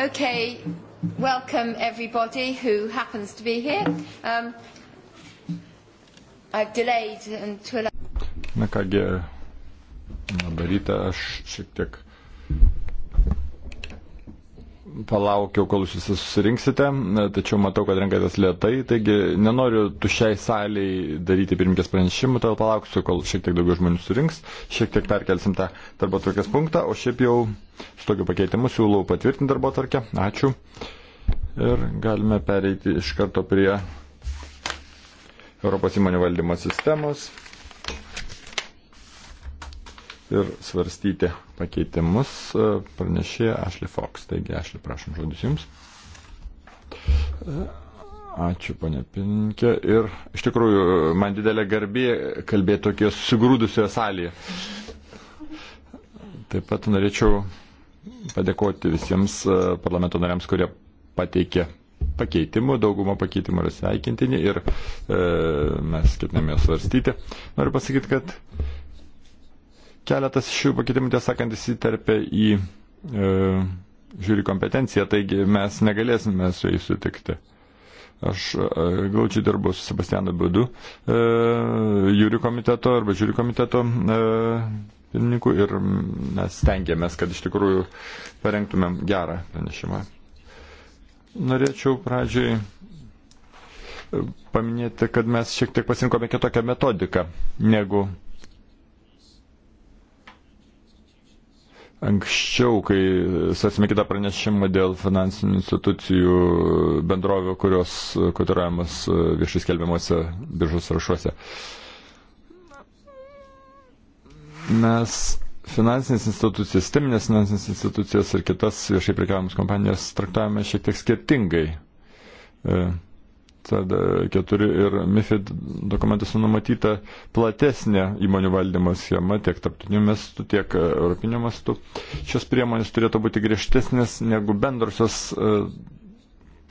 Okay, welcome everybody who happens to be here. Um, I've delayed until... Um, Na kągi, labą rytą, aš šiek tiek palaukiau, kol jūs visi susirinksite, tačiau matau, kad renkatės lietai, taigi nenoriu tušiai saliai daryti pirmkės pranešimų, todėl palauksiu, kol šiek tiek daugiau žmonių surinks, šiek tiek perkelsim tą darbo tvarkės punktą, o šiaip jau su tokiu pakeitimu siūlau patvirtinti darbo tvarkę. Ačiū. Ir galime pereiti iš karto prie Europos įmonių valdymo sistemos ir svarstyti pakeitimus e, pranešė Ashley Fox. Taigi, Ashley, prašom žodis Jums. Ačiū, ponė Pininkė. Ir iš tikrųjų, man didelė garbė kalbėti tokioje susigrūdusioje salėje. Taip pat norėčiau padėkoti visiems e, parlamento nariams, kurie pateikė pakeitimų, dauguma pakeitimų yra sveikintini ir e, mes ketiname juos svarstyti. Noriu pasakyti, kad Keletas šių pakeitimų, tiesąkant, įsiterpia į e, žiūri kompetenciją, taigi mes negalėsime su jais sutikti. Aš e, glaučiai dirbu su Sebastianu Būdu, e, jūrių komiteto arba žiūri komiteto e, pirmininku ir mes stengiamės, kad iš tikrųjų parengtumėm gerą pranešimą. Norėčiau pradžiai e, paminėti, kad mes šiek tiek pasirinkome kitokią metodiką negu Anksčiau, kai svarsime kitą pranešimą dėl finansinių institucijų bendrovių, kurios kotiruojamas viešai skelbiamuose biržos rašuose, mes finansinės institucijas, sisteminės finansinės institucijas ir kitas viešai prekiavimus kompanijas traktavome šiek tiek skirtingai. E, CED 4 ir MIFID dokumentuose numatyta platesnė įmonių valdymo schema tiek tarptautiniu mastu, tiek e, europiniu mastu. Šios priemonės turėtų būti griežtesnės negu bendrosios e,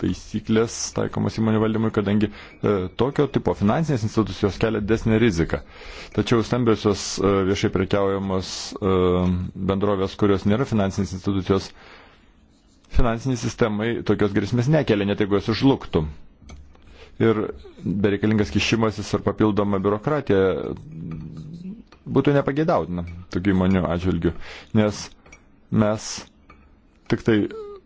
taisyklės taikomas įmonių valdymui, kadangi e, tokio tipo finansinės institucijos kelia desnį riziką. Tačiau stambiosios e, viešai prekiaujamos e, bendrovės, kurios nėra finansinės institucijos, finansiniai sistemai tokios grėsmės nekelia, net jeigu jos užluktų ir bereikalingas kišimasis ar papildoma biurokratija būtų nepagėdautina tokių įmonių atžvilgių, nes mes tik tai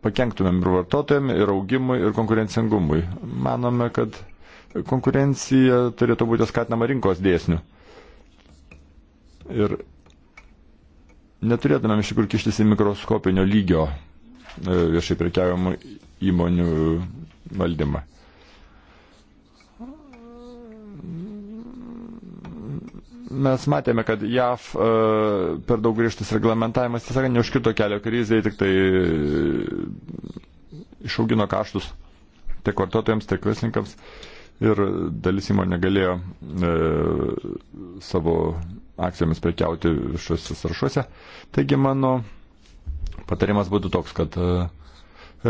pakenktumėm ir vartotojams, ir augimui, ir konkurencingumui. Manome, kad konkurencija turėtų būti skatinama rinkos dėsnių. Ir neturėtumėm iš tikrųjų kištis į mikroskopinio lygio e, viešai prekiavimų įmonių valdymą. mes matėme, kad JAV e, per daug griežtas reglamentavimas, tiesą sakant, neužkirto kelio kriziai, tik tai e, išaugino kaštus tiek vartotojams, tiek verslininkams. Ir dalis įmonė galėjo e, savo akcijomis prekiauti šiuose sąrašuose. Taigi mano patarimas būtų toks, kad e,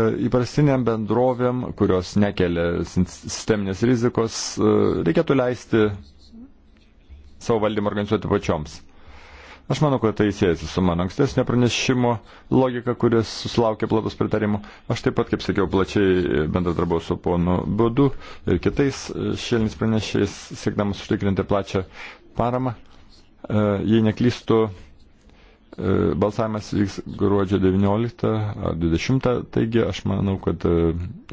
e įprastiniam bendrovėm, kurios nekelia sisteminės rizikos, e, reikėtų leisti savo valdymą organizuoti pačioms. Aš manau, kad tai siejasi su mano ankstesnė pranešimo logika, kuris susilaukė platus pritarimų. Aš taip pat, kaip sakiau, plačiai bendradarbiau su ponu Budu ir kitais šėlinis pranešiais, siekdamas užtikrinti plačią paramą. E, jei neklystu, e, balsavimas vyks gruodžio 19 ar 20, taigi aš manau, kad e,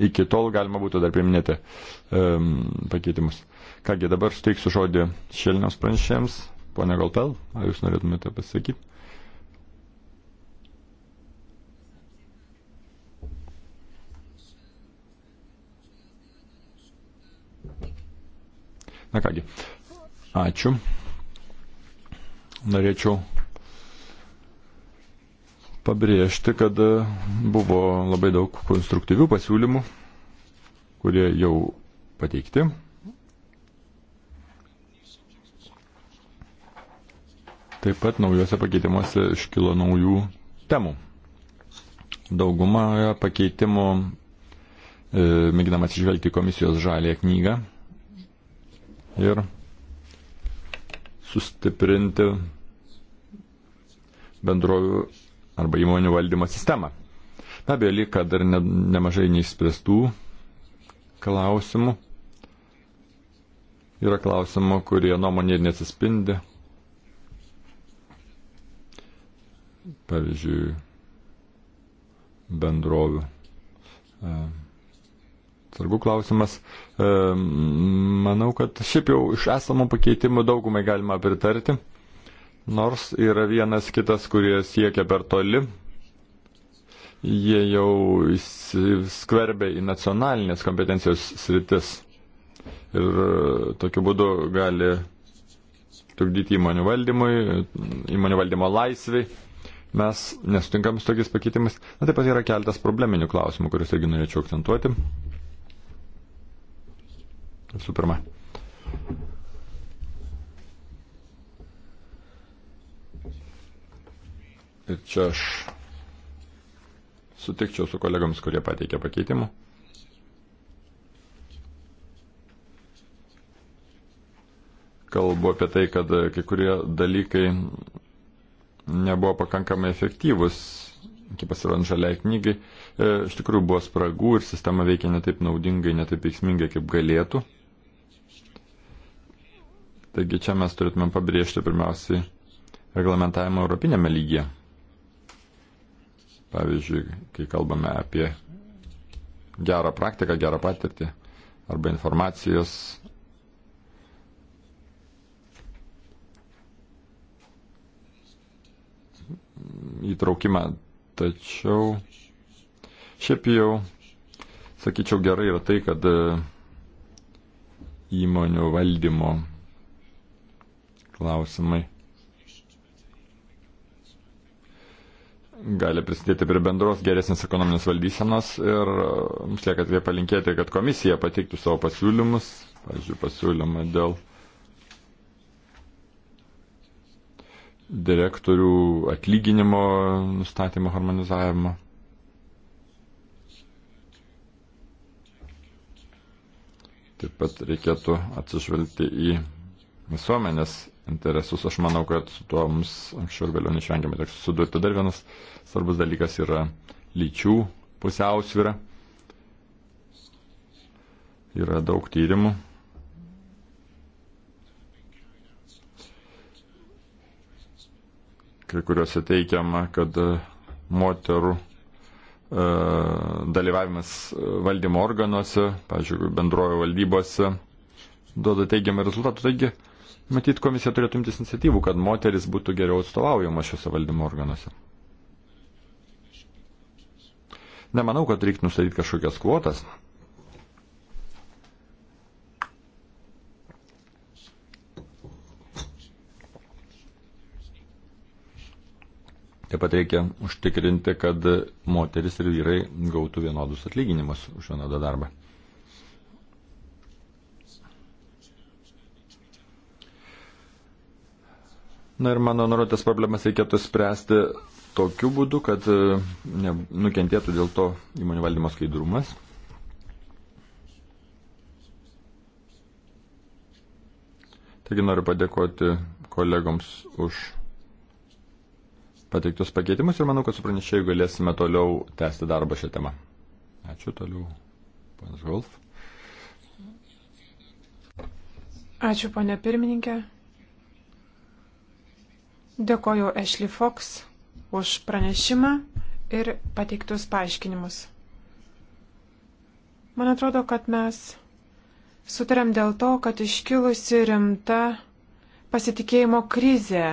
iki tol galima būtų dar priminėti pakeitimus. Kągi, dabar suteiksiu žodį šilnios pranešėjams. Pone Galpel, ar jūs norėtumėte pasakyti? Na kągi, ačiū. Norėčiau pabrėžti, kad buvo labai daug konstruktyvių pasiūlymų, kurie jau pateikti. Taip pat naujuose pakeitimuose iškilo naujų temų. Dauguma pakeitimų e, mėginama atsižvelgti komisijos žalėje knygą ir sustiprinti bendrovių arba įmonių valdymo sistemą. Be abejo, lieka dar ne, nemažai neišspręstų klausimų. Yra klausimų, kurie nuomonė nesispindi pavyzdžiui, bendrovių. E, Sargu klausimas. E, manau, kad šiaip jau iš esamų pakeitimų daugumai galima pritarti, nors yra vienas kitas, kurie siekia per toli. Jie jau skverbia į nacionalinės kompetencijos sritis ir e, tokiu būdu gali trukdyti įmonių valdymui, įmonių valdymo laisvai mes nesutinkam su tokiais pakeitimais. Na taip pat yra keltas probleminių klausimų, kuriuos irgi norėčiau akcentuoti. Visų pirma. Ir čia aš sutikčiau su kolegams, kurie pateikė pakeitimų. Kalbu apie tai, kad kai kurie dalykai nebuvo pakankamai efektyvus, iki pasirodant žaliai knygai, e, iš tikrųjų buvo spragų ir sistema veikia netaip naudingai, netaip veiksmingai, kaip galėtų. Taigi čia mes turėtume pabrėžti pirmiausiai reglamentavimą europinėme lygyje. Pavyzdžiui, kai kalbame apie gerą praktiką, gerą patirtį arba informacijos įtraukimą. Tačiau šiaip jau, sakyčiau, gerai yra tai, kad e, įmonių valdymo klausimai gali prisidėti prie bendros geresnės ekonominės valdysenos ir e, mums lieka tik tai palinkėti, kad komisija pateiktų savo pasiūlymus, pavyzdžiui, pasiūlymą dėl direktorių atlyginimo nustatymo harmonizavimo. Taip pat reikėtų atsižvelgti į visuomenės interesus. Aš manau, kad su tuo mums anksčiau ir vėliau neišvengiamai teks sudurti. Dar vienas svarbus dalykas yra lyčių pusiausvyra. Yra daug tyrimų kai kuriuose teikiama, kad e, moterų e, dalyvavimas e, valdymo organuose, pažiūrėjau, bendrojo valdybose duoda teigiamą rezultatą. Taigi, matyt, komisija turėtų imtis iniciatyvų, kad moteris būtų geriau atstovaujama šiuose valdymo organuose. Nemanau, kad reiktų nustatyti kažkokias kvotas. Taip pat reikia užtikrinti, kad moteris ir vyrai gautų vienodus atlyginimus už vienodą darbą. Na ir mano nurodytas problemas reikėtų spręsti tokiu būdu, kad e, ne, nukentėtų dėl to įmonių valdymo skaidrumas. Taigi noriu padėkoti kolegoms už pateiktus pakeitimus ir manau, kad su pranešėjų galėsime toliau tęsti darbą šią temą. Ačiū toliau, panas Golf. Ačiū, ponė pirmininkė. Dėkoju Ashley Fox už pranešimą ir pateiktus paaiškinimus. Man atrodo, kad mes sutarėm dėl to, kad iškilusi rimta pasitikėjimo krizė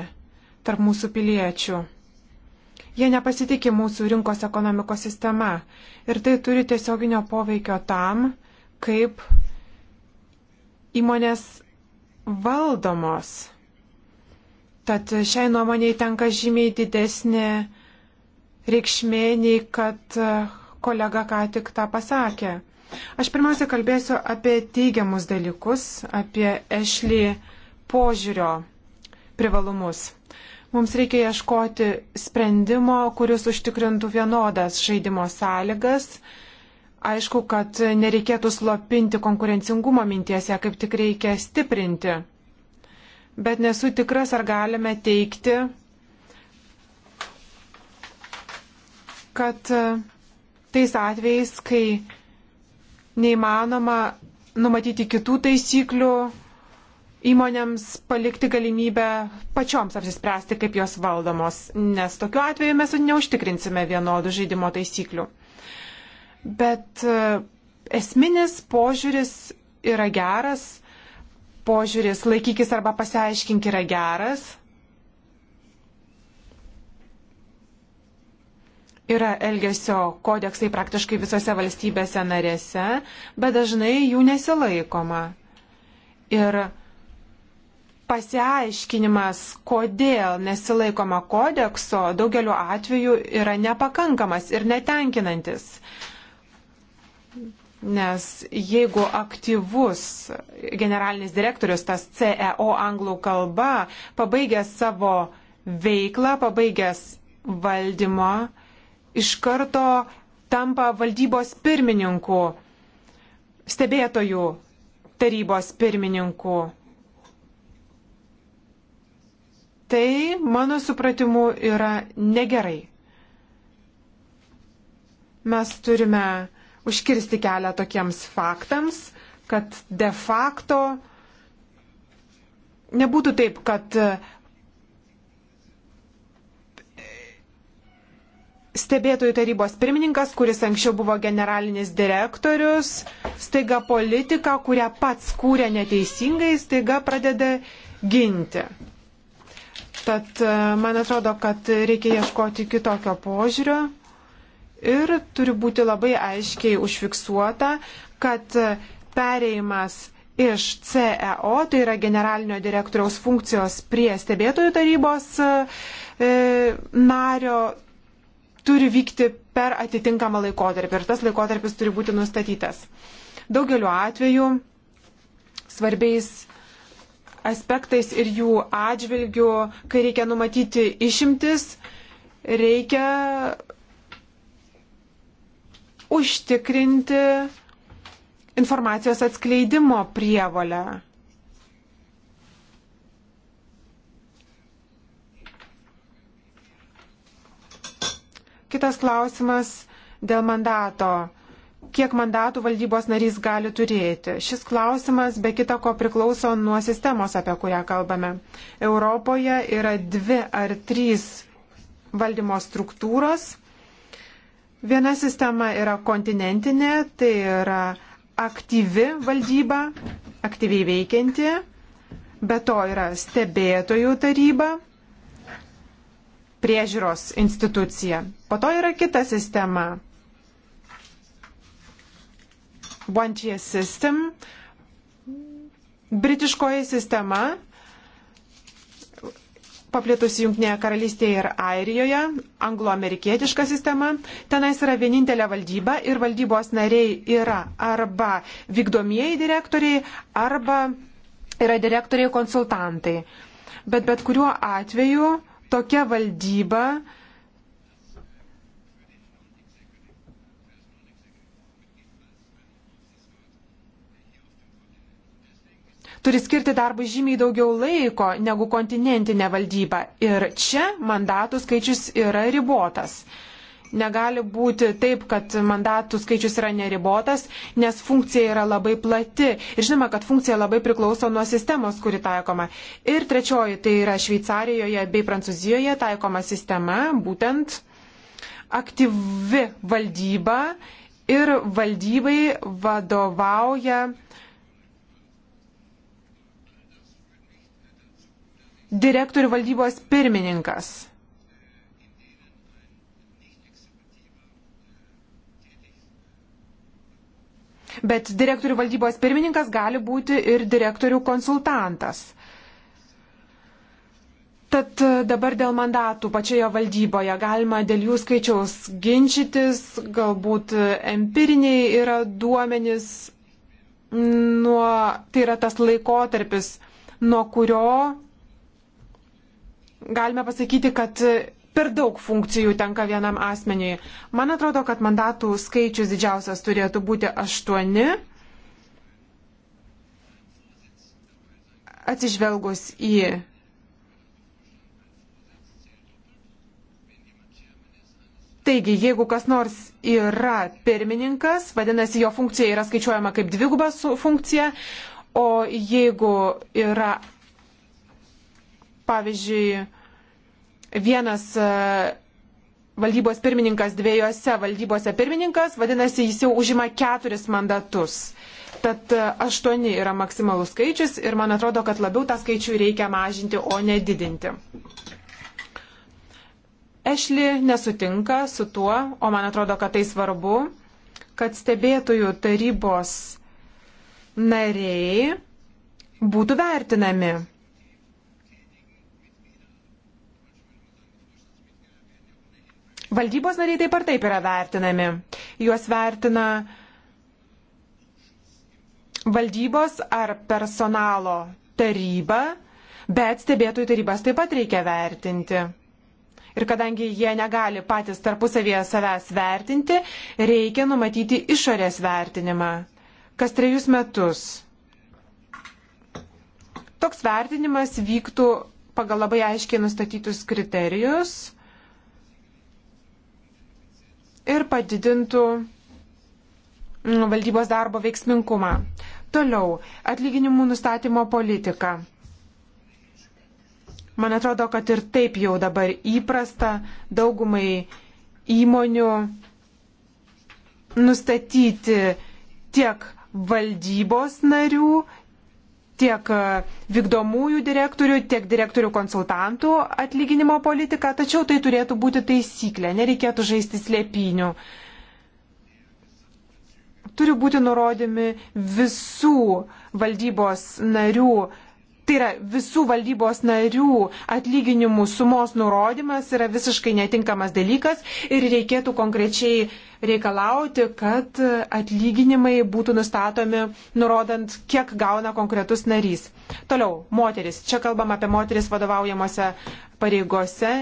tarp mūsų piliečių. Jie nepasitikė mūsų rinkos ekonomikos sistema ir tai turi tiesioginio poveikio tam, kaip įmonės valdomos. Tad šiai nuomonėje tenka žymiai didesnė reikšmė nei kad kolega ką tik tą pasakė. Aš pirmiausia kalbėsiu apie teigiamus dalykus, apie ešlį požiūrio privalumus. Mums reikia ieškoti sprendimo, kuris užtikrintų vienodas žaidimo sąlygas. Aišku, kad nereikėtų slopinti konkurencingumo minties, ją kaip tik reikia stiprinti. Bet nesu tikras, ar galime teikti, kad e, tais atvejais, kai neįmanoma numatyti kitų taisyklių, įmonėms palikti galimybę pačioms apsispręsti, kaip jos valdomos, nes tokiu atveju mes neužtikrinsime vienodų žaidimo taisyklių. Bet e, esminis požiūris yra geras, požiūris laikykis arba pasiaiškink yra geras. Yra elgesio kodeksai praktiškai visose valstybėse narėse, bet dažnai jų nesilaikoma. Ir pasiaiškinimas, kodėl nesilaikoma kodekso, daugeliu atveju yra nepakankamas ir netenkinantis. Nes jeigu aktyvus generalinis direktorius, tas CEO anglų kalba, pabaigęs savo veiklą, pabaigęs valdymą, iš karto tampa valdybos pirmininku, stebėtojų tarybos pirmininku. tai, mano supratimu, yra negerai. Mes turime užkirsti kelią tokiems faktams, kad de facto nebūtų taip, kad e, stebėtojų tarybos pirmininkas, kuris anksčiau buvo generalinis direktorius, staiga politika, kurią pats kūrė neteisingai, staiga pradeda ginti. Tad e, man atrodo, kad reikia ieškoti kitokio požiūrio ir turi būti labai aiškiai užfiksuota, kad pereimas iš CEO, tai yra generalinio direktoriaus funkcijos prie stebėtojų tarybos e, nario, turi vykti per atitinkamą laikotarpį ir tas laikotarpis turi būti nustatytas. Daugeliu atveju svarbiais aspektais ir jų atžvilgių, kai reikia numatyti išimtis, reikia užtikrinti informacijos atskleidimo prievolę. Kitas klausimas dėl mandato kiek mandatų valdybos narys gali turėti. Šis klausimas be kita ko priklauso nuo sistemos, apie kurią kalbame. Europoje yra dvi ar trys valdymo struktūros. Viena sistema yra kontinentinė, tai yra aktyvi valdyba, aktyviai veikianti, be to yra stebėtojų taryba, priežiūros institucija. Po to yra kita sistema One Tier System, britiškoji sistema, paplitusi Junktinėje karalystėje ir Airijoje, angloamerikietiška sistema. Tenais yra vienintelė valdyba ir valdybos nariai yra arba vykdomieji direktoriai, arba yra direktoriai konsultantai. Bet bet kuriuo atveju tokia valdyba turi skirti darbui žymiai daugiau laiko negu kontinentinė valdyba. Ir čia mandatų skaičius yra ribotas. Negali būti taip, kad mandatų skaičius yra neribotas, nes funkcija yra labai plati. Ir žinoma, kad funkcija labai priklauso nuo sistemos, kuri taikoma. Ir trečioji, tai yra Šveicarijoje bei Prancūzijoje taikoma sistema, būtent aktyvi valdyba ir valdybai vadovauja uh, direktorių valdybos pirmininkas. Bet direktorių valdybos pirmininkas gali būti ir direktorių konsultantas. Tad e, dabar dėl mandatų pačioje valdyboje galima dėl jų skaičiaus ginčytis, galbūt e, empiriniai yra duomenys, nuo, tai yra tas laikotarpis, nuo kurio galime pasakyti, kad per daug funkcijų tenka vienam asmeniui. Man atrodo, kad mandatų skaičius didžiausias turėtų būti aštuoni. Atsižvelgus į Taigi, jeigu kas nors yra pirmininkas, vadinasi, jo funkcija yra skaičiuojama kaip dviguba funkcija, o jeigu yra pavyzdžiui, vienas e, valdybos pirmininkas dviejose valdybose pirmininkas, vadinasi, jis jau užima keturis mandatus. Tad e, aštuoni yra maksimalus skaičius ir man atrodo, kad labiau tą skaičių reikia mažinti, o ne didinti. Ešli nesutinka su tuo, o man atrodo, kad tai svarbu, kad stebėtojų tarybos nariai būtų vertinami Valdybos nariai taip ar taip yra vertinami. Juos vertina valdybos ar personalo taryba, bet stebėtojų tarybas taip pat reikia vertinti. Ir kadangi jie negali patys tarpusavėje savęs vertinti, reikia numatyti išorės vertinimą kas trejus metus. Toks vertinimas vyktų pagal labai aiškiai nustatytus kriterijus ir padidintų mm, valdybos darbo veiksmingumą. Toliau, atlyginimų nustatymo politika. Man atrodo, kad ir taip jau dabar įprasta daugumai įmonių nustatyti tiek valdybos narių, tiek e, vykdomųjų direktorių, tiek direktorių konsultantų atlyginimo politiką, tačiau tai turėtų būti taisyklė, nereikėtų žaisti slėpinių. Turi būti nurodymi visų valdybos narių Tai yra visų valdybos narių atlyginimų sumos nurodymas yra visiškai netinkamas dalykas ir reikėtų konkrečiai reikalauti, kad atlyginimai būtų nustatomi nurodant, kiek gauna konkretus narys. Toliau, moteris. Čia kalbam apie moteris vadovaujamosi pareigose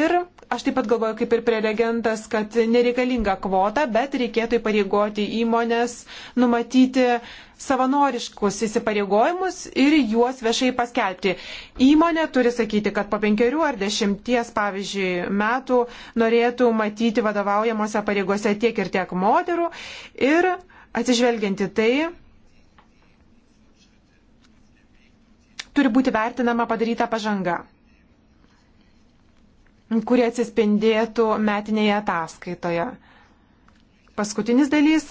ir Aš taip pat galvoju, kaip ir prelegentas, kad nereikalinga kvota, bet reikėtų įpareigoti įmonės numatyti savanoriškus įsipareigojimus ir juos viešai paskelbti. Įmonė turi sakyti, kad po penkerių ar dešimties, pavyzdžiui, metų norėtų matyti vadovaujamosi pareigose tiek ir tiek moterų ir atsižvelgianti tai, turi būti vertinama padaryta pažanga kurie atsispindėtų metinėje ataskaitoje. Paskutinis dalys.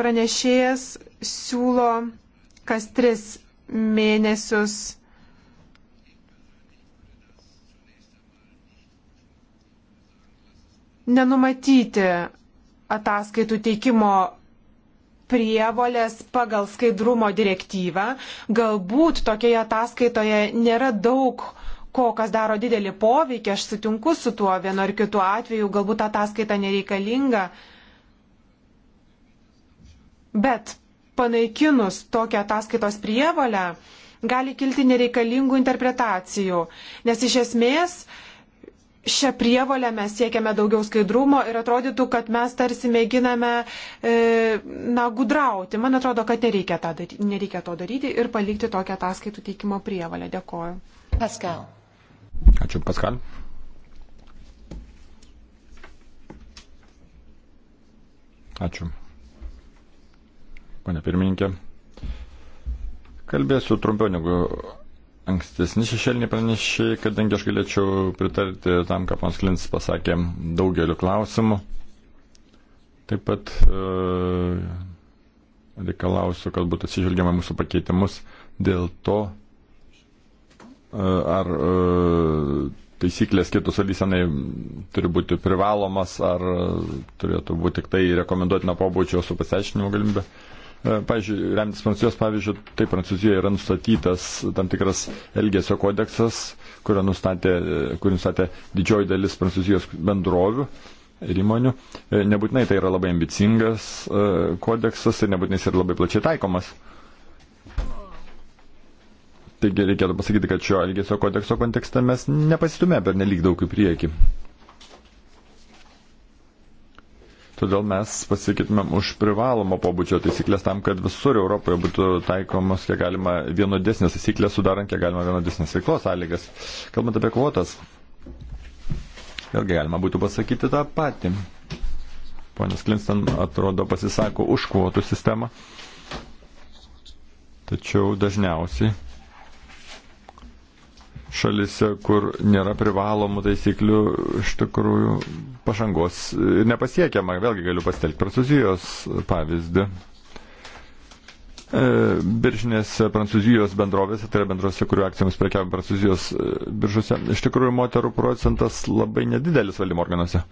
Pranešėjas siūlo kas tris mėnesius nenumatyti ataskaitų teikimo prievolės pagal skaidrumo direktyvą. Galbūt tokioje ataskaitoje nėra daug ko kas daro didelį poveikį, aš sutinku su tuo vienu ar kitu atveju, galbūt ataskaita nereikalinga. Bet panaikinus tokią ataskaitos prievalę, gali kilti nereikalingų interpretacijų, nes iš esmės šią prievalę mes siekiame daugiau skaidrumo ir atrodytų, kad mes tarsi mėginame e, na, gudrauti. Man atrodo, kad nereikia, tą, nereikia to daryti ir palikti tokią ataskaitų teikimo prievalę. Dėkoju. Pascal. Ačiū, Paskal. Ačiū. Pane pirmininkė, kalbėsiu trumpiau negu ankstesni šešėliniai pranešiai, kadangi aš galėčiau pritarti tam, ką pons Klins pasakė daugeliu klausimų. Taip pat e, reikalausiu, kad būtų atsižvelgiama mūsų pakeitimus dėl to, ar e, taisyklės kitų salysenai turi būti privalomas, ar e, turėtų būti tik tai rekomenduotina pobūdžio su pasiaiškinimo galimybė. E, pavyzdžiui, remtis Prancūzijos pavyzdžių, tai Prancūzijoje yra nustatytas tam tikras elgesio kodeksas, kurį nustatė, kurį nustatė didžioji dalis Prancūzijos bendrovių ir įmonių. Nebūtinai tai yra labai ambicingas kodeksas ir nebūtinai jis yra labai plačiai taikomas. Taigi reikėtų pasakyti, kad šio elgesio kodekso kontekste mes nepasistumė per nelik daug į priekį. Todėl mes pasakytumėm už privalomą pobūdžio taisyklės tam, kad visur Europoje būtų taikomos kiek galima vienodesnės taisyklės, sudarant kiek galima vienodesnės veiklos sąlygas. Kalbant apie kvotas, vėlgi galima būtų pasakyti tą patį. Ponas Klinston atrodo pasisako už kvotų sistemą, tačiau dažniausiai šalise, kur nėra privalomų taisyklių, iš tikrųjų pažangos nepasiekiama. Vėlgi galiu pastelti Prancūzijos pavyzdį. E, biržinėse Prancūzijos bendrovėse, tai yra bendrovėse, kurių akcijomis prekiavim Prancūzijos e, biržose, iš tikrųjų moterų procentas labai nedidelis valdymo organuose.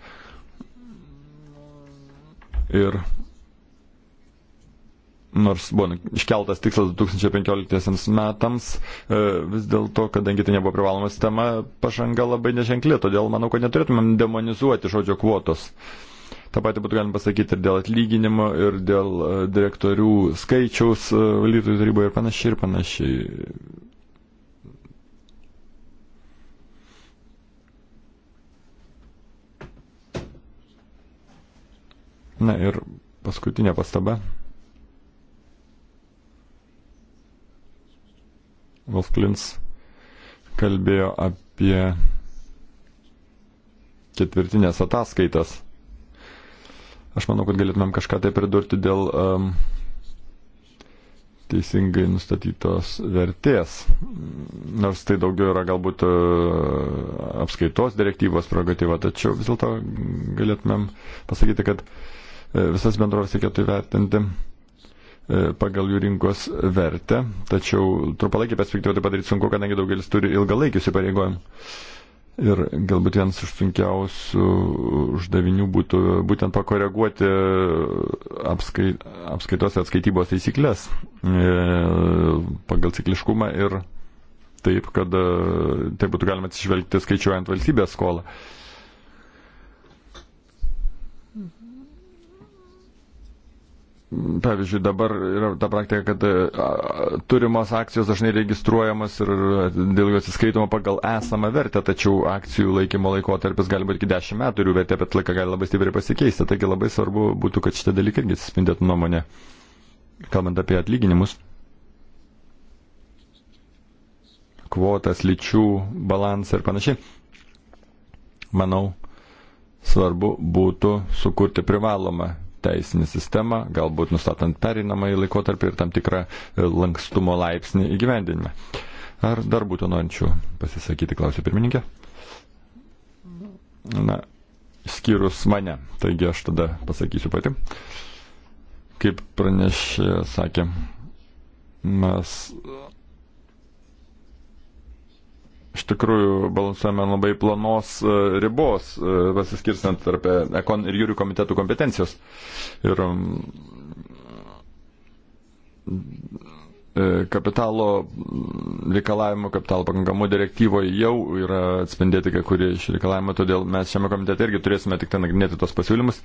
Ir nors buvo iškeltas tikslas 2015 metams, e, vis dėlto, kadangi tai nebuvo privaloma sistema, pažanga labai neženkli, todėl manau, kad neturėtumėm demonizuoti žodžio kvotos. Ta pati būtų galima pasakyti ir dėl atlyginimo, ir dėl e, direktorių skaičiaus e, valytojų taryboje ir panašiai, ir panašiai. Na ir paskutinė pastaba. Wolf Klins kalbėjo apie ketvirtinės ataskaitas. Aš manau, kad galėtumėm kažką tai pridurti dėl um, teisingai nustatytos vertės. Nors tai daugiau yra galbūt uh, apskaitos direktyvos prerogatyva, tačiau vis dėlto galėtumėm pasakyti, kad uh, visas bendrovės reikėtų įvertinti E, pagal jų rinkos vertę, tačiau trumpalaikį perspektyvą tai padaryti sunku, kadangi daugelis turi ilgalaikius įpareigojimų. Ir galbūt vienas iš sunkiausių uždavinių būtų būtent pakoreguoti apskai, apskaitos atskaitybos taisyklės e, pagal cikliškumą ir taip, kad tai būtų galima atsižvelgti skaičiuojant valstybės skolą. E, Pavyzdžiui, dabar yra ta praktika, kad e, turimos akcijos dažnai registruojamas ir e, dėl jų atsiskaitoma pagal esamą vertę, tačiau akcijų laikymo laikotarpis gali būti iki 10 metų ir jų vertė per laiką gali labai stipriai pasikeisti. Taigi labai svarbu būtų, kad šitie dalykai irgi atsispindėtų nuomonė, kalbant apie atlyginimus. kvotas, lyčių balansą ir panašiai. Manau, svarbu būtų sukurti privalomą teisinį sistemą, galbūt nustatant pereinamąjį laikotarpį ir tam tikrą e, lankstumo laipsnį įgyvendinime. Ar dar būtų norinčių pasisakyti, klausė pirmininkė? Na, skyrus mane, taigi aš tada pasakysiu pati. Kaip pranešė, sakė, mes iš tikrųjų balansuojame labai planos e, ribos, e, pasiskirstant tarp e, ekon ir jūrių komitetų kompetencijos. Ir kapitalo reikalavimo, kapitalo pakankamų direktyvoje jau yra atspindėti kai kurie iš reikalavimų, todėl mes šiame komitete irgi turėsime tik ten tai nagrinėti tos pasiūlymus.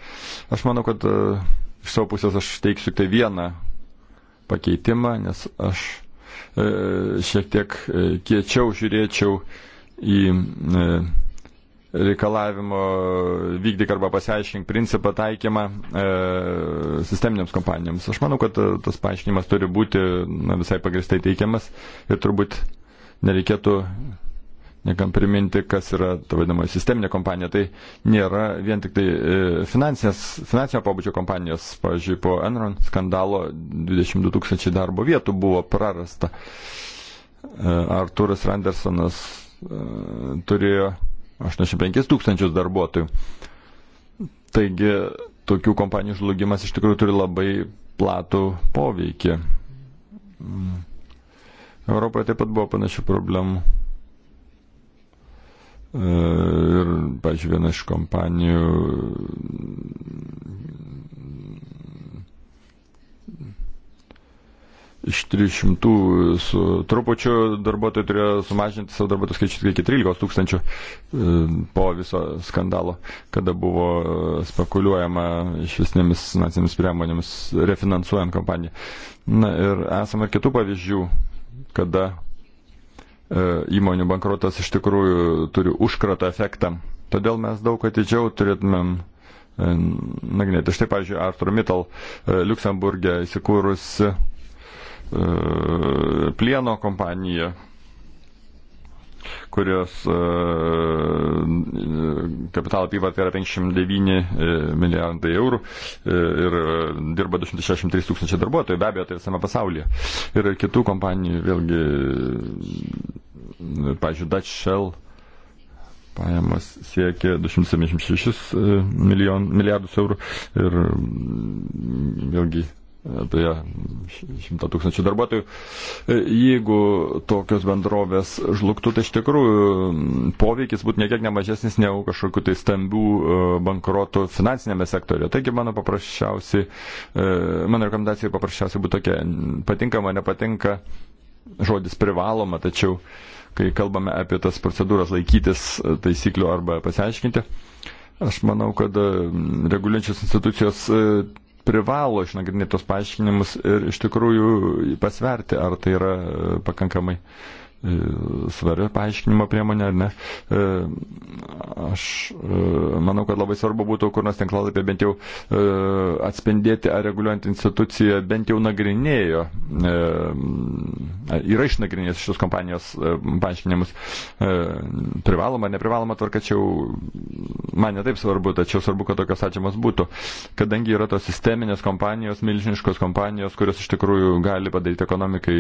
Aš manau, kad iš savo pusės aš teiksiu tik tai vieną pakeitimą, nes aš E, šiek tiek e, kiečiau žiūrėčiau į e, reikalavimo vykdyk arba pasiaiškink principą taikymą e, sisteminėms kompanijoms. Aš manau, kad tas paaiškinimas turi būti na, visai pagristai teikiamas ir turbūt nereikėtų Nekam priminti, kas yra ta vadinama sisteminė kompanija. Tai nėra vien tik tai e, finansinio pobūdžio kompanijos. Pavyzdžiui, po Enron skandalo 22 tūkstančiai darbo vietų buvo prarasta. E, Arturas Randersonas e, turėjo 85 tūkstančius darbuotojų. Taigi tokių kompanijų žlugimas iš tikrųjų turi labai platų poveikį. Mm. Europoje taip pat buvo panašių problemų. E, ir, pažiūrėjau, viena iš kompanijų iš 300 su trupučiu darbuotojų turėjo sumažinti savo darbuotojų skaičių iki 13 tūkstančių e, po viso skandalo, kada buvo spekuliuojama iš visnėmis finansinėmis priemonėmis refinansuojant kompaniją. Na ir esame ir kitų pavyzdžių, kada E, įmonių bankrotas iš tikrųjų turi užkrato efektą. Todėl mes daug atidžiau turėtumėm e, nagrinėti. Štai, pavyzdžiui, Arthur Mittal e, Luxemburgė įsikūrus plieno kompanija kurios e, kapitalo apyvarta yra 509 e, milijardai eurų e, ir dirba 263 tūkstančiai darbuotojų, be abejo, tai visame pasaulyje. Ir kitų kompanijų, vėlgi, pažiūrėjau, Dutch Shell pajamos siekia 276 milijon, milijardus eurų ir vėlgi apie 100 tūkstančių darbuotojų. E, jeigu tokios bendrovės žlugtų, tai iš tikrųjų poveikis būtų niekiek nemažesnis negu kažkokiu tai stambių e, bankruotų finansinėme sektorėje. Taigi mano, paprasčiausiai, e, mano rekomendacija paprasčiausiai būtų tokia, patinkama, nepatinka žodis privaloma, tačiau kai kalbame apie tas procedūras laikytis taisyklių arba pasiaiškinti, Aš manau, kad reguliuojančios institucijos privalo išnagrinėti tos paaiškinimus ir iš tikrųjų pasverti, ar tai yra e, pakankamai uh, svarbi paaiškinimo priemonė, ar ne. E, aš e, manau, kad labai svarbu būtų kur nors tinklalapė bent jau e, atspindėti, ar reguliuojant instituciją bent jau nagrinėjo, yra išnagrinėjęs šios kompanijos paaiškinimus privaloma, neprivaloma tvarka, čia jau man netaip svarbu, tačiau svarbu, kad tokios atžymas būtų, kadangi yra tos sisteminės kompanijos, milžiniškos kompanijos, kurios iš tikrųjų gali padaryti ekonomikai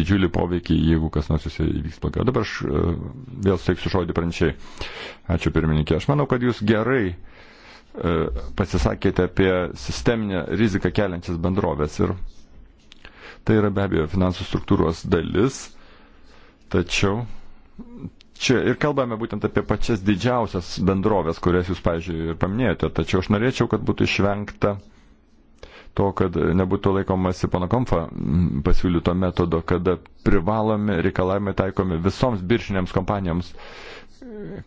didžiulį poveikį, jeigu kas nors jūs greičiausiai įvyks blogiau. Dabar aš e, vėl suteiksiu žodį pranešėjai. Ačiū pirmininkė. Aš manau, kad jūs gerai e, pasisakėte apie sisteminę riziką keliančias bendrovės ir tai yra be abejo finansų struktūros dalis, tačiau čia ir kalbame būtent apie pačias didžiausias bendrovės, kurias jūs, pažiūrėjau, ir paminėjote, tačiau aš norėčiau, kad būtų išvengta uh, to, kad nebūtų laikomasi panakomfa mm, pasiūlyto metodo, kada privalomi reikalavimai taikomi visoms biržinėms kompanijoms,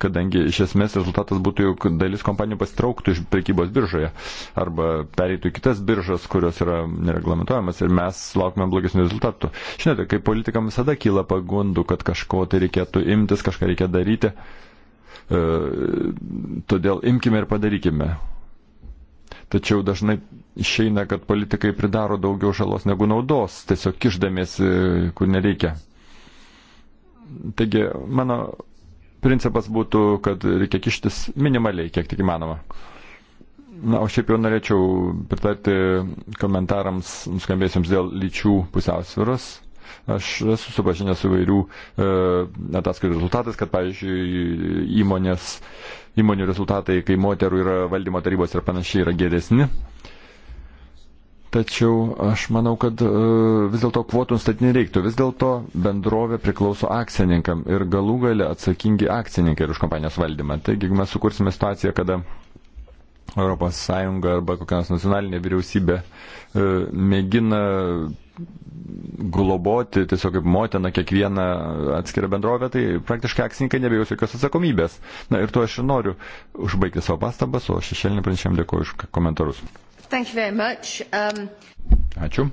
kadangi iš esmės rezultatas būtų, jog dalis kompanijų pasitrauktų iš prekybos biržoje arba pereitų į kitas biržas, kurios yra nereglamentuojamas ir mes laukime blogesnių rezultatų. Žinote, kai politikams visada kyla pagundų, kad kažko tai reikėtų imtis, kažką reikia daryti, e, todėl imkime ir padarykime. Tačiau dažnai išeina, kad politikai pridaro daugiau žalos negu naudos, tiesiog kišdamiesi, kur nereikia. Taigi, mano principas būtų, kad reikia kištis minimaliai, kiek tik įmanoma. Na, o šiaip jau norėčiau pritarti komentarams nuskambėjusiems dėl lyčių pusiausvėros. Aš esu supažinęs su vairių e, ataskaitų rezultatais, kad, pavyzdžiui, įmonės, įmonių rezultatai, kai moterų yra valdymo tarybos ir panašiai, yra geresni. E, Tačiau aš manau, kad e, vis dėlto kvotų nustatyti nereiktų. Vis dėlto bendrovė priklauso akcininkam ir galų gale atsakingi akcininkai ir už kompanijos valdymą. Taigi mes sukursime situaciją, kada ES arba kokia nors nacionalinė vyriausybė e, mėgina globoti tiesiog kaip motina kiekvieną atskirą bendrovę, tai praktiškai akcininkai nebejaus jokios atsakomybės. Na ir tuo aš ir noriu užbaigti savo pastabas, o šešėlinį pranešėm dėkuoju už komentarus. Um... Ačiū.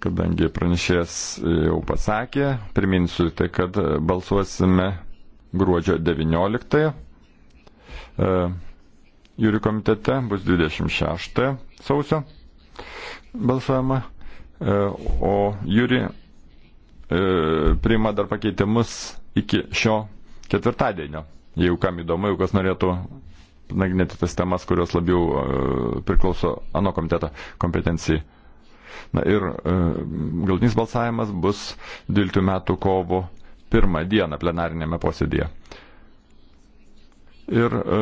Kadangi pranešėjas jau pasakė, priminsiu tai, kad balsuosime gruodžio 19. -ąją. E, jūrių komitete bus 26 sausio balsuojama, e, o Jūri e, priima dar pakeitimus iki šio ketvirtadienio. Jeigu kam įdomu, jeigu kas norėtų nagrinėti tas temas, kurios labiau priklauso ano komiteto kompetencijai. Na ir galtinis balsavimas bus 12 metų kovo pirmą dieną plenarinėme posėdėje ir, e,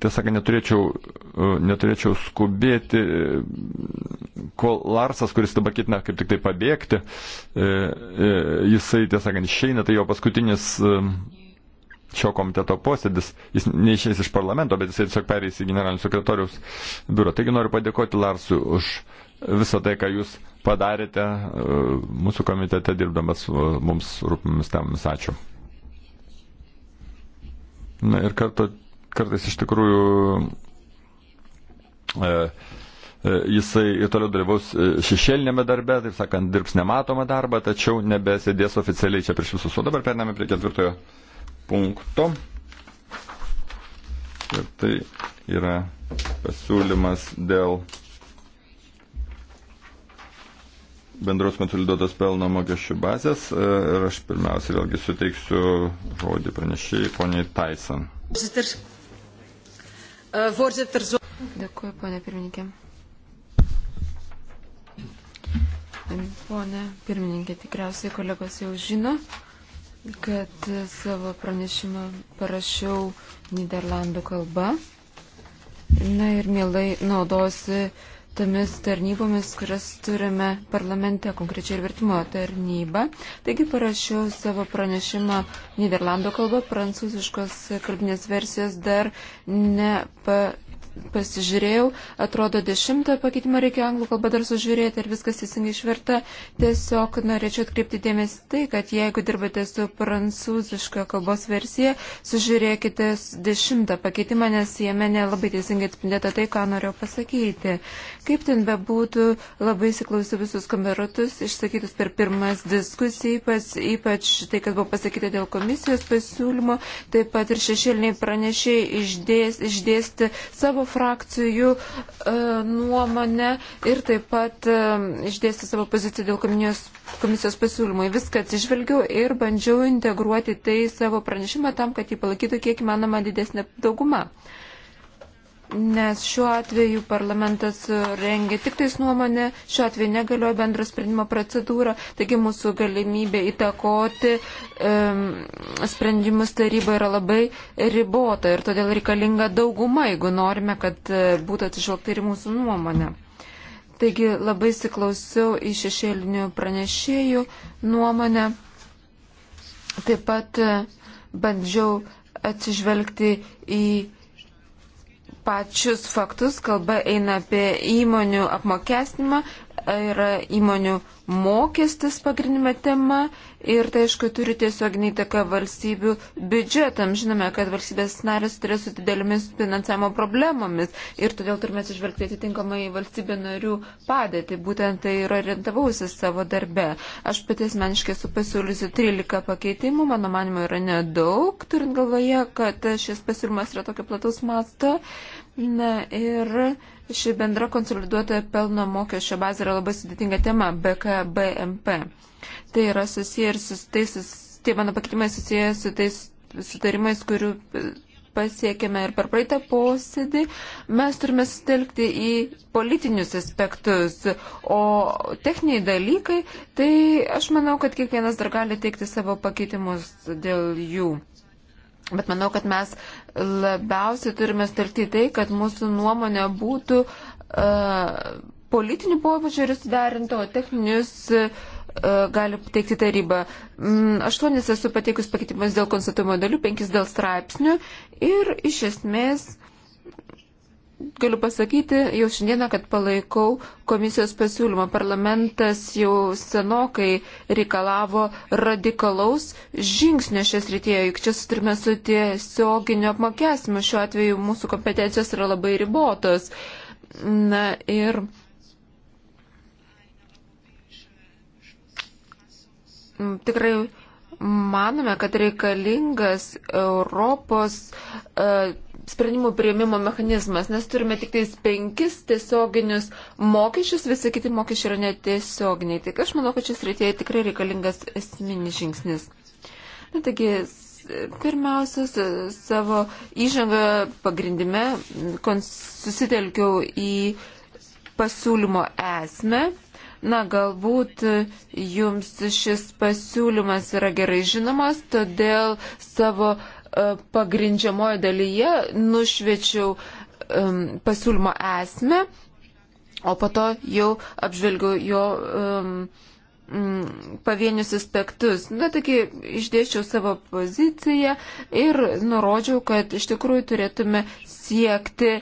tiesą sakant, neturėčiau, e, neturėčiau skubėti, e, kol Larsas, kuris dabar ketina kaip tik tai pabėgti, jisai, tiesą sakant, išeina, tai jo paskutinis šio komiteto posėdis, jis neišės iš parlamento, bet jisai tiesiog perės į generalinio sekretoriaus biurą. Taigi noriu padėkoti Larsui už visą tai, ką jūs padarėte mūsų komitete dirbdamas mums rūpimis temomis. Ačiū. Na ir kartu kartais iš tikrųjų e, e, jisai ir toliau dalyvaus e, šešėlinėme darbe, taip sakant, dirbs nematomą darbą, tačiau nebesėdės oficialiai čia prieš visus. O dabar periname prie ketvirtojo punkto. Ir tai yra pasiūlymas dėl bendros konsoliduotos pelno mokesčių bazės e, ir aš pirmiausia vėlgi suteiksiu žodį pranešėjai poniai Tyson. Susitarsiu. Voorzitter, zo. Dėkuoju, ponė pirmininkė. Pone pirmininkė, tikriausiai kolegos jau žino, kad savo pranešimą parašiau Niderlandų kalba. Na ir mielai naudosi uh, tomis tarnybomis, kurias turime parlamente, konkrečiai ir vertimo tarnybą. Taigi parašiau savo pranešimą Niderlandų kalba, prancūziškos kalbinės versijos dar nepa. Pasižiūrėjau, atrodo dešimtą pakeitimą reikia anglų kalbą dar sužiūrėti, ar viskas teisingai išverta. Tiesiog norėčiau atkreipti dėmesį tai, kad jeigu dirbate su prancūziška kalbos versija, sužiūrėkite dešimtą pakeitimą, nes jame nelabai teisingai atspindėta tai, ką norėjau pasakyti. Kaip ten bebūtų, labai įsiklausiu visus komeratus, išsakytus per pirmas diskusijas, ypač, ypač tai, kas buvo pasakyta dėl komisijos pasiūlymo, taip pat ir šešėliniai pranešiai išdės, išdėsti savo frakcijų e, nuomonę ir taip pat e, išdėsti savo poziciją dėl komisijos, komisijos pasiūlymo. Viską atsižvelgiau ir bandžiau integruoti tai savo pranešimą tam, kad jį palaikytų kiek įmanoma didesnė dauguma nes šiuo atveju parlamentas rengia tik tais nuomonę, šiuo atveju negalioja bendro sprendimo procedūra, taigi mūsų galimybė įtakoti um, sprendimus taryba yra labai ribota ir todėl reikalinga dauguma, jeigu norime, kad e, būtų atsižvelgta ir mūsų nuomonė. Taigi labai siklausiau į šešėlinių pranešėjų nuomonę. Taip pat e, bandžiau atsižvelgti į pačius faktus, kalba eina apie įmonių apmokestinimą, yra įmonių mokestis pagrindinė tema ir tai aišku turi tiesioginį įtaką valstybių biudžetam. Žinome, kad valstybės narės turės su didelėmis finansavimo problemomis ir todėl turime atsižvelgti atitinkamai valstybė narių padėtį. Būtent tai yra orientavausi savo darbe. Aš pati asmeniškai esu pasiūliusi 13 pakeitimų, mano manimo yra nedaug, turint galvoje, kad šis pasiūlymas yra tokio plataus masto Na ir ši bendra konsoliduota pelno mokesčio bazė yra labai sudėtinga tema BKBMP. Tai yra susiję ir su tais, tie mano pakeitimai susiję su tais sutarimais, kurių e, pasiekėme ir per praeitą posėdį, mes turime sutelkti į politinius aspektus, o techniniai dalykai, tai aš manau, kad kiekvienas dar gali teikti savo pakeitimus dėl jų. Bet manau, kad mes labiausiai turime stelti tai, kad mūsų nuomonė būtų uh, politinių pobūdžių ir suderinto, techninius uh, gali teikti taryba. Mm, aštuonis esu pateikus pakeitimus dėl konstatuojimo dalių, penkis dėl straipsnių ir iš esmės galiu pasakyti jau šiandieną, kad palaikau komisijos pasiūlymą. Parlamentas jau senokai reikalavo radikalaus žingsnio šias rytėje, juk čia turime su tiesioginiu apmokesimu, šiuo atveju mūsų kompetencijos yra labai ribotos. Na ir. Tikrai manome, kad reikalingas Europos. Uh, sprendimų prieimimo mechanizmas, nes turime tik tais penkis tiesioginius mokesčius, visi kiti mokesčiai yra netiesioginiai. Tai aš manau, kad šis rytėje tikrai reikalingas esminis žingsnis. Na taigi, pirmiausia, savo įžangą pagrindime susitelkiau į pasiūlymo esmę. Na, galbūt jums šis pasiūlymas yra gerai žinomas, todėl savo uh, E, pagrindžiamojo dalyje nušviečiau um, pasiūlymo esmę, o po to jau apžvelgiau jo um, pavienius aspektus. Na, taigi išdėščiau savo poziciją ir nurodžiau, kad iš tikrųjų turėtume siekti e,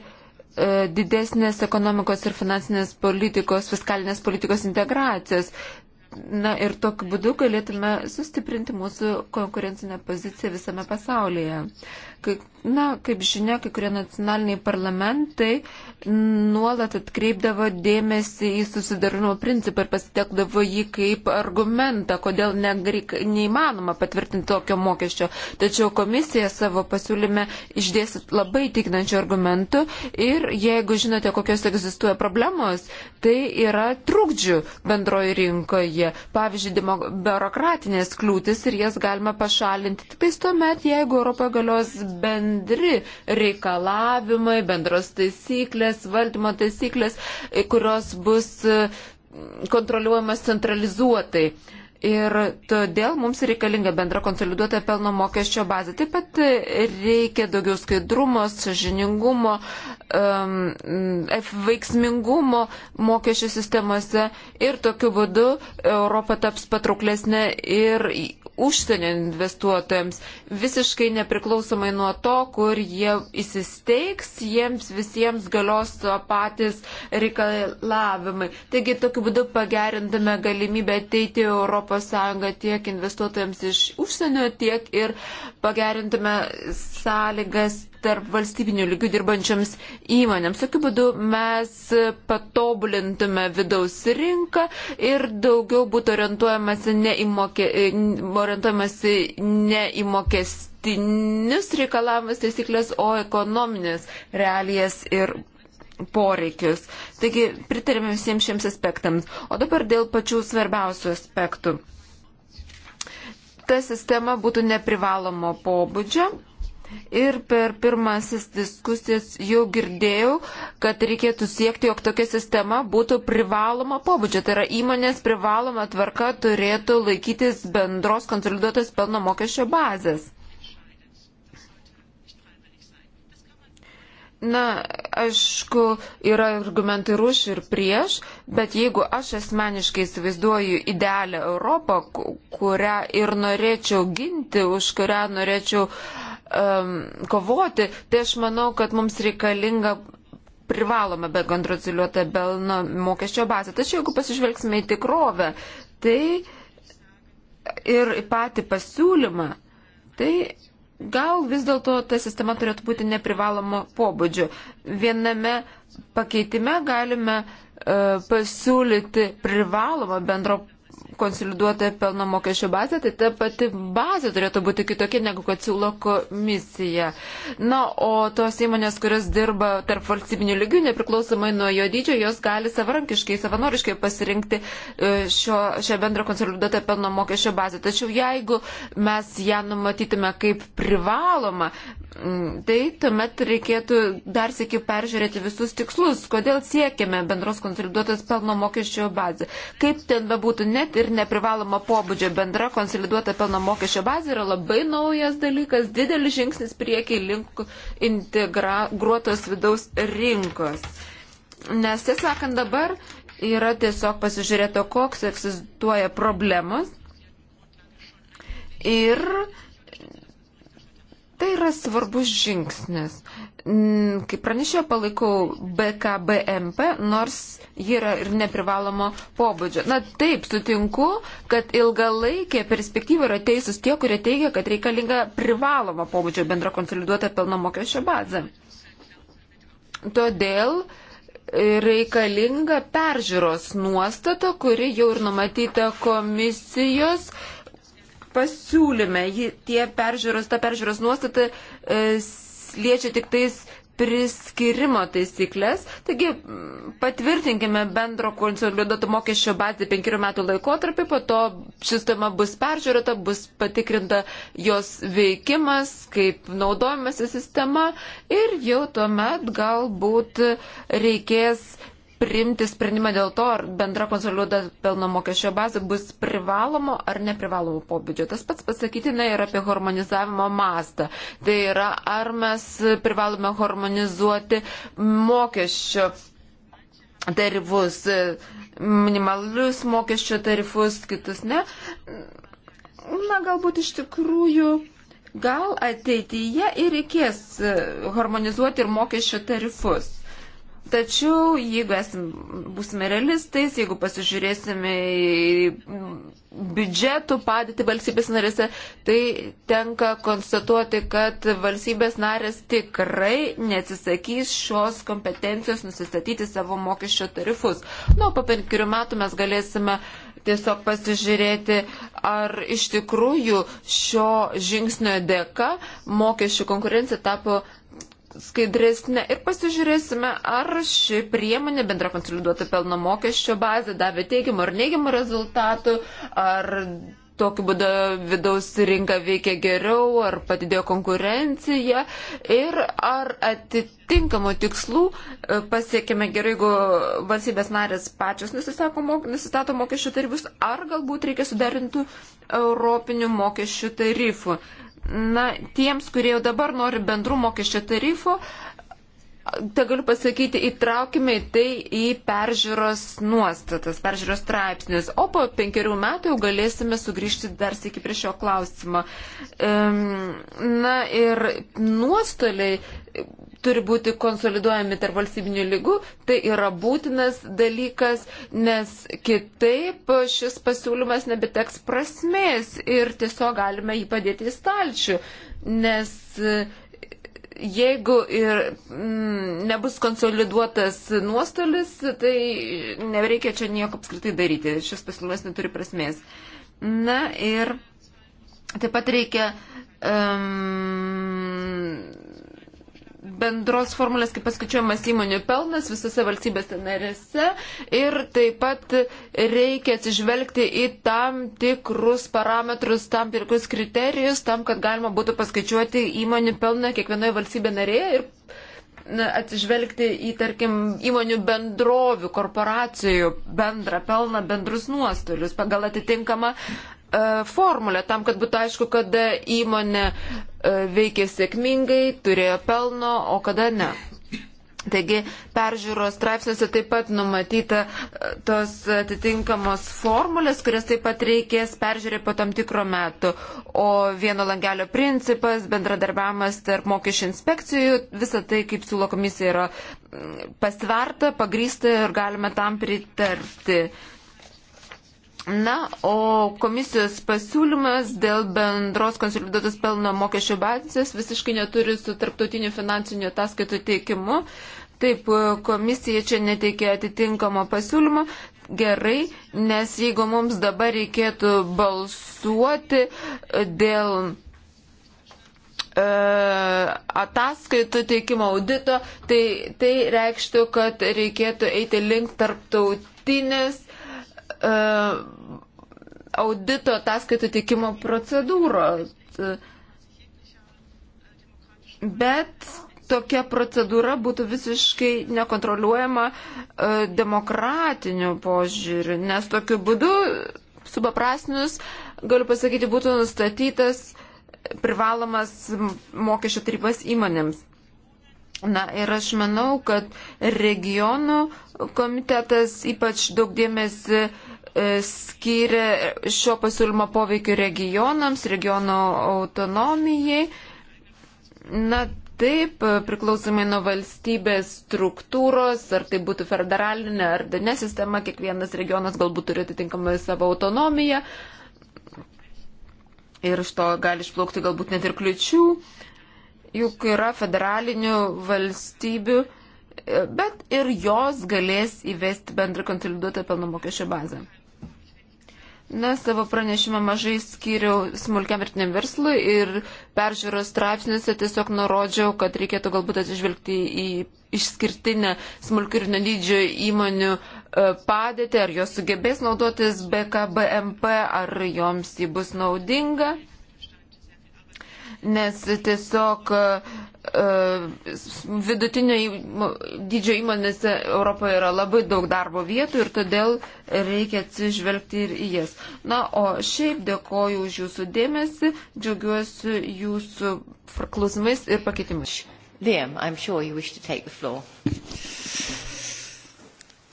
didesnės ekonomikos ir finansinės politikos, fiskalinės politikos integracijos. Na ir tokiu būdu galėtume sustiprinti mūsų konkurencinę poziciją visame pasaulyje. Kai Na, kaip žinia, kai kurie nacionaliniai parlamentai nuolat atkreipdavo dėmesį į susidarumo principą ir pasitekdavo jį kaip argumentą, kodėl negreik, neįmanoma patvirtinti tokio mokesčio. Tačiau komisija savo pasiūlyme išdėsit labai tikinančių argumentų ir jeigu žinote, kokios egzistuoja problemos, tai yra trukdžių bendroji rinkoje. Pavyzdžiui, biurokratinės kliūtis ir jas galima pašalinti tik tais tuomet, jeigu Europoje galios bendroji bendri reikalavimai, bendros taisyklės, valdymo taisyklės, e, kurios bus e, kontroliuojamas centralizuotai. Ir todėl mums reikalinga bendra konsoliduota pelno mokesčio bazė. Taip pat reikia daugiau skaidrumo, sažiningumo, um, veiksmingumo mokesčių sistemose ir tokiu būdu Europa taps patrauklesnė ir užsienio investuotojams, visiškai nepriklausomai nuo to, kur jie įsisteigs, jiems visiems galios patys reikalavimai. Taigi tokiu būdu pagerindame galimybę ateiti į ES tiek investuotojams iš užsienio, tiek ir pagerintume sąlygas tarp valstybinių lygių dirbančiams įmonėms. Tokiu būdu mes patobulintume vidaus rinką ir daugiau būtų orientuojamasi ne į, mokė, orientuojamasi ne į mokestinius reikalavimus taisyklės, o ekonominės realijas ir poreikius. Taigi pritarėme visiems šiems aspektams. O dabar dėl pačių svarbiausių aspektų. Ta sistema būtų neprivalomo pobūdžio Ir per pirmasis diskusijas jau girdėjau, kad reikėtų siekti, jog tokia sistema būtų privaloma pobūdžio. Tai yra įmonės privaloma tvarka turėtų laikytis bendros konsoliduotos pelno mokesčio bazės. Na, aišku, yra argumentai už ir prieš, bet jeigu aš asmeniškai įsivaizduoju idealią Europą, kurią ir norėčiau ginti, už kurią norėčiau uh, um, kovoti, tai aš manau, kad mums reikalinga privaloma be kontroliuota belno mokesčio bazė. Tačiau jeigu pasižvelgsime į tikrovę, tai ir į patį pasiūlymą, tai gal vis dėlto ta sistema turėtų būti neprivalomo pobūdžio. Viename pakeitime galime e, pasiūlyti privalomą bendro konsoliduota pelno mokesčio bazė, tai ta pati bazė turėtų būti kitokia negu kad siūlo komisija. Na, o tos įmonės, kurios dirba tarp valstybinių lygių, nepriklausomai nuo jo dydžio, jos gali savarankiškai, savanoriškai pasirinkti e, šio, šią bendrą konsoliduotą pelno mokesčio bazę. Tačiau jeigu mes ją numatytume kaip privalomą, tai tuomet reikėtų dar sėkiu peržiūrėti visus tikslus, kodėl siekiame bendros konsoliduotos pelno mokesčio bazę. Kaip ten bebūtų, net ir neprivaloma pobūdžio bendra konsoliduota pelno mokesčio bazė yra labai naujas dalykas, didelis žingsnis priekiai link integruotos vidaus rinkos. Nes tiesą sakant, dabar yra tiesiog pasižiūrėta, koks egzistuoja problemos. Ir tai yra svarbus žingsnis. Kaip pranešėjo, palaikau BKBMP, nors ji yra ir neprivalomo pobūdžio. Na taip, sutinku, kad ilgalaikė perspektyva yra teisūs tie, kurie teigia, kad reikalinga privaloma pobūdžio bendra konsoliduota pelno mokesčio bazė. Todėl reikalinga peržiūros nuostata, kuri jau ir numatyta komisijos pasiūlyme. Ji, tie peržiūros, ta peržiūros nuostata e, liečia tik tais priskirimo taisyklės. Taigi mm, patvirtinkime bendro konsoliduotų mokesčio bazę penkerių metų laikotarpį, po to sistema bus peržiūrėta, bus patikrinta jos veikimas, kaip naudojamasi sistema ir jau tuomet galbūt reikės priimti sprendimą dėl to, ar bendra konsoliuota pelno mokesčio bazė bus privalomo ar neprivalomo pobūdžio. Tas pats pasakytina ir apie harmonizavimo mastą. Tai yra, ar mes privalome harmonizuoti mokesčio tarifus, minimalius mokesčio tarifus, kitus ne. Na, galbūt iš tikrųjų. Gal ateityje ir reikės harmonizuoti ir mokesčio tarifus. Tačiau, jeigu esim, būsime realistais, jeigu pasižiūrėsime į biudžetų padėtį valstybės narėse, tai tenka konstatuoti, kad valstybės narės tikrai neatsisakys šios kompetencijos nusistatyti savo mokesčio tarifus. Nu, po penkerių metų mes galėsime tiesiog pasižiūrėti, ar iš tikrųjų šio žingsnio dėka mokesčių konkurencija tapo skaidresnė ir pasižiūrėsime, ar ši priemonė bendra konsoliduota pelno mokesčio bazė davė teigiamų ar neigiamų rezultatų, ar tokiu būdu vidaus rinka veikia geriau, ar padidėjo konkurencija ir ar atitinkamų tikslų e, pasiekime gerai, jeigu valstybės narės pačios mok, nusistato mokesčių tarifus, ar galbūt reikia suderintų europinių mokesčių tarifų na, tiems, kurie jau dabar nori bendrų mokesčio tarifų, Tai galiu pasakyti, įtraukime tai į peržiūros nuostatas, peržiūros straipsnius, o po penkerių metų jau galėsime sugrįžti dar sėki prie šio klausimo. Na ir nuostoliai turi būti konsoliduojami tarp valstybinių lygų, tai yra būtinas dalykas, nes kitaip šis pasiūlymas nebeteks prasmės ir tiesiog galime jį padėti į stalčių, nes jeigu ir mm, nebus konsoliduotas nuostolis, tai nereikia čia nieko apskritai daryti. Šis pasiūlymas neturi prasmės. Na ir taip pat reikia um, bendros formulės, kaip paskaičiuojamas įmonių pelnas visose valstybėse narėse ir taip pat reikia atsižvelgti į tam tikrus parametrus, tam tikrus kriterijus, tam, kad galima būtų paskaičiuoti įmonių pelną kiekvienoje valstybėje narėje ir na, atsižvelgti į, tarkim, įmonių bendrovių, korporacijų bendrą pelną, bendrus nuostolius pagal atitinkamą E, formulę tam, kad būtų aišku, kada įmonė e, veikia sėkmingai, turėjo pelno, o kada ne. Taigi peržiūros straipsniuose taip pat numatyta e, tos atitinkamos formulės, kurias taip pat reikės peržiūrėti po tam tikro metu. O vieno langelio principas, bendradarbiavimas tarp mokesčių inspekcijų, visa tai, kaip siūlo komisija, yra pasverta, pagrysta ir galime tam pritarti. Na, o komisijos pasiūlymas dėl bendros konsoliduotos pelno mokesčio bazės visiškai neturi su tarptautiniu finansiniu ataskaitų teikimu. Taip, komisija čia neteikė atitinkamo pasiūlymo. Gerai, nes jeigu mums dabar reikėtų balsuoti dėl e, ataskaitų teikimo audito, tai, tai reikštų, kad reikėtų eiti link tarptautinės uh, audito ataskaitų teikimo procedūros. Bet tokia procedūra būtų visiškai nekontroliuojama e, demokratiniu požiūriu, nes tokiu būdu, subaprasnius, galiu pasakyti, būtų nustatytas privalomas mokesčių tarybas įmonėms. Na ir aš manau, kad regionų komitetas ypač daug dėmesį uh, E, skiria šio pasiūlymo poveikį regionams, regiono autonomijai. Na taip, e, priklausomai nuo valstybės struktūros, ar tai būtų federalinė ar dalinė e sistema, kiekvienas regionas galbūt turi atitinkamą savo autonomiją. Ir iš to gali išplaukti galbūt net ir kliučių, juk yra federalinių valstybių bet ir jos galės įvesti bendrą konsoliduotą pelno mokesčio bazę. Na, savo pranešimą mažai skiriau smulkiam vertiniam verslui ir peržiūros straipsniuose tiesiog nurodžiau, kad reikėtų galbūt atsižvelgti į išskirtinę smulkių ir nedydžio įmonių e, padėtį, ar jos sugebės naudotis BKBMP, ar joms jį bus naudinga nes tiesiog e, e, vidutinio dydžio įmonėse Europoje yra labai daug darbo vietų ir todėl reikia atsižvelgti ir į jas. Na, o šiaip dėkoju už jūsų dėmesį, džiaugiuosi jūsų klausimais ir pakeitimais. Liam, I'm sure you wish to take the floor.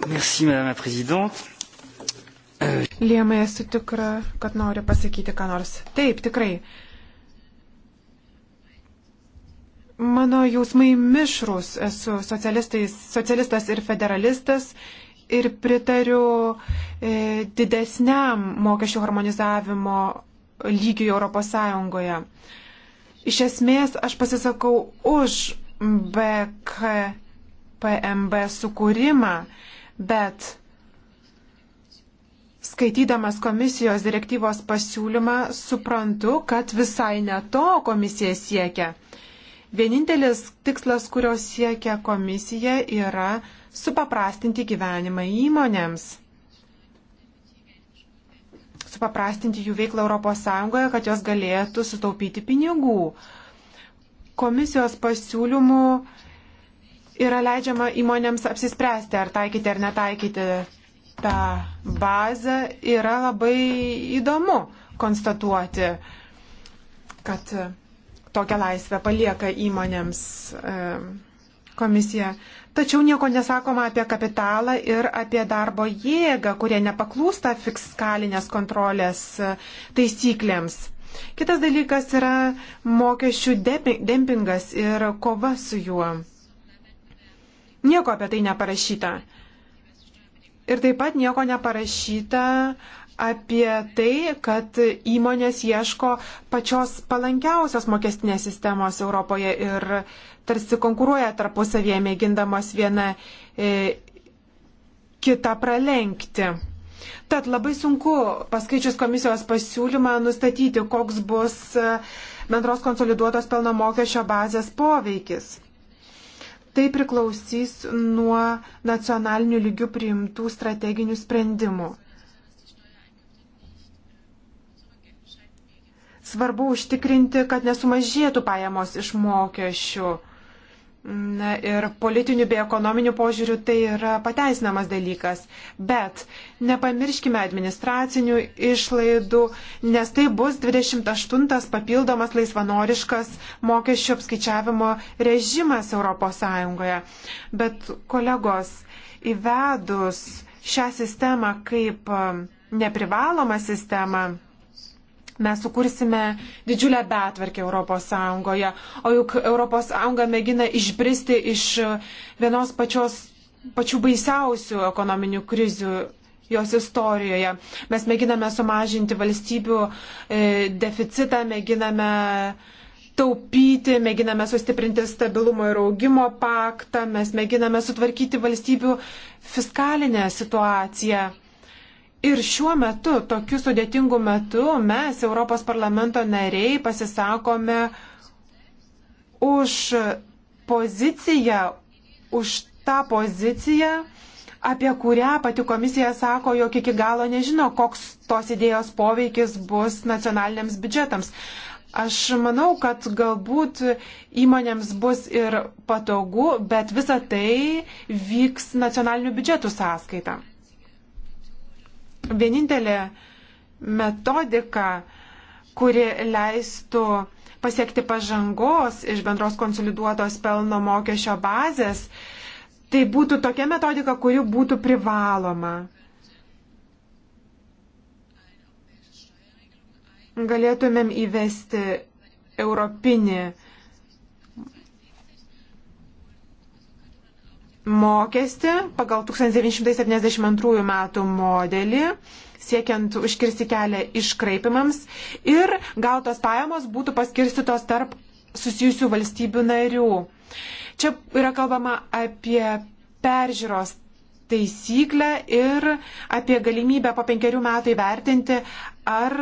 Merci, Madame la Présidente. Euh, Liamai, esu tikra, kad nori pasakyti, ką nors. Taip, tikrai. Uh, Mano jausmai mišrus. Esu socialistas ir federalistas ir pritariu e, didesniam mokesčių harmonizavimo lygiui Europos Sąjungoje. Iš esmės, aš pasisakau už BKPMB sukūrimą, bet skaitydamas komisijos direktyvos pasiūlymą suprantu, kad visai ne to komisija siekia. E, Vienintelis tikslas, kurio siekia komisija, yra supaprastinti gyvenimą įmonėms. Supaprastinti jų veiklą ES, kad jos galėtų sutaupyti pinigų. Komisijos pasiūlymų yra leidžiama įmonėms apsispręsti, ar taikyti ar netaikyti tą bazę. Yra labai įdomu konstatuoti, kad tokią laisvę palieka įmonėms e, komisija. Tačiau nieko nesakoma apie kapitalą ir apie darbo jėgą, kurie nepaklūsta fiskalinės kontrolės e, taisyklėms. Kitas dalykas yra mokesčių dempingas ir kova su juo. Nieko apie tai neparašyta. Ir taip pat nieko neparašyta apie tai, kad įmonės ieško pačios palankiausios mokestinės sistemos Europoje ir tarsi konkuruoja tarpusavėje, mėgindamos vieną e, kitą pralenkti. Tad labai sunku paskaičius komisijos pasiūlymą nustatyti, koks bus e, bendros konsoliduotos pelno mokesčio bazės poveikis. Tai priklausys nuo nacionalinių lygių priimtų strateginių sprendimų. svarbu užtikrinti, kad nesumažėtų pajamos iš mokesčių. Na, ir politinių bei ekonominių požiūrių tai yra pateisinamas dalykas. Bet nepamirškime administracinių išlaidų, nes tai bus 28 papildomas laisvanoriškas mokesčių apskaičiavimo režimas ES. Bet kolegos, įvedus šią sistemą kaip neprivalomą sistemą, mes sukursime didžiulę betvarkę Europos Sąjungoje, o juk Europos Sąjunga mėgina išbristi iš vienos pačios, pačių baisiausių ekonominių krizių jos istorijoje. Mes mėginame sumažinti valstybių e, deficitą, mėginame taupyti, mėginame sustiprinti stabilumo ir augimo paktą, mes mėginame sutvarkyti valstybių fiskalinę situaciją. Ir šiuo metu, tokiu sudėtingu metu, mes, Europos parlamento nariai, pasisakome už poziciją, už tą poziciją, apie kurią pati komisija sako, jog iki galo nežino, koks tos idėjos poveikis bus nacionaliniams biudžetams. Aš manau, kad galbūt įmonėms bus ir patogu, bet visa tai vyks nacionalinių biudžetų sąskaita vienintelė metodika, kuri leistų pasiekti pažangos iš bendros konsoliduotos pelno mokesčio bazės, tai būtų tokia metodika, kuri būtų privaloma. Galėtumėm įvesti europinį mokestį pagal 1972 metų modelį siekiant užkirsti kelią iškraipimams ir gautos pajamos būtų paskirstytos tarp susijusių valstybių narių. Čia yra kalbama apie peržiūros taisyklę ir apie galimybę po penkerių metų įvertinti, ar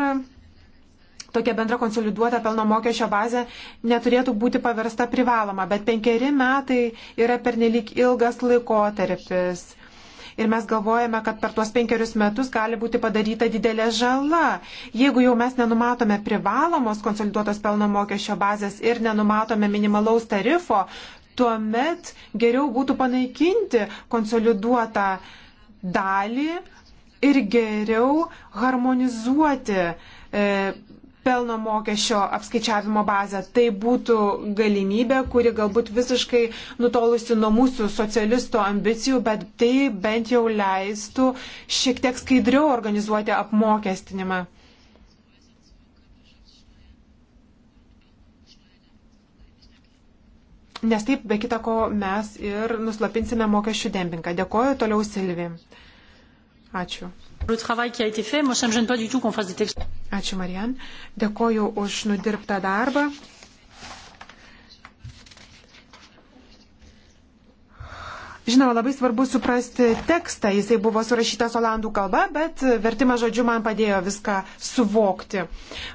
tokia bendra konsoliduota pelno mokesčio bazė neturėtų būti paversta privaloma, bet penkeri metai yra pernelik ilgas laikotarpis. Ir mes galvojame, kad per tuos penkerius metus gali būti padaryta didelė žala. Jeigu jau mes nenumatome privalomos konsoliduotos pelno mokesčio bazės ir nenumatome minimalaus tarifo, tuomet geriau būtų panaikinti konsoliduotą dalį ir geriau harmonizuoti e, pelno mokesčio apskaičiavimo bazę. Tai būtų galimybė, kuri galbūt visiškai nutolusi nuo mūsų socialisto ambicijų, bet tai bent jau leistų šiek tiek skaidriau organizuoti apmokestinimą. Nes taip, be kita ko, mes ir nuslapinsime mokesčių dempingą. Dėkoju toliau Silvi. Ačiū. Ačiū, Marian. Dėkoju už nudirbtą darbą. Žinoma, labai svarbu suprasti tekstą. Jisai buvo surašytas olandų kalba, bet vertimas žodžiu man padėjo viską suvokti.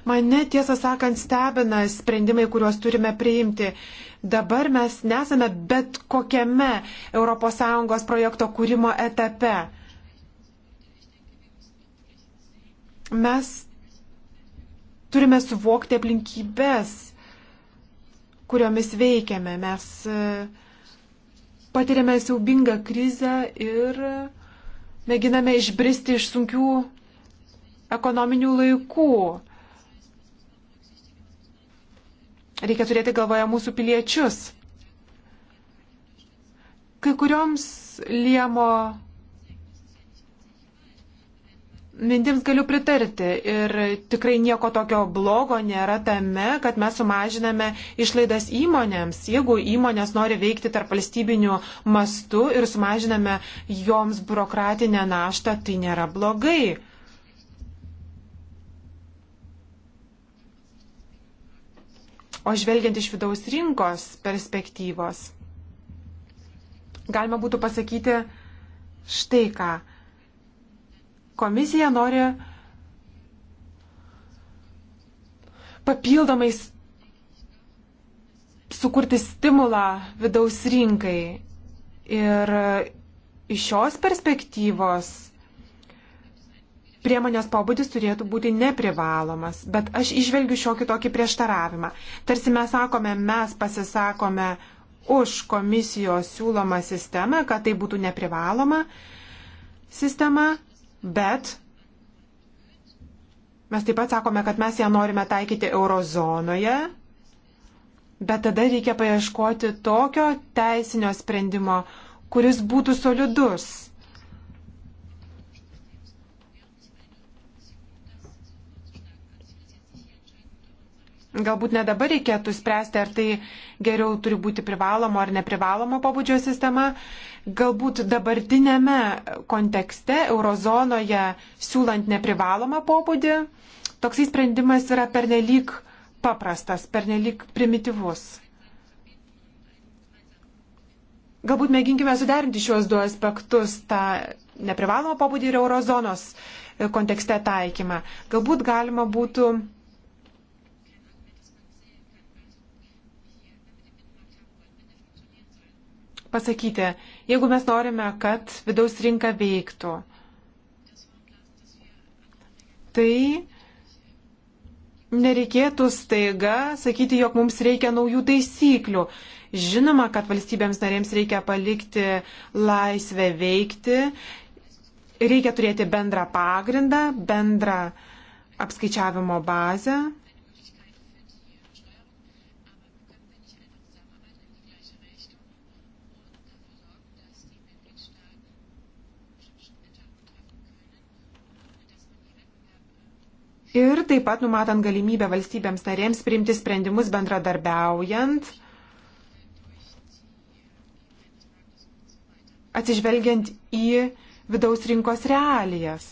Mane, tiesą sakant, stebina sprendimai, kuriuos turime priimti. Dabar mes nesame bet kokiame ES projekto kūrimo etape. Mes turime suvokti aplinkybės, kuriomis veikiame. Mes e, patiriame siaubingą krizę ir mėginame išbristi iš sunkių ekonominių laikų. Reikia turėti galvoje mūsų piliečius. Kai kurioms Liemo Mintims galiu pritarti ir tikrai nieko tokio blogo nėra tame, kad mes sumažiname išlaidas įmonėms. Jeigu įmonės nori veikti tarp valstybinių mastų ir sumažiname joms biurokratinę naštą, tai nėra blogai. O žvelgiant iš vidaus rinkos perspektyvos, galima būtų pasakyti štai ką komisija nori papildomais sukurti stimulą vidaus rinkai. Ir iš šios perspektyvos priemonės pobūdis turėtų būti neprivalomas, bet aš išvelgiu šiokį tokį prieštaravimą. Tarsi mes sakome, mes pasisakome už komisijos siūlomą sistemą, kad tai būtų neprivaloma sistema, bet mes taip pat sakome, kad mes ją norime taikyti eurozonoje, bet tada reikia paieškoti tokio teisinio sprendimo, kuris būtų solidus Galbūt ne dabar reikėtų spręsti, ar tai geriau turi būti privaloma ar neprivaloma pabudžio sistema. Galbūt dabartinėme kontekste, eurozonoje, siūlant neprivalomą pobūdį, toksai sprendimas yra pernelyg paprastas, pernelyg primityvus. Galbūt mėginkime suderinti šiuos du aspektus, tą neprivalomą pobūdį ir eurozonos kontekste taikymą. Galbūt galima būtų pasakyti, jeigu mes norime, kad vidaus rinka veiktų, tai nereikėtų staiga sakyti, jog mums reikia naujų taisyklių. Žinoma, kad valstybėms narėms reikia palikti laisvę veikti, reikia turėti bendrą pagrindą, bendrą apskaičiavimo bazę, ir taip pat numatant galimybę valstybėms narėms priimti sprendimus bendradarbiaujant, atsižvelgiant į vidaus rinkos realijas.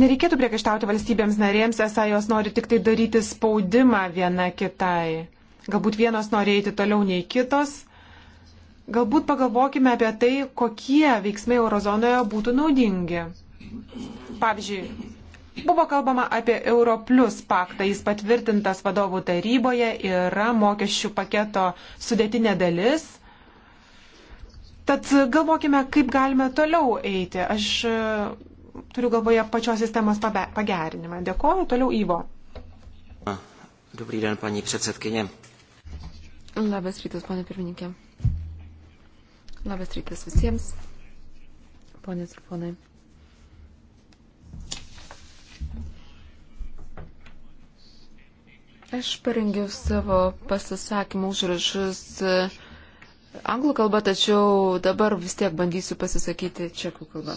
Nereikėtų priekaištauti valstybėms narėms, esą jos nori tik tai daryti spaudimą viena kitai. Galbūt vienos nori eiti toliau nei kitos. Galbūt pagalvokime apie tai, kokie veiksmai eurozonoje būtų naudingi. Pavyzdžiui, Buvo kalbama apie Europlus paktą, jis patvirtintas vadovų taryboje, yra mokesčių paketo sudėtinė dalis. Tad galvokime, kaip galime toliau eiti. Aš e, turiu galvoje pačios sistemos pagerinimą. Dėkoju, toliau Ivo. Dobrý den, paní předsedkyně. Labas rytas, pane pirmininkė. Labas rytas visiems, ponės ir ponai. Aš parengiau savo pasisakymų užrašus e, anglų kalba, tačiau dabar vis tiek bandysiu pasisakyti čekų kalbą.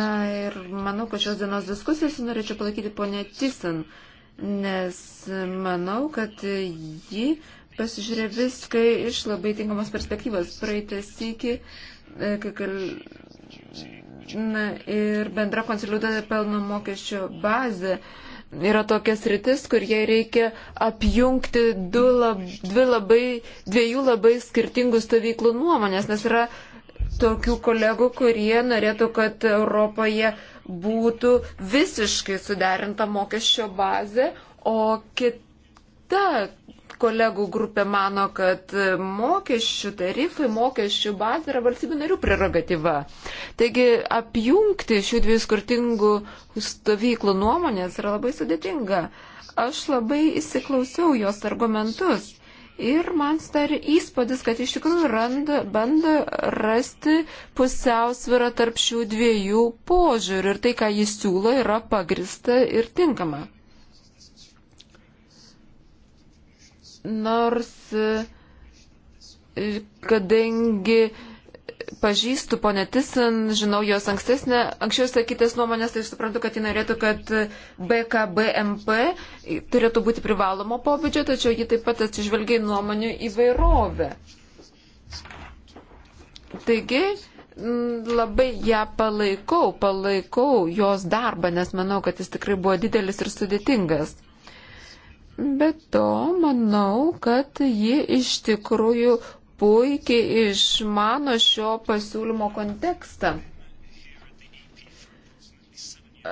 Na ir manau, kad šios dienos diskusijos norėčiau palaikyti ponę Tysen, nes manau, kad ji pasižiūrė viską iš labai tinkamos perspektyvos. Praeitas iki, e, kai kal... Na, ir bendra konsoliduota pelno mokesčio bazė yra tokias rytis, kur jie reikia apjungti du lab, dvi labai, dviejų labai skirtingų stovyklų nuomonės, nes yra tokių kolegų, kurie norėtų, kad Europoje būtų visiškai suderinta mokesčio bazė, o kita, kolegų grupė mano, kad mokesčių tarifai, mokesčių bazė yra valstybių narių prerogatyva. Taigi apjungti šių dviejų skirtingų stovyklų nuomonės yra labai sudėtinga. Aš labai įsiklausiau jos argumentus. Ir man starė įspūdis, kad iš tikrųjų randa, bando rasti pusiausvyrą tarp šių dviejų požiūrių ir tai, ką jis siūlo, yra pagrista ir tinkama. nors kadangi pažįstu ponę Tisan, žinau jos ankstesnę, anksčiau sakytas nuomonės, tai suprantu, kad ji norėtų, kad BKBMP turėtų būti privalomo pobūdžio, tačiau ji taip pat atsižvelgia į nuomonių įvairovę. Taigi, labai ją palaikau, palaikau jos darbą, nes manau, kad jis tikrai buvo didelis ir sudėtingas. Bet to manau, kad ji iš tikrųjų puikiai išmano šio pasiūlymo kontekstą.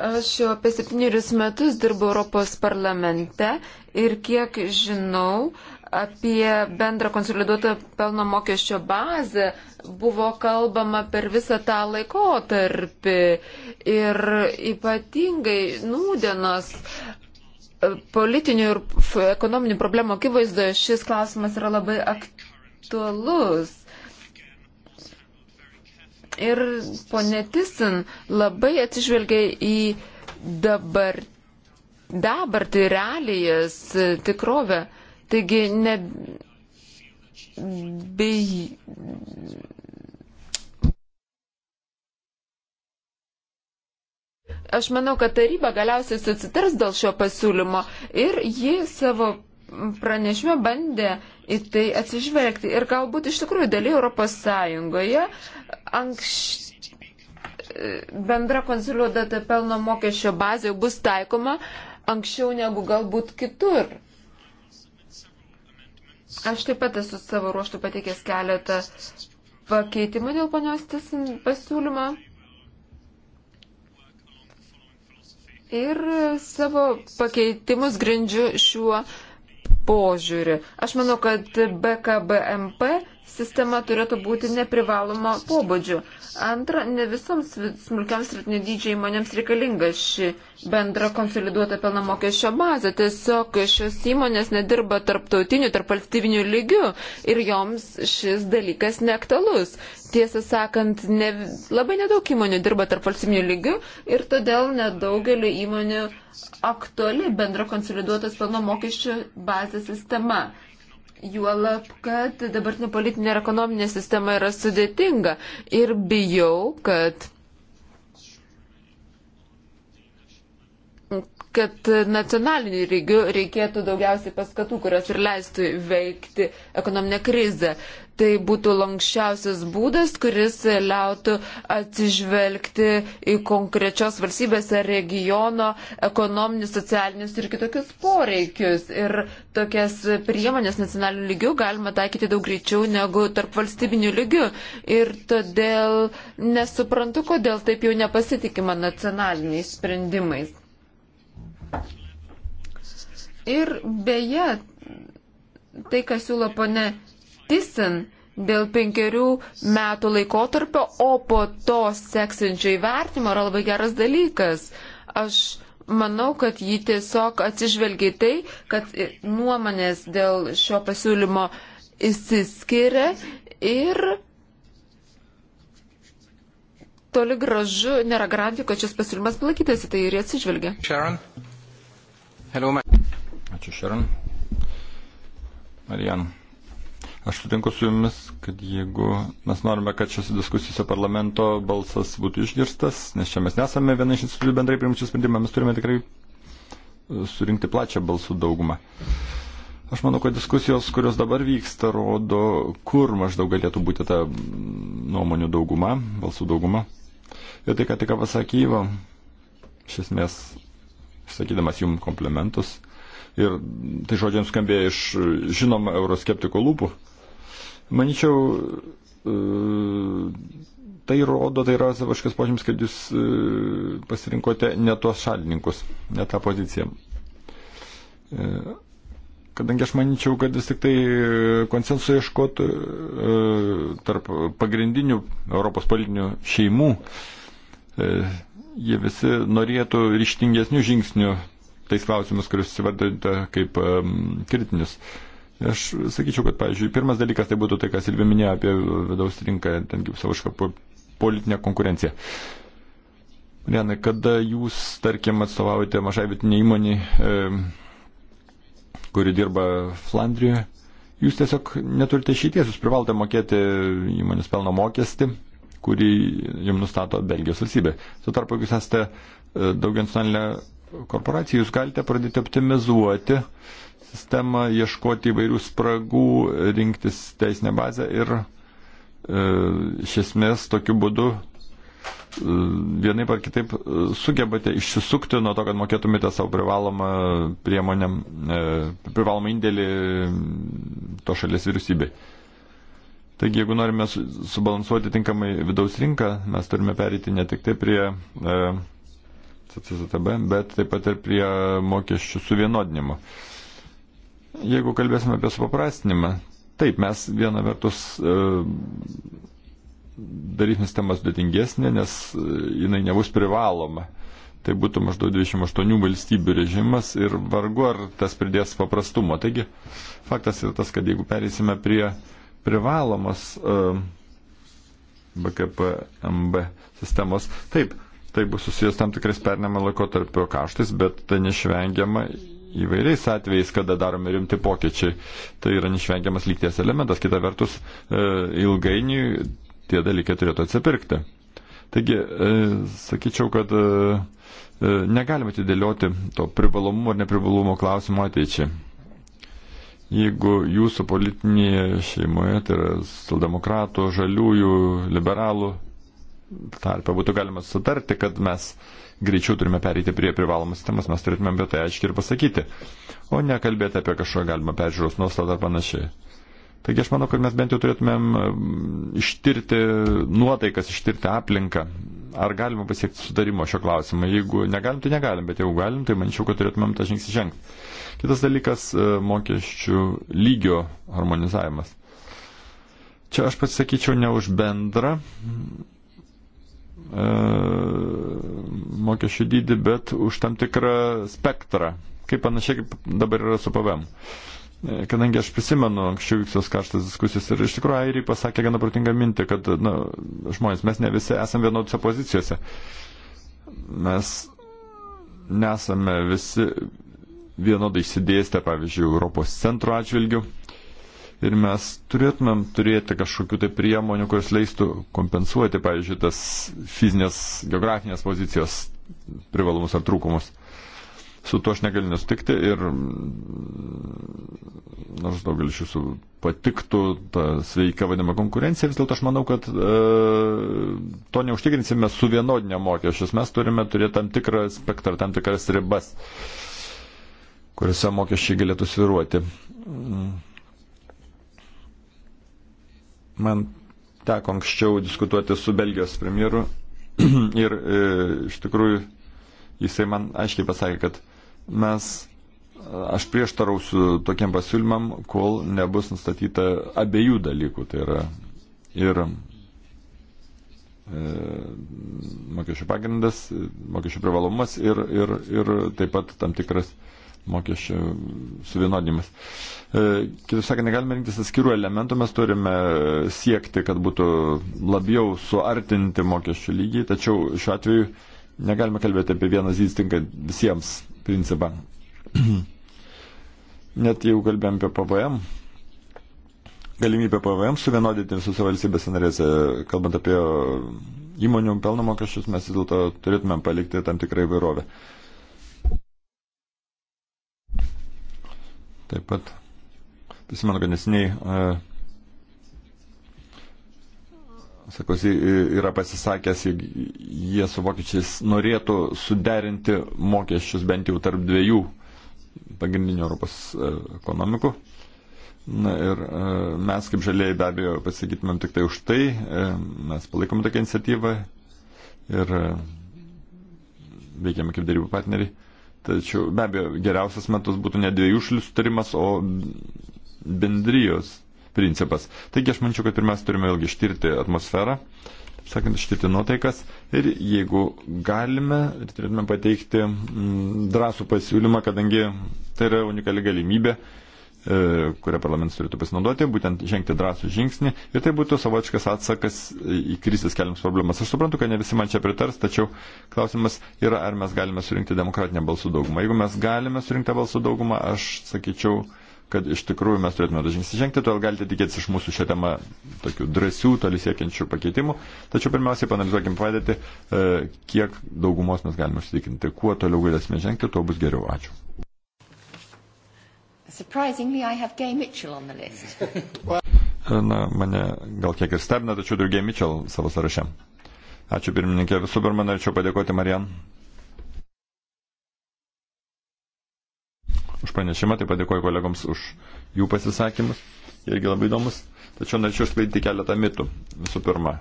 Aš jau apie septynerius metus dirbu Europos parlamente ir kiek žinau, apie bendrą konsoliduotą pelno mokesčio bazę buvo kalbama per visą tą laikotarpį ir ypatingai nūdienos politinių ir ekonominių problemų akivaizdoje šis klausimas yra labai aktualus. Ir ponė Tisin labai atsižvelgia į dabar, dabartį realijas e, tikrovę. Taigi ne, bei, Aš manau, kad taryba galiausiai susitars dėl šio pasiūlymo ir ji savo pranešime bandė į tai atsižvelgti. Ir galbūt iš tikrųjų dalyje Europos Sąjungoje anks... bendra konsoliuodata pelno mokesčio bazė bus taikoma anksčiau negu galbūt kitur. Aš taip pat esu savo ruoštų pateikęs keletą pakeitimų dėl ponios pasiūlymą. ir savo pakeitimus grindžiu šiuo požiūriu. Aš manau, kad BKBMP sistema turėtų būti neprivaloma pobūdžio. Antra, ne visoms smulkiams ir nedydžiai įmonėms reikalinga ši bendra konsoliduota pelno mokesčio bazė. Tiesiog šios įmonės nedirba tarptautiniu, tarp valstybiniu lygiu ir joms šis dalykas neaktualus. Tiesą sakant, ne, labai nedaug įmonių dirba tarp valstybiniu lygiu ir todėl nedaugeliu įmonių aktuali bendra konsoliduotas pelno mokesčio bazė sistema. Juolab, kad dabartinė politinė ir ekonominė sistema yra sudėtinga ir bijau, kad, kad nacionaliniu lygiu reikėtų daugiausiai paskatų, kurios ir leistų veikti ekonominę krizę tai būtų lankščiausias būdas, kuris liautų atsižvelgti į konkrečios valstybės ar regiono ekonominius, socialinius ir kitokius poreikius. Ir tokias priemonės nacionaliniu lygiu galima taikyti daug greičiau negu tarp valstybinių lygių. Ir todėl nesuprantu, kodėl taip jau nepasitikima nacionaliniais sprendimais. Ir beje, tai, ką siūlo pone Tysin dėl penkerių metų laikotarpio, o po to seksinčio įvertimo yra labai geras dalykas. Aš manau, kad jį tiesiog atsižvelgia į tai, kad nuomonės dėl šio pasiūlymo įsiskiria ir toli gražu nėra garantijų, kad šis pasiūlymas palaikytas į tai ir atsižvelgia. Sharon. Hello, Ačiū, Sharon. Marijan. Aš sutinku su jumis, kad jeigu mes norime, kad šiose diskusijose parlamento balsas būtų išgirstas, nes čia mes nesame viena iš institucijų bendrai priimčių sprendimą, mes turime tikrai e, surinkti plačią balsų daugumą. Aš manau, kad diskusijos, kurios dabar vyksta, rodo, kur maždaug galėtų būti ta mm, nuomonių dauguma, balsų dauguma. Ir tai, ką tik pasakyvo, iš esmės, sakydamas jums komplementus, ir tai žodžiams skambėjo iš žinoma euroskeptiko lūpų, Maničiau, e, tai rodo, tai yra savaškas požymis, kad jūs e, pasirinkote ne tuos šalininkus, ne tą poziciją. E, kadangi aš manyčiau, kad vis tik tai konsensusą ieškotų tarp pagrindinių Europos politinių šeimų, jie visi norėtų ryštingesnių žingsnių tais klausimus, kuriuos įvardinate kaip kritinius. Um, Aš sakyčiau, kad, pavyzdžiui, pirmas dalykas tai būtų tai, kas Silvė minėjo apie vidaus rinką, ten kaip savašką politinę konkurenciją. Renai, kada jūs, tarkim, atstovaujate mažai vietiniai įmonį, e, kuri dirba Flandrijoje, jūs tiesiog neturite išeities, jūs privalote mokėti įmonės pelno mokestį, kurį jums nustato Belgijos valstybė. Tuo tarpu, jūs esate e, daugiancionalinė korporacija, jūs galite pradėti optimizuoti sistemą, ieškoti įvairių spragų, rinktis teisinę bazę ir e, iš esmės tokiu būdu e, vienaip ar kitaip e, sugebate išsisukti nuo to, kad mokėtumėte savo privalomą priemonę, e, privalomą indėlį to šalies vyriausybei. Taigi, jeigu norime subalansuoti tinkamai vidaus rinką, mes turime perėti ne tik tai prie e, CCTB, bet taip pat ir prie mokesčių suvienodinimo. E, Jeigu kalbėsime apie supaprastinimą, taip, mes viena vertus e, darysime sistemą sudėtingesnė, nes e, jinai nebus privaloma. Tai būtų maždaug 28 valstybių režimas ir vargu ar tas pridės paprastumo. Taigi faktas yra tas, kad jeigu perėsime prie privalomas e, BKPMB sistemos, taip, tai bus susijęs tam tikrais pernėme laikotarpio kaštais, bet tai nešvengiama įvairiais atvejais, kada daromi rimti pokyčiai. Tai yra neišvengiamas lygties elementas, kita vertus, e, ilgainiui tie dalykai turėtų atsipirkti. Taigi, e, sakyčiau, kad e, negalime atidėlioti to privalomumo ar neprivalomumo klausimo ateičiai. Jeigu jūsų politinėje šeimoje, tai yra saldemokratų, žaliųjų, liberalų tarpe būtų galima sutarti, kad mes greičiau turime pereiti prie privalomas sistemas, mes turėtume apie tai aiškiai ir pasakyti, o ne kalbėti apie kažkokią galimą peržiūros nuostatą ar panašiai. Taigi aš manau, kad mes bent jau turėtumėm mm, ištirti nuotaikas, ištirti aplinką. Ar galima pasiekti sudarimo šio klausimo? Jeigu negalim, tai negalim, bet jeigu galim, tai manyčiau, kad turėtumėm tą žingsnį žengti. Kitas dalykas e, - mokesčių lygio harmonizavimas. Čia aš pasisakyčiau ne už bendrą E, mokesčių dydį, bet už tam tikrą spektrą, kaip panašiai kaip dabar yra su PVM. E, kadangi aš prisimenu anksčiau vyksios karštas diskusijas ir iš tikrųjų airiai pasakė gana protingą mintį, kad na, žmonės, mes ne visi esame vienodose pozicijose. Mes nesame visi vienodai išsidėstę, pavyzdžiui, Europos centro atžvilgių. Uh, ir mes turėtumėm turėti kažkokių tai priemonių, kurios leistų kompensuoti, pavyzdžiui, tas fizinės geografinės pozicijos privalumus ar trūkumus. Su tuo aš negaliu nesutikti ir mm, nors daugelis jūsų patiktų ta sveika vadinama konkurencija, vis dėlto aš manau, kad e, to neužtikrinsime su vienodinė mokesčius. Mes turime turėti tam tikrą spektrą, tam tikras ribas, kuriuose mokesčiai galėtų sviruoti. Mm Man teko anksčiau diskutuoti su Belgijos premjeru ir e, iš tikrųjų jisai man aiškiai pasakė, kad mes, aš prieštarausiu tokiam pasiūlymam, kol nebus nustatyta abiejų dalykų. Tai yra ir e, mokesčių pagrindas, mokesčių privalomas ir, ir, ir taip pat tam tikras e, mokesčių suvienodinimas. E, kitaip sakant, negalime rinktis atskirų elementų, mes turime e, siekti, kad būtų labiau suartinti mokesčių lygiai, tačiau šiuo atveju negalime kalbėti apie vienas įstinka visiems principą. Net jeigu kalbėjom apie PVM, galimybę PVM suvienodinti visose valstybėse narėse, kalbant apie įmonių pelno mokesčius, mes vis dėlto turėtumėm palikti tam tikrą įvairovę. Uh, Taip pat prisimenu, kad nesiniai e, Sakosi, yra pasisakęs, jie su vokiečiais norėtų suderinti mokesčius bent jau tarp dviejų pagrindinių Europos e, ekonomikų. Na ir e, mes kaip žalieji be abejo pasakytumėm tik tai už tai, mes palaikom tokią iniciatyvą ir veikiame kaip darybų partneriai. Tačiau be abejo, geriausias metas būtų ne dviejų šalių sutarimas, o bendrijos principas. Taigi aš mančiau, kad pirmiausia turime vėlgi ištirti atmosferą, taip sakant, ištirti nuotaikas ir jeigu galime, tai turėtume pateikti mm, drąsų pasiūlymą, kadangi tai yra unikali galimybė E, kurią parlamentas turėtų pasinaudoti, būtent žengti drąsų žingsnį ir tai būtų savotiškas atsakas į krizės keliams problemas. Aš suprantu, kad ne visi man čia pritars, tačiau klausimas yra, ar mes galime surinkti demokratinę balsų daugumą. Jeigu mes galime surinkti balsų daugumą, aš sakyčiau, kad iš tikrųjų mes turėtume tą žingsnį žengti, todėl galite tikėtis iš mūsų šią temą tokių drąsių, toli siekiančių pakeitimų. Tačiau pirmiausiai panalizuokim padėti, e, kiek daugumos mes galime užsitikinti. Kuo toliau galėsime žengti, tuo bus geriau. Ačiū. Surprisingly, I have Gay Mitchell on the list. Na, mane gal kiek ir stebina, tačiau turiu Gay Mitchell savo sąraše. Ačiū pirmininkė. Visų pirma, norėčiau padėkoti Marijan. Už pranešimą, tai padėkoju kolegoms už jų pasisakymus. Jie irgi labai įdomus. Tačiau norėčiau išsklaidyti keletą mitų. Visų pirma,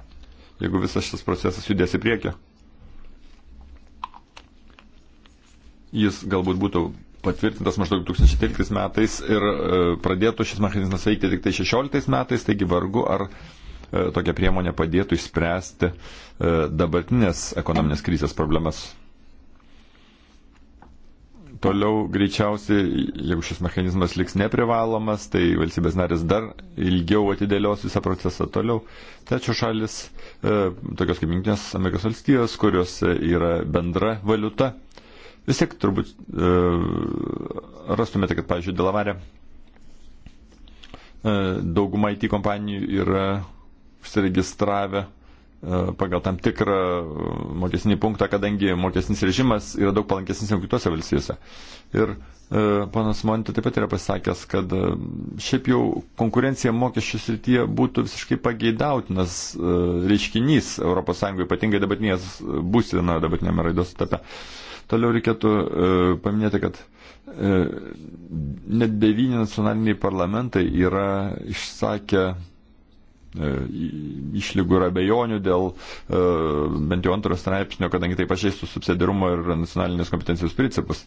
jeigu visas šis procesas judės į priekį, jis galbūt būtų patvirtintas maždaug 2013 metais ir e, pradėtų šis mechanizmas veikti tik tai 16 metais, taigi vargu ar e, tokia priemonė padėtų išspręsti e, dabartinės ekonominės krizės problemas. Toliau greičiausiai, jeigu šis mechanizmas liks neprivalomas, tai valstybės narės dar ilgiau atidėlios visą procesą toliau. Tačiau šalis, tokios kaip Junktinės Amerikos valstijos, kurios yra bendra valiuta, vis tiek turbūt e, rastumėte, tai, kad, pavyzdžiui, Delavarė e, dauguma IT kompanijų yra užsiregistravę e, pagal tam tikrą mokesinį punktą, kadangi mokesinis režimas yra daug palankesnis negu kitose valstybėse. Ir e, panas Monitė taip pat yra pasakęs, kad e, šiaip jau konkurencija mokesčių srityje būtų visiškai pageidautinas e, reiškinys ES, ypatingai dabartinės e, būsina dabartinėme raidos etape. E, Toliau reikėtų e, paminėti, kad e, net devyni nacionaliniai parlamentai yra išsakę e, išlygų ir abejonių dėl bent jau antro straipsnio, kadangi tai pažeistų subsidirumo ir nacionalinės kompetencijos principus.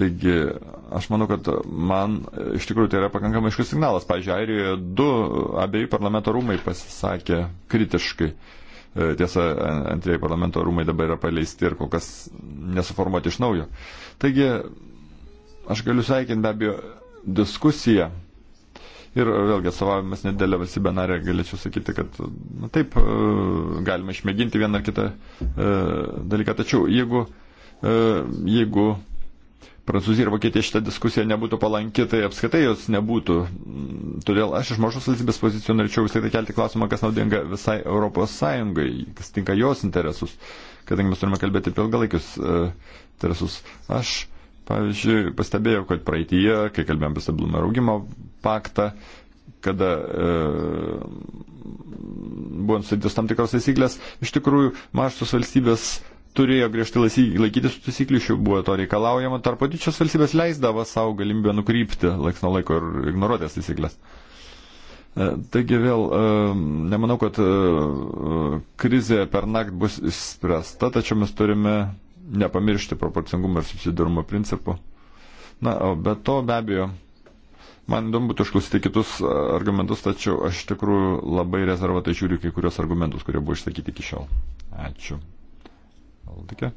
Taigi, aš manau, kad man iš tikrųjų tai yra pakankamai iškus signalas. Pavyzdžiui, Airijoje du abiejų parlamento rūmai pasisakė kritiškai. Uh, E, tiesa, antrieji parlamento rūmai dabar yra paleisti ir kol kas nesuformuoti iš naujo. Taigi, aš galiu sveikinti be abejo diskusiją. Ir vėlgi, savavimas nedėlė valstybė narė, galėčiau sakyti, kad na, taip, e, galima išmėginti vieną ar kitą e, dalyką. Tačiau, jeigu, e, jeigu Prancūzija ir Vokietija šitą diskusiją nebūtų palanki, tai apskaitai jos nebūtų. Todėl aš iš mažos valstybės pozicijų norėčiau visai tai kelti klausimą, kas naudinga visai Europos Sąjungai, kas tinka jos interesus, kadangi mes turime kalbėti apie ilgalaikius uh, interesus. Aš, pavyzdžiui, pastebėjau, kad praeitįje, kai kalbėjom apie stabilumą ir augimo paktą, kada e, buvo nustatytos tam tikros taisyklės, iš tikrųjų mažos valstybės turėjo griežtai laikytis taisyklių, iš jų buvo to reikalaujama, tarp patyčios valstybės leisdavo savo galimybę nukrypti laiks nuo laiko ir ignoruotės taisyklės. E, taigi vėl e, nemanau, kad e, krizė per naktį bus išspręsta, tačiau mes turime nepamiršti proporcingumo ir subsidarumo principų. Na, be to be abejo, man įdomu būtų išklausyti kitus argumentus, tačiau aš tikrųjų labai rezervatai žiūriu kai kurios argumentus, kurie buvo išsakyti iki šiol. Ačiū. Aldike.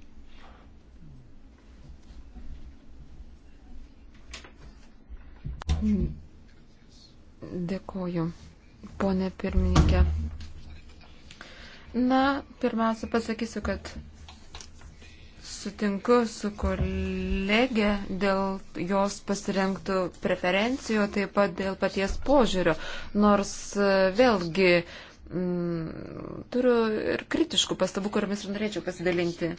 Dėkoju, ponė pirmininkė. Na, pirmiausia, pasakysiu, kad sutinku su kolegė dėl jos pasirinktų preferencijų, taip pat dėl paties požiūrio. Nors e, vėlgi Mm, turiu ir kritiškų pastabų, kuriomis norėčiau pasidalinti.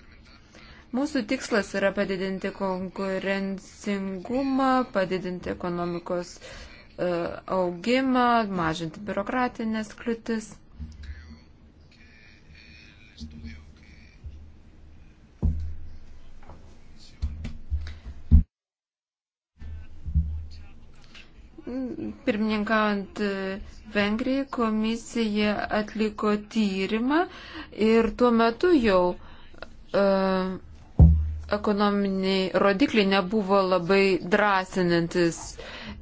Mūsų tikslas yra padidinti konkurencingumą, padidinti ekonomikos e, augimą, mažinti biurokratinės kliūtis. pirmininkaujant e, Vengrijai komisija atliko tyrimą ir tuo metu jau uh, ekonominiai rodikliai nebuvo labai drąsinantis.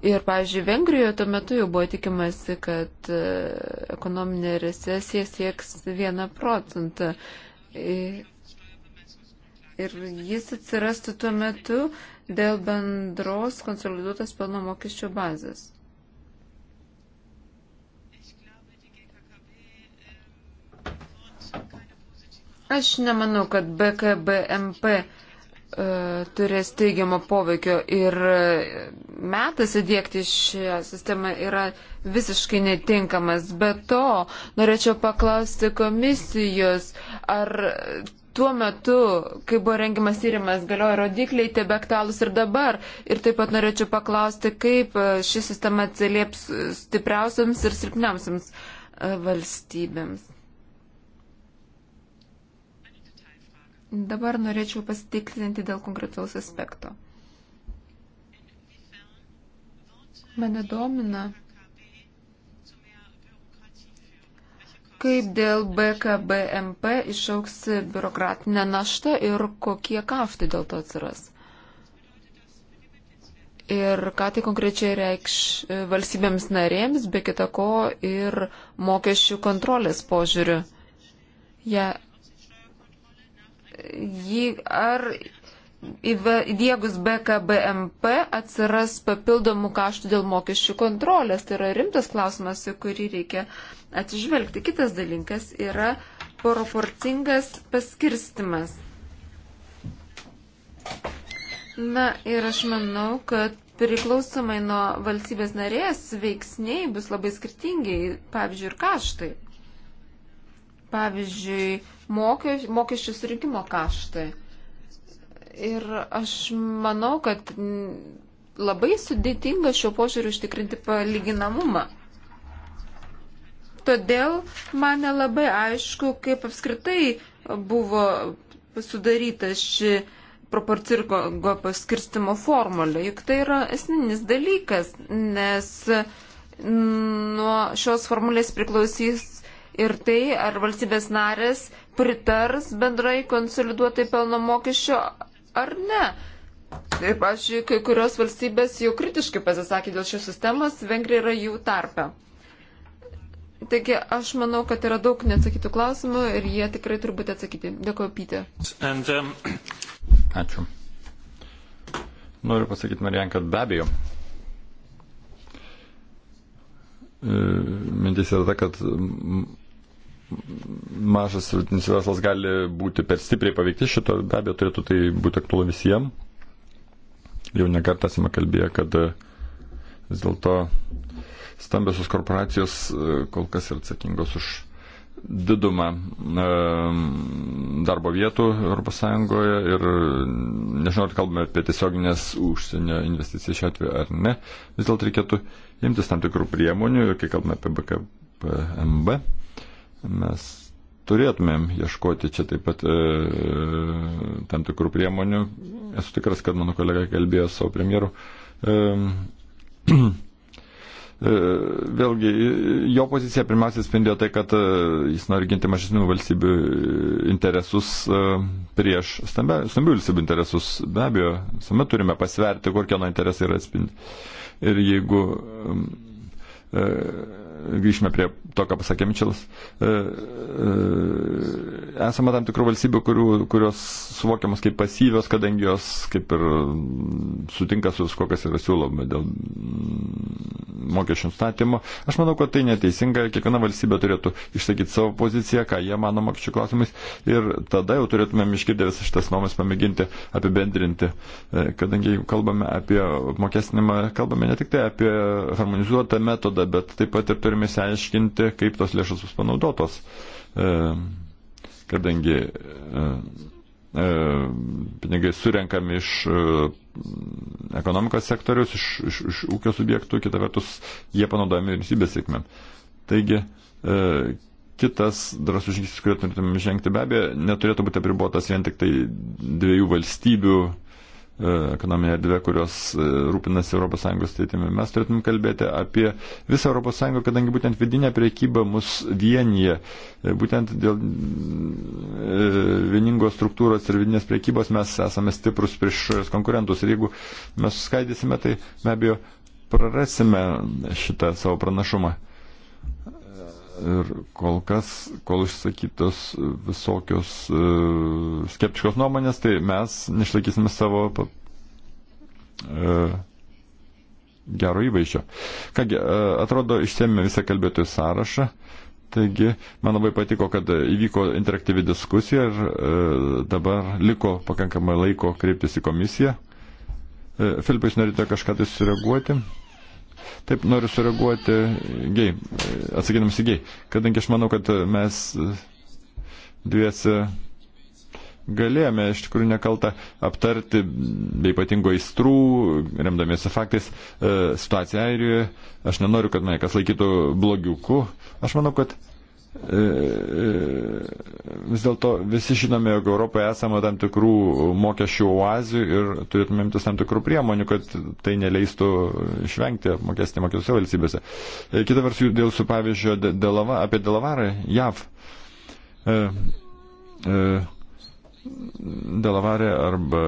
Ir, pavyzdžiui, Vengrijoje tuo metu jau buvo tikimasi, kad e, ekonominė recesija sieks 1 procentą. Ir jis atsirastų tuo metu, dėl bendros konsoliduotos pelno mokesčio bazės. Aš nemanau, kad BKBMP e, turės teigiamo poveikio ir e, metas įdėkti šią sistemą yra visiškai netinkamas. Be to, norėčiau paklausti komisijos, ar tuo metu, kai buvo rengiamas tyrimas, galioja rodikliai, tebe aktualūs ir dabar. Ir taip pat norėčiau paklausti, kaip e, ši sistema atsilieps stipriausiams ir silpniausiams e, valstybėms. Dabar norėčiau pasitikslinti dėl konkretaus aspekto. Mane domina, kaip dėl BKBMP išauks biurokratinė našta ir kokie kaštai dėl to atsiras. Ir ką tai konkrečiai reikš e, valstybėms narėms, be kita ko ir mokesčių kontrolės požiūriu. Ja. Jį, ar įdėgus BKBMP atsiras papildomų kaštų dėl mokesčių kontrolės. Tai yra rimtas klausimas, į kurį reikia atsižvelgti. Kitas dalykas yra proporcingas paskirstimas. Na ir aš manau, kad priklausomai nuo valstybės narės veiksniai bus labai skirtingi, pavyzdžiui, ir kaštai. Pavyzdžiui, mokesčių surinkimo kaštai. Ir aš manau, kad labai sudėtinga šiuo požiūriu užtikrinti palyginamumą todėl man nelabai aišku, kaip apskritai buvo sudaryta ši proporcingo paskirstimo formulė. Juk tai yra esminis dalykas, nes mm, nuo šios formulės priklausys ir tai, ar valstybės narės pritars bendrai konsoliduotai pelno mokesčio ar ne. Taip, aš kai kurios valstybės jau kritiškai pasisakė dėl šios sistemos, Vengrija yra jų tarpe. Taigi aš manau, kad yra daug neatsakytų klausimų ir jie tikrai turbūt atsakyti. Dėkuoju, Pytė. And, um... Ačiū. Noriu pasakyti, Marijan, kad be abejo. E, mintis yra ta, kad mažas vidutinis verslas gali būti per stipriai paveikti šito, be abejo turėtų tai būti aktualu visiems. Jau nekartą esame kalbėję, kad uh, vis dėlto stambiosios korporacijos e, kol kas yra atsakingos už didumą e, darbo vietų ES ir nežinau, ar kalbame apie tiesioginės užsienio investicijas šiuo atveju ar ne, vis dėlto reikėtų imtis tam tikrų priemonių ir kai kalbame apie BKPMB, mes turėtumėm ieškoti čia taip pat e, tam tikrų priemonių. Esu tikras, kad mano kolega kalbėjo su premjeru. E, E, vėlgi, jo pozicija pirmiausia spindėjo tai, kad e, jis nori ginti mažesnių valstybių e, interesus prieš stambių valstybių interesus. Be abejo, visuomet turime pasverti, kur kieno interesai yra atspindi. Ir jeigu grįžime prie to, ką pasakė Mičelas, e, e, esame tam tikrų valstybių, kurių, kurios suvokiamas kaip pasyvios, kadangi jos kaip ir sutinka su visko, kas yra siūloma dėl mokesčių statymo. Aš manau, kad tai neteisinga, kiekviena valstybė turėtų išsakyti savo poziciją, ką jie mano mokesčių klausimais ir tada jau turėtumėm išgirdę visas šitas nuomas pamėginti apibendrinti, e, kadangi kalbame apie mokestinimą, kalbame ne tik tai apie harmonizuotą metodą, bet taip pat ir turime seiškinti, kaip tos lėšos bus panaudotos. E, kadangi e, e, pinigai surenkami iš ekonomikos sektorius, iš, iš, iš ūkio subjektų, kita vertus jie panaudojami vyriausybės sėkmėm. Taigi, kitas drasus žingsnis, kurį turėtume žengti, be abejo, neturėtų būti apribotas vien tik tai dviejų valstybių E, ekonominė erdvė, kurios e, rūpinasi ES ateitimi. Mes turėtum kalbėti apie visą ES, kadangi būtent vidinė priekyba mus vienyje. E, būtent dėl vieningos struktūros ir vidinės priekybos mes esame stiprus prieš konkurentus. Ir jeigu mes suskaidysime, tai be abejo prarasime šitą savo pranašumą. Ir kol kas, kol išsakytos visokios uh, skeptiškos nuomonės, tai mes neišlaikysime savo uh, gero įvaizdžio. Kągi, uh, atrodo, išsėmėme visą kalbėtojų sąrašą. Taigi, man labai patiko, kad įvyko interaktyvi diskusija ir e, dabar liko pakankamai laiko kreiptis į komisiją. E, Filipai, jūs norite kažką tai sureaguoti? Taip noriu sureaguoti gei, atsakydamas į gei, kadangi aš manau, kad mes e, dviese galėjome iš tikrųjų nekaltą aptarti, be ypatingo įstrų, remdamiesi faktais, e, situaciją Airijoje. Aš nenoriu, kad mane kas laikytų blogiuku. Aš manau, kad E, e, vis dėlto visi žinome, jog Europoje esama tam tikrų mokesčių oazių ir turėtume imtis tam tikrų priemonių, kad tai neleistų išvengti apmokestinimo kitose valstybėse. E, kita vers dėl su pavyzdžio delava, apie Delavarą, JAV. Delavarė arba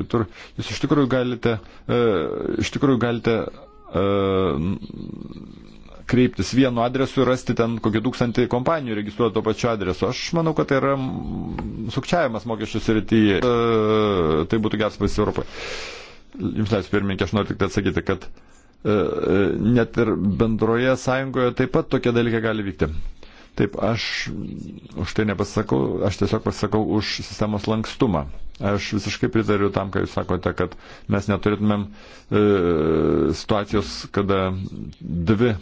kitur. Jūs iš tikrųjų galite, iš tikrųjų galite kreiptis vienu adresu ir rasti ten kokį tūkstantį kompanijų registruotų to pačiu adresu. Aš manau, kad tai yra sukčiavimas mokesčių srityje. E, tai būtų geras pasis Europai. Jums leisiu pirmininkė, aš noriu tik tai atsakyti, kad e, e, net ir bendroje sąjungoje taip pat tokie dalykai gali vykti. Taip, aš už tai nepasakau, aš tiesiog pasakau už sistemos lankstumą. Aš visiškai pritariu tam, ką jūs sakote, kad mes neturėtumėm e, situacijos, kada dvi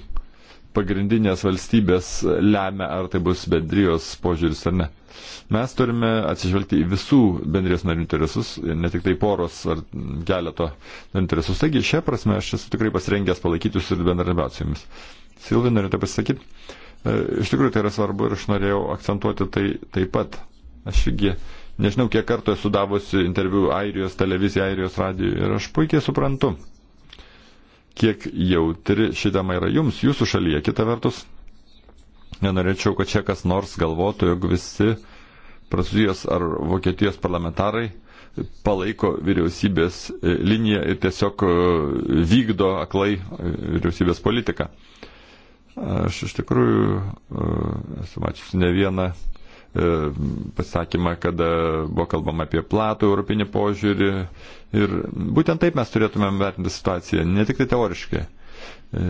pagrindinės valstybės lemia, ar tai bus bendrijos požiūris ar ne. Mes turime atsižvelgti į visų bendrijos narių interesus, ne tik tai poros ar keleto interesus. Taigi, šią prasme, aš esu tikrai pasirengęs palaikyti jūs ir bendradarbiauti su jumis. Silvi, norite pasisakyti? E, iš tikrųjų, tai yra svarbu ir aš norėjau akcentuoti tai taip pat. Aš irgi nežinau, kiek kartų esu davusi interviu Airijos televizijai, Airijos radijui ir aš puikiai suprantu kiek jautri šitama yra jums, jūsų šalyje. Kita vertus, nenorėčiau, kad čia kas nors galvotų, jog visi Prancūzijos ar Vokietijos parlamentarai palaiko vyriausybės e, liniją ir tiesiog e, vykdo aklai e, vyriausybės politiką. Aš iš tikrųjų esu mačiusi ne vieną E, pasakymą, kada buvo kalbama apie platų europinį požiūrį. Ir būtent taip mes turėtumėm vertinti situaciją, ne tik tai teoriškai. E,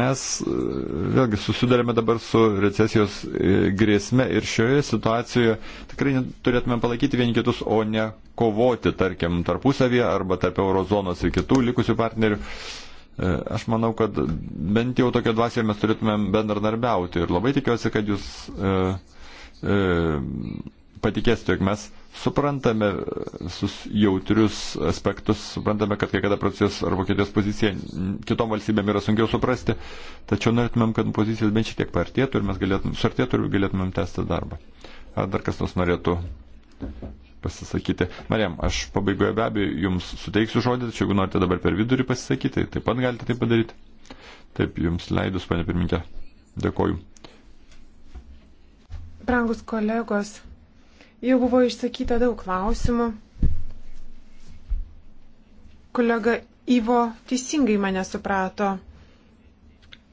mes e, vėlgi susidarėme dabar su recesijos grėsme ir šioje situacijoje tikrai turėtume palaikyti vieni kitus, o ne kovoti, tarkim, tarpusavyje arba tarp eurozonos ir kitų likusių partnerių. Aš manau, kad bent jau tokia dvasioje mes turėtumėm bendradarbiauti ir labai tikiuosi, kad jūs uh, e, patikėsite, jog mes suprantame visus jautrius aspektus, suprantame, kad kai kada Prancūzijos ar Vokietijos pozicija kitom valstybėm yra sunkiau suprasti, tačiau norėtumėm, kad pozicijos bent šiek tiek partėtų ir mes galėtumėm, sartėtų ir galėtumėm tęsti darbą. Ar dar kas nors norėtų pasisakyti. Mariam, aš pabaigoje be abejo jums suteiksiu žodį, tačiau jeigu norite dabar per vidurį pasisakyti, taip pat galite tai padaryti. Taip, jums leidus, panė pirminkė. Dėkoju. Brangus kolegos, jau buvo išsakyta daug klausimų. Kolega Ivo teisingai mane suprato,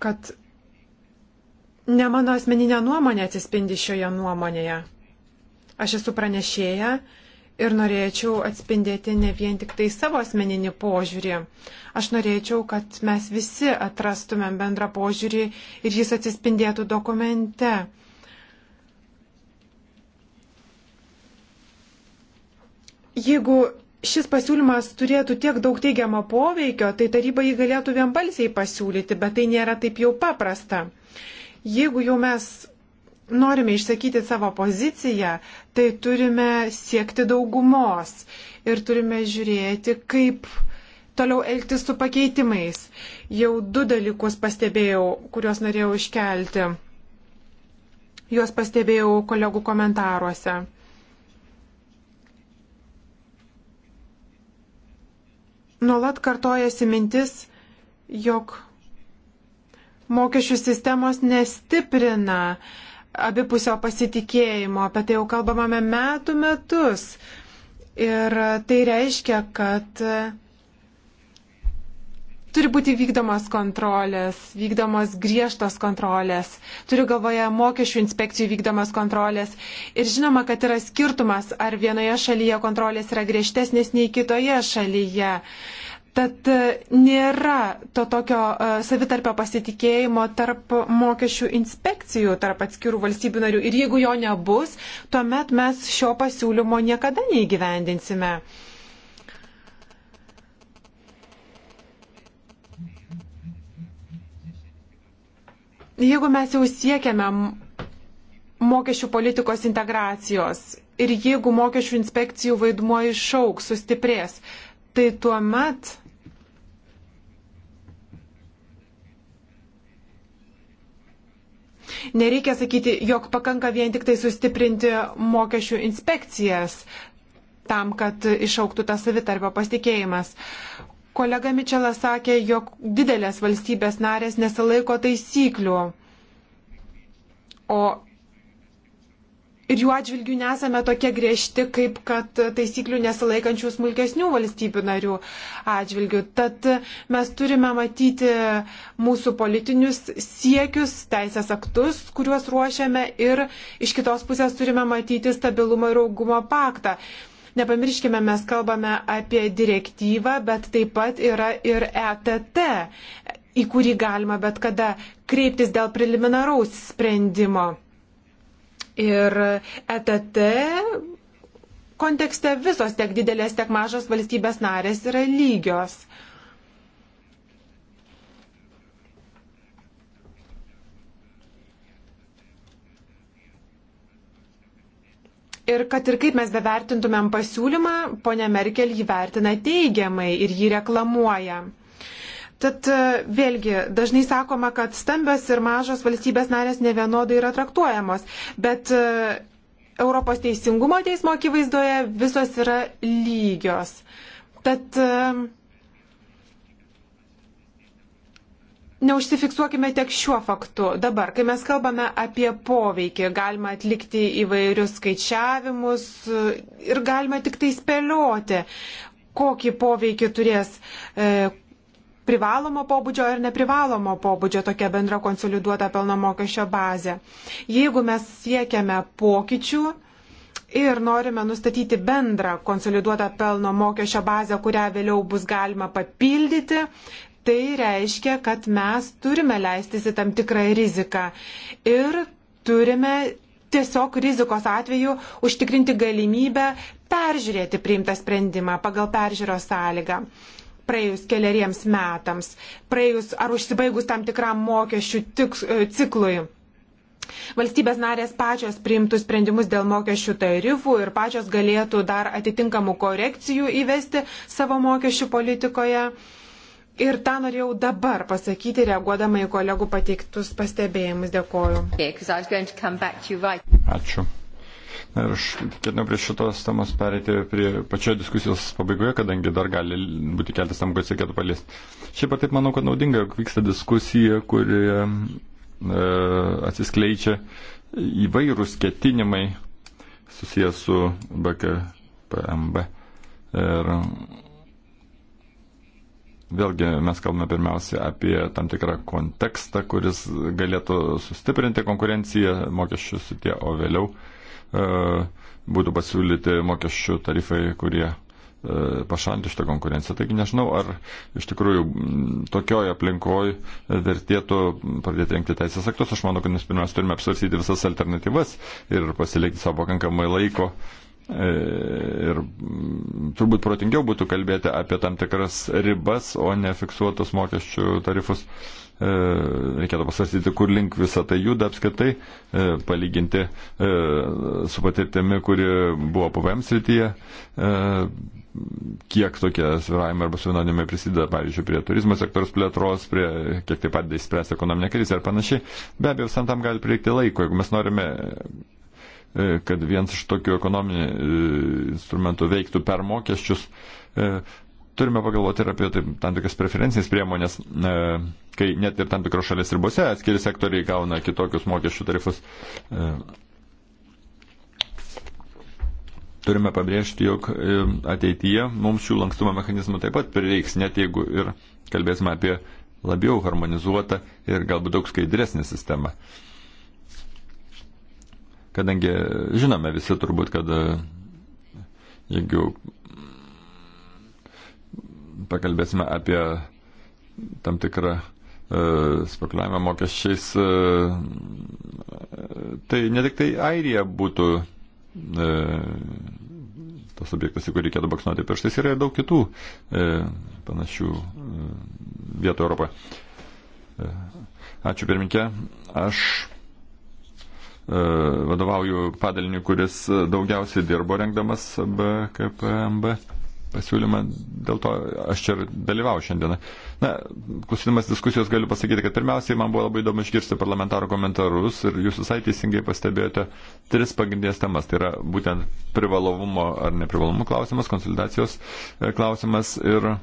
kad ne mano asmeninė nuomonė atsispindi šioje nuomonėje. Aš esu pranešėja ir norėčiau atspindėti ne vien tik tai savo asmeninį požiūrį. Aš norėčiau, kad mes visi atrastumėm bendrą požiūrį ir jis atsispindėtų dokumente. jeigu šis pasiūlymas turėtų tiek daug teigiamo poveikio, tai taryba jį galėtų vienbalsiai pasiūlyti, bet tai nėra taip jau paprasta. Jeigu jau mes norime išsakyti savo poziciją, tai turime siekti daugumos ir turime žiūrėti, kaip toliau elgtis su pakeitimais. Jau du dalykus pastebėjau, kuriuos norėjau iškelti. Juos pastebėjau kolegų komentaruose. nuolat kartojasi mintis, jog mokesčių sistemos nestiprina abipusio pasitikėjimo, apie tai jau kalbamame metų metus. Ir tai reiškia, kad Turi būti vykdomas kontrolės, vykdomos griežtos kontrolės, turiu galvoje mokesčių inspekcijų vykdomas kontrolės. Ir žinoma, kad yra skirtumas, ar vienoje šalyje kontrolės yra griežtesnės nei kitoje šalyje. Tad e, nėra to tokio e, savitarpio pasitikėjimo tarp mokesčių inspekcijų, tarp atskirų valstybių narių. Ir jeigu jo nebus, tuomet mes šio pasiūlymo niekada neįgyvendinsime. Jeigu mes jau siekiame mokesčių politikos integracijos ir jeigu mokesčių inspekcijų vaidmuo išauks, sustiprės, tai tuo met nereikia sakyti, jog pakanka vien tik tai sustiprinti mokesčių inspekcijas tam, kad išauktų tas savitarpio pasitikėjimas. Kolega Mičelas sakė, jog didelės valstybės narės nesilaiko taisyklių, o ir jų atžvilgių nesame tokie griežti, kaip kad taisyklių nesilaikančių smulkesnių valstybių narių atžvilgių. Tad mes turime matyti mūsų politinius siekius, teisės aktus, kuriuos ruošiame ir iš kitos pusės turime matyti stabilumo ir augumo paktą. Nepamirškime, mes kalbame apie direktyvą, bet taip pat yra ir ETT, į kurį galima bet kada kreiptis dėl preliminaraus sprendimo. Ir ETT kontekste visos tiek didelės, tiek mažos valstybės narės yra lygios. Uh, Ir kad ir kaip mes bevertintumėm pasiūlymą, ponia Merkel jį vertina teigiamai ir jį reklamuoja. Tad e, vėlgi, dažnai sakoma, kad stambios ir mažos valstybės narės nevienodai yra traktuojamos, bet e, Europos teisingumo teismo akivaizdoje visos yra lygios. Tad e, neužsifiksuokime tiek šiuo faktu. Dabar, kai mes kalbame apie poveikį, galima atlikti įvairius skaičiavimus e, ir galima tik tai spėlioti, kokį poveikį turės e, privalomo pobūdžio ir neprivalomo pobūdžio tokia bendra konsoliduota pelno mokesčio bazė. Jeigu mes siekiame pokyčių, ir norime nustatyti bendrą konsoliduotą pelno mokesčio bazę, kurią vėliau bus galima papildyti, Tai reiškia, kad mes turime leistis į tam tikrą riziką ir turime tiesiog rizikos atveju užtikrinti galimybę peržiūrėti priimtą sprendimą pagal peržiūros sąlygą. Praėjus keliariems metams, praėjus ar užsibaigus tam tikram mokesčių tiks, e, ciklui. Valstybės narės pačios priimtų sprendimus dėl mokesčių tarifų ir pačios galėtų dar atitinkamų korekcijų įvesti savo mokesčių politikoje. Uh, Ir tą norėjau dabar pasakyti, reaguodama į kolegų pateiktus pastebėjimus. Dėkoju. Ačiū. Na ir aš ketinu prie šitos temos pereiti prie pačioje diskusijos pabaigoje, kadangi dar gali būti keltas tam, kad reikėtų paliesti. Šiaip ar taip manau, kad naudinga, jog vyksta diskusija, kuri e, atsiskleidžia įvairūs ketinimai susijęs su BKPMB. Ir Vėlgi mes kalbame pirmiausia apie tam tikrą kontekstą, kuris galėtų sustiprinti konkurenciją mokesčių sutie, o vėliau e, būtų pasiūlyti mokesčių tarifai, kurie e, pašalinti šitą konkurenciją. Taigi nežinau, ar iš tikrųjų tokioje aplinkoje vertėtų pradėti rinkti teisės aktus. Aš manau, kad mes pirmiausia turime apsvarsyti visas alternatyvas ir pasilikti savo pakankamai laiko. E, Ir turbūt protingiau būtų kalbėti apie tam tikras ribas, o ne fiksuotus mokesčių tarifus. E, reikėtų pasakyti, kur link visą tai juda apskaitai, e, palyginti e, su patirtimi, kuri buvo PVM srityje, kiek tokie sviravimai arba suvienodinimai prisideda, pavyzdžiui, prie turizmo sektoriaus plėtros, prie kiek tai padeda įspręsti ekonominę krizę ir panašiai. Be abejo, visam tam gali prireikti laiko. Jeigu mes norime E, kad vienas iš tokių ekonominių e, instrumentų veiktų per mokesčius. E, turime pagalvoti ir apie taip, tam tikras preferencinės priemonės, kai net ir tam tikros šalies ribose atskiri sektoriai gauna kitokius mokesčių tarifus. Turime pabrėžti, jog ateityje mums šių lankstumo mechanizmų taip pat prireiks, net jeigu ir kalbėsime apie labiau harmonizuotą ir galbūt daug skaidresnę sistemą. Uh, kadangi žinome visi turbūt, kad e, jeigu pakalbėsime apie tam tikrą e, spekuliavimą mokesčiais, e, tai ne tik tai Airija būtų e, tas objektas, į kurį reikėtų baksnuoti pirštais, yra ir daug kitų e, panašių e, vietų Europoje. Ačiū pirminkė. Aš E, vadovauju padaliniu, kuris daugiausiai dirbo rengdamas BKPMB pasiūlymą, dėl to aš čia ir dalyvauju šiandieną. Na, klausydamas diskusijos galiu pasakyti, kad pirmiausiai man buvo labai įdomu išgirsti parlamentarų komentarus ir jūs visai teisingai pastebėjote tris pagrindinės temas. Tai yra būtent privalomumo ar neprivalomumo klausimas, konsultacijos e, klausimas ir e,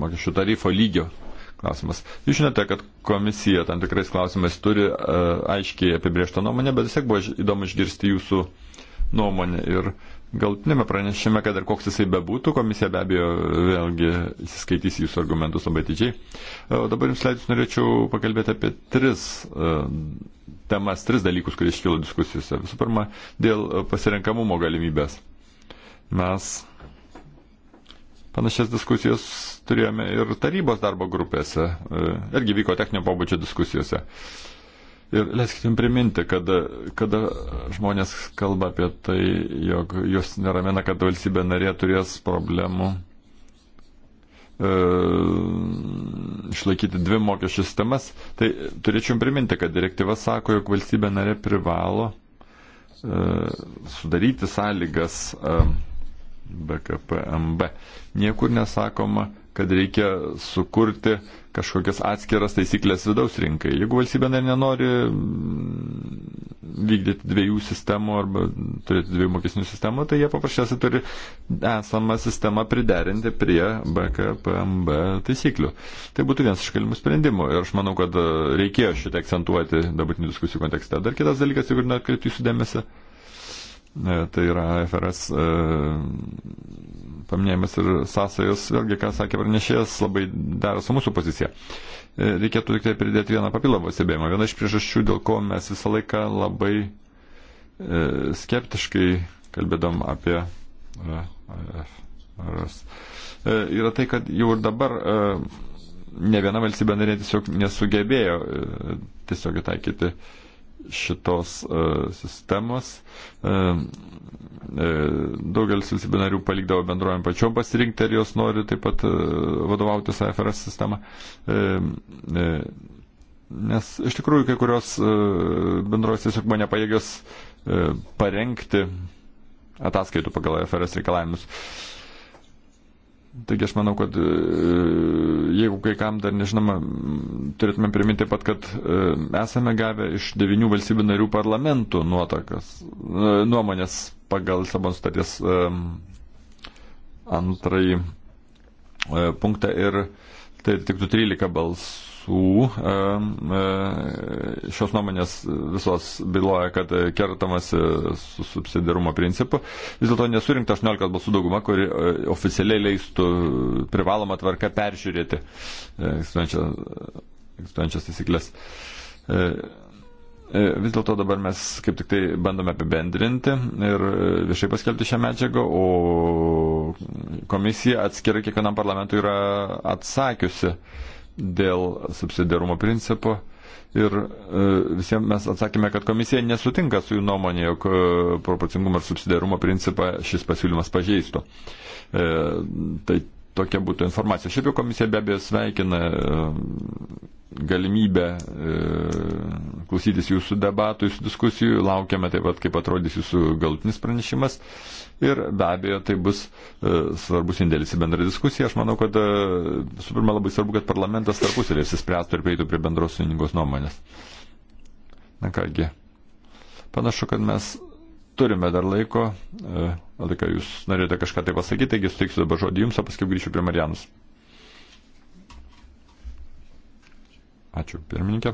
mokesčių tarifo lygio klausimas. Jūs žinote, kad komisija tam tikrais klausimais turi uh, aiškiai apibrieštą nuomonę, bet vis tiek buvo įdomu išgirsti jūsų nuomonę. Ir galtinėme pranešime, kad ir koks jisai bebūtų, komisija be abejo vėlgi įsiskaitys jūsų argumentus labai didžiai. E, o dabar jums leidus norėčiau pakalbėti apie tris uh, temas, tris dalykus, kurie iškilo diskusijose. Visų pirma, dėl pasirenkamumo galimybės. Mes Panašias diskusijas turėjome ir tarybos darbo grupėse, e, irgi vyko techninio pobūdžio diskusijose. Ir leiskite jums priminti, kad kada žmonės kalba apie tai, jog juos neramina, kad valstybė narė turės problemų e, išlaikyti dvi mokesčių sistemas, tai turėčiau priminti, kad direktyva sako, jog valstybė narė privalo e, sudaryti sąlygas BKPMB. Niekur nesakoma, kad reikia sukurti kažkokias atskiras taisyklės vidaus rinkai. Jeigu valstybė nenori mm, vykdyti dviejų sistemų arba turėti dviejų mokesnių sistemų, tai jie paprasčiausiai turi esamą sistemą priderinti prie BKPMB taisyklių. Tai būtų vienas iš galimų sprendimų ir aš manau, kad reikėjo šitą akcentuoti dabartinių diskusijų kontekste. Dar kitas dalykas, jeigu ir netkreipti jūsų dėmesį. E, tai yra FRS e, paminėjimas ir sąsajos, vėlgi, ką sakė pranešėjas, labai dera su mūsų pozicija. E, reikėtų tik tai pridėti vieną papildomą stebėjimą. Viena iš priežasčių, dėl ko mes visą laiką labai skeptiškai kalbėdam apie FRS, yra tai, kad jau ir dabar ne viena valstybė narė tiesiog nesugebėjo tiesiog įtaikyti uh, šitos e, sistemos. E, e, daugelis valstybių narių palikdavo bendrojim pačiom pasirinkti, ar jos nori taip pat vadovautis AFRS sistemą. Nes iš tikrųjų kai kurios bendrovės tiesiog buvo nepajėgios parengti ataskaitų pagal AFRS reikalavimus. Taigi aš manau, kad e, jeigu kai kam dar nežinoma, turėtume priminti pat, kad e, esame gavę iš devinių valstybių narių parlamentų nuotakas, e, nuomonės pagal Lisabon sutarties antrąjį punktą ir tai tiktų 13 balsų tiesų e, šios nuomonės visos byloja, kad kertamas su subsidiarumo principu. Vis dėlto nesurinkta 18 balsų dauguma, kuri e, oficialiai leistų privalomą tvarką peržiūrėti e, egzistuojančias taisyklės. Vis dėlto dabar mes kaip tik tai bandome apibendrinti ir viešai paskelbti šią medžiagą, o komisija atskirai kiekvienam parlamentui yra atsakiusi. Uh, dėl subsidiarumo principo. Ir e, visiems mes atsakėme, kad komisija nesutinka su jų nuomonė, jog e, proporcingumo ir subsidiarumo principą šis pasiūlymas pažeistų. E, tai tokia būtų informacija. Šiaip jau komisija be abejo sveikina e, galimybę e, klausytis jūsų debatų, jūsų diskusijų, laukiame taip pat, kaip atrodys jūsų galutinis pranešimas ir be abejo tai bus e, svarbus indėlis į bendrą diskusiją. Aš manau, kad visų pirma labai svarbu, kad parlamentas tarpusavėje susispręstų ir prieitų prie bendros vieningos nuomonės. Na kągi, panašu, kad mes turime dar laiko. E, Adika, jūs norėjote kažką tai pasakyti, taigi suteiksiu dabar žodį jums, o paskui grįšiu prie Marijanus. Ačiū, pirmininkė.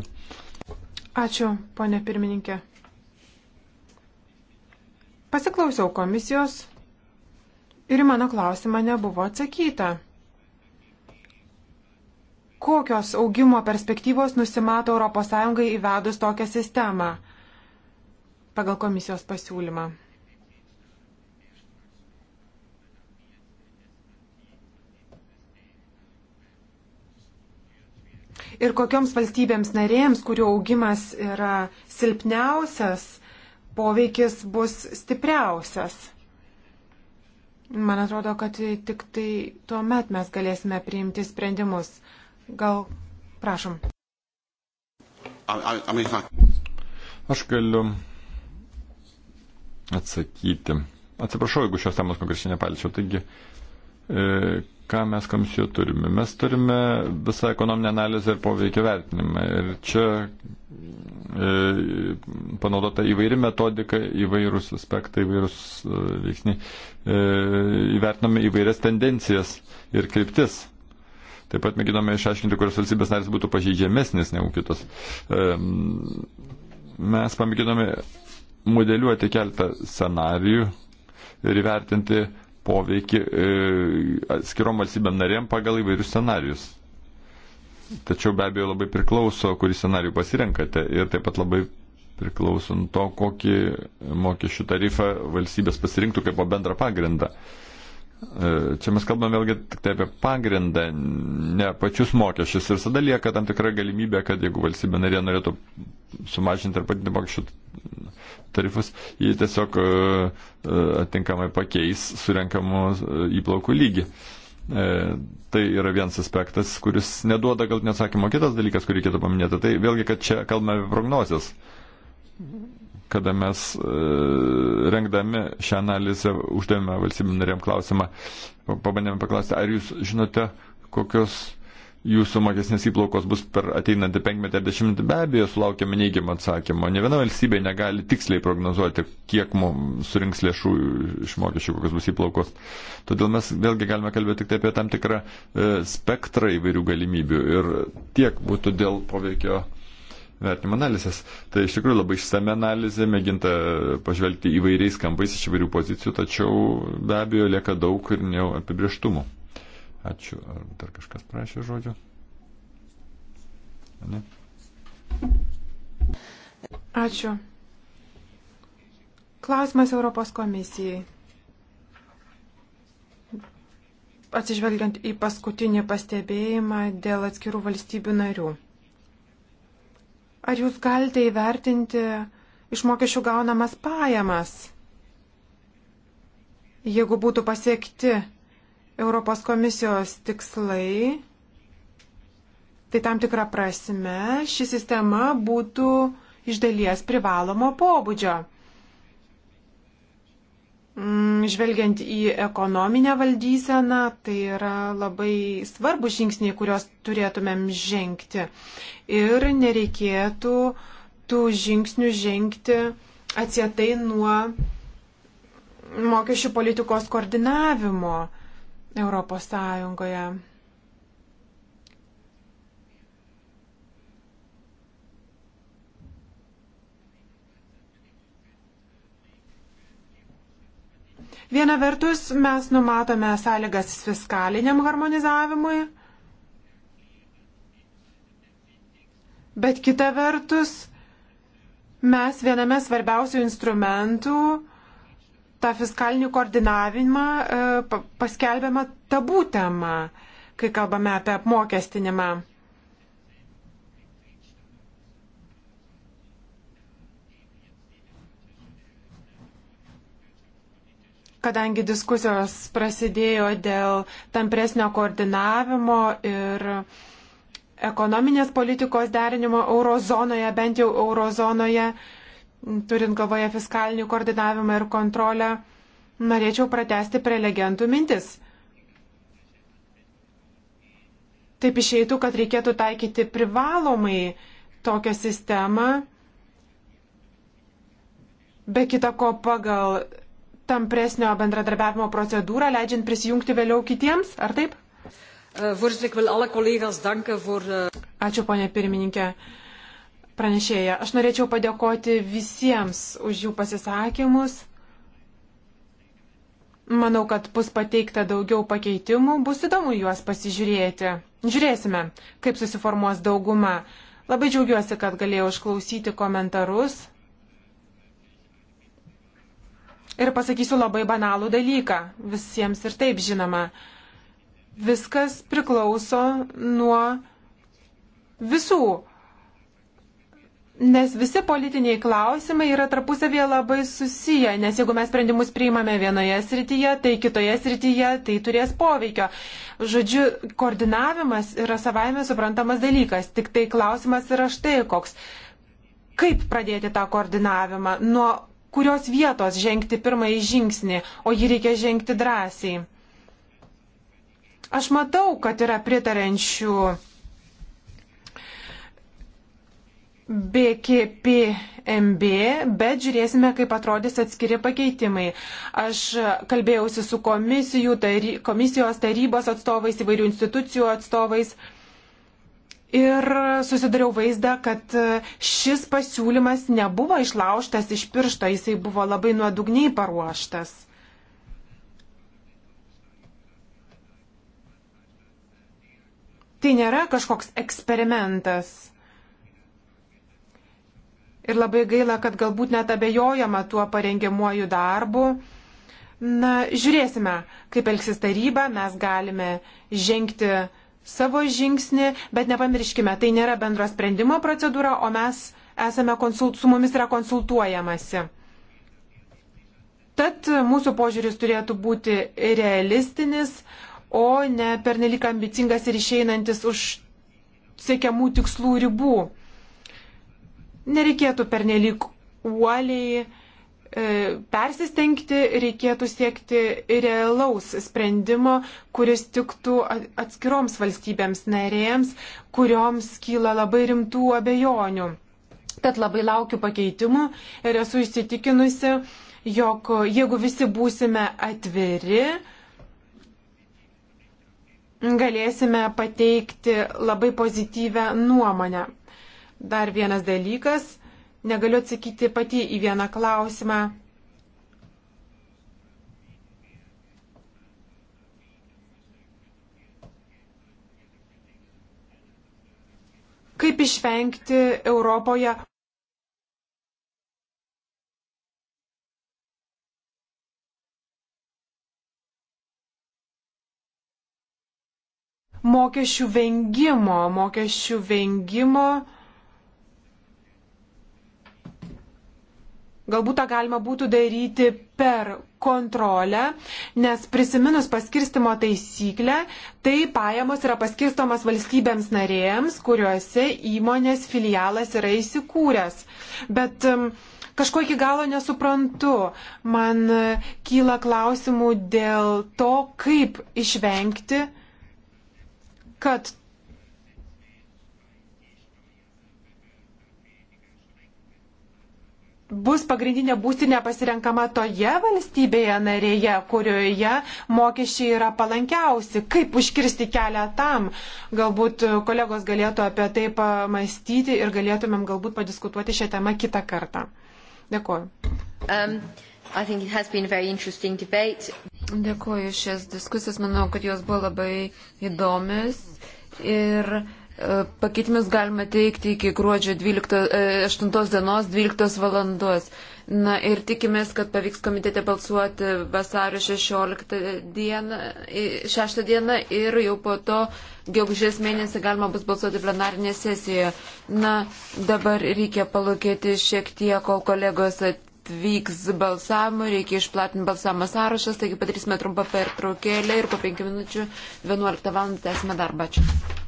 Ačiū, ponė pirmininkė. Pasiklausiau komisijos ir mano klausimą nebuvo atsakyta. Kokios augimo perspektyvos nusimato ES įvedus tokią sistemą? pagal komisijos pasiūlymą. Ir kokioms valstybėms narėms, kurių augimas yra silpniausias, poveikis bus stipriausias. Man atrodo, kad tik tai tuo met mes galėsime priimti sprendimus. Gal prašom. Aš galiu atsakyti. Atsiprašau, jeigu šios temos konkrečiai nepalčiau. Taigi, e, ką mes komisijoje turime? Mes turime visą ekonominę analizę ir poveikio vertinimą. Ir čia e, panaudota įvairi metodika, įvairūs aspektai, įvairūs e, veiksniai. E, įvertiname įvairias tendencijas ir kryptis. Taip pat mėginome išaiškinti, kurios valstybės narys būtų pažeidžiamesnis negu kitos. E, mes pamėginome modeliuoti keltą scenarijų ir įvertinti poveikį e, atskirom valstybėm narėm pagal įvairius scenarius. Tačiau be abejo labai priklauso, kurį scenarių pasirenkate ir taip pat labai priklauso nuo to, kokį mokesčių tarifą valstybės pasirinktų kaip bendrą pagrindą. Uh, E, čia mes kalbame vėlgi tik tai apie pagrindą, ne pačius mokesčius. Ir visada lieka tam tikra galimybė, kad jeigu valstybė narė norėtų sumažinti ar padinti mokesčių tarifus, jie tiesiog e, e, atinkamai pakeis surenkamų įplaukų lygį. Tai yra vienas aspektas, kuris neduoda galtinio atsakymo. Kitas dalykas, kurį reikėtų paminėti, tai vėlgi, kad čia kalbame apie prognozijas kada mes e, rengdami šią analizę uždavėme valstybėm narėm klausimą, pabandėme paklausti, ar jūs žinote, kokios jūsų mokesnės įplaukos bus per ateinantį penkmetį ar dešimtmetį, be abejo, sulaukėme neigiamą atsakymą. Ne viena valstybė negali tiksliai prognozuoti, kiek mums surinks lėšų iš mokesčių, kokios bus įplaukos. Todėl mes vėlgi galime kalbėti tik tai apie tam tikrą e, spektrą įvairių galimybių. Ir tiek būtų dėl poveikio vertinimo analizės. Tai iš tikrųjų labai išsame analizė, mėginta pažvelgti įvairiais kampais iš įvairių pozicijų, tačiau be abejo lieka daug ir jau apibrieštumų. Ačiū. Ar dar kažkas prašė žodžio? Ne? Ačiū. Klausimas Europos komisijai. Atsižvelgiant į paskutinį pastebėjimą dėl atskirų valstybių narių. Ar jūs galite įvertinti iš mokesčių gaunamas pajamas, jeigu būtų pasiekti Europos komisijos tikslai? Tai tam tikrą prasme ši sistema būtų iš dalies privalomo pobūdžio. Mm, žvelgiant į ekonominę valdyseną, tai yra labai svarbu žingsniai, kuriuos turėtumėm žengti. Ir nereikėtų tų žingsnių žengti atsietai nuo mokesčių politikos koordinavimo Europos Sąjungoje. Viena vertus mes numatome sąlygas fiskaliniam harmonizavimui, bet kita vertus mes viename svarbiausių instrumentų tą fiskalinį koordinavimą e, paskelbėme tabų temą, kai kalbame apie apmokestinimą. kadangi diskusijos prasidėjo dėl tampresnio koordinavimo ir ekonominės politikos derinimo eurozonoje, bent jau eurozonoje, turint galvoje fiskalinį koordinavimą ir kontrolę, norėčiau pratesti prelegentų mintis. Taip išeitų, kad reikėtų taikyti privalomai tokią sistemą, be kita ko pagal tampresnio bendradarbiavimo procedūrą, leidžiant prisijungti vėliau kitiems, ar taip? Eh, voorzitter, ik wil alle collega's danken voor. Eh, Ačiū, ponė pirmininkė. Pranešėja, aš norėčiau padėkoti visiems už jų pasisakymus. Manau, kad bus pateikta daugiau pakeitimų, bus įdomu juos pasižiūrėti. Žiūrėsime, kaip susiformuos dauguma. Labai džiaugiuosi, kad galėjau išklausyti komentarus Ir pasakysiu labai banalų dalyką, visiems ir taip žinoma. Viskas priklauso nuo visų. Nes visi politiniai klausimai yra tarpusavėje labai susiję, nes jeigu mes sprendimus priimame vienoje srityje, tai kitoje srityje tai turės poveikio. Žodžiu, koordinavimas yra savaime suprantamas dalykas, tik tai klausimas yra štai koks. Kaip pradėti tą koordinavimą? Nuo kurios vietos žengti pirmąjį žingsnį, o jį reikia žengti drąsiai. Aš matau, kad yra pritarančių BKPMB, bet žiūrėsime, kaip atrodys atskiri pakeitimai. Aš kalbėjausi su komisijų, tary, komisijos tarybos atstovais, įvairių institucijų atstovais ir susidariau vaizdą, kad šis pasiūlymas nebuvo išlauštas iš piršto, jisai buvo labai nuodugniai paruoštas. Tai nėra kažkoks eksperimentas. Ir labai gaila, kad galbūt net abejojama tuo parengiamuoju darbu. Na, žiūrėsime, kaip elgsis taryba, mes galime žengti savo žingsnį, bet nepamirškime, tai nėra bendro sprendimo procedūra, o mes esame konsult, su mumis yra konsultuojamasi. Tad mūsų požiūris turėtų būti realistinis, o ne pernelik ambicingas ir išeinantis už siekiamų tikslų ribų. Nereikėtų pernelik uoliai E, persistengti, reikėtų siekti realaus sprendimo, kuris tiktų atskiroms valstybėms narėms, kurioms kyla labai rimtų abejonių. Tad labai laukiu pakeitimų ir esu įsitikinusi, jog jeigu visi būsime atviri, galėsime pateikti labai pozityvę nuomonę. Dar vienas dalykas negaliu atsakyti pati į vieną klausimą. Kaip išvengti Europoje mokesčių vengimo, mokesčių vengimo Galbūt tą galima būtų daryti per kontrolę, nes prisiminus paskirstimo taisyklę, tai pajamos yra paskirstomas valstybėms narėms, kuriuose įmonės filialas yra įsikūręs. Bet um, kažko iki galo nesuprantu. Man uh, kyla klausimų dėl to, kaip išvengti, kad bus pagrindinė būstinė pasirenkama toje valstybėje narėje, kurioje mokesčiai yra palankiausi. Kaip užkirsti kelią tam? Galbūt kolegos galėtų apie tai pamastyti ir galėtumėm galbūt padiskutuoti šią temą kitą kartą. Dėkuoju. Um. Dėkuoju šias diskusijas, manau, kad jos buvo labai įdomios ir E, pakeitimus galima teikti iki gruodžio 12, 8 e, dienos 12 valandos. Na ir tikimės, kad pavyks komitete balsuoti vasario 16 dieną, 6 e, dieną ir jau po to gegužės mėnesį galima bus balsuoti plenarinėje sesijoje. Na, dabar reikia palūkėti šiek tiek, kol kolegos atvyks balsavimu, reikia išplatinti balsavimo sąrašas, taigi padarysime trumpą pertraukėlę ir po 5 minučių 11 val. tęsime darbą. Ačiū.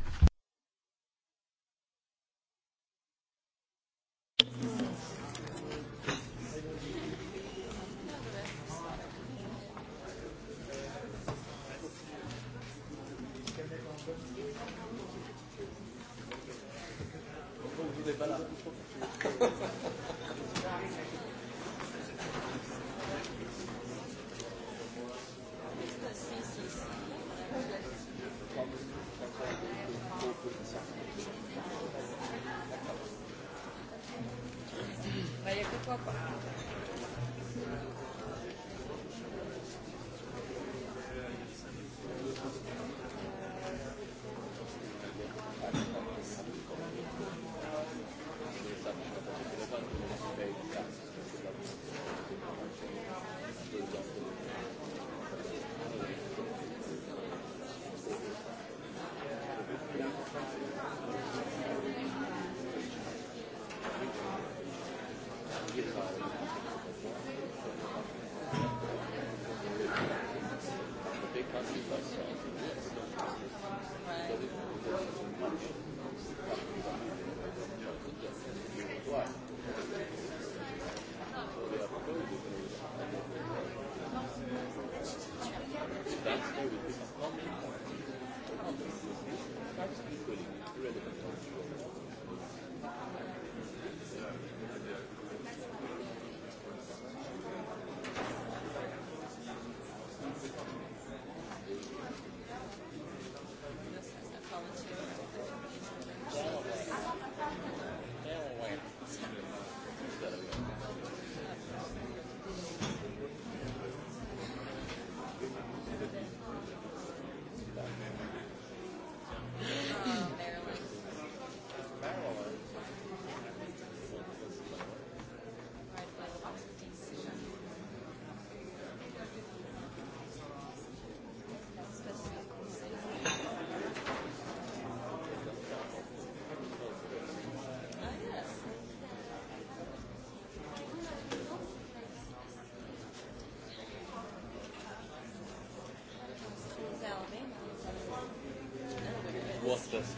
tas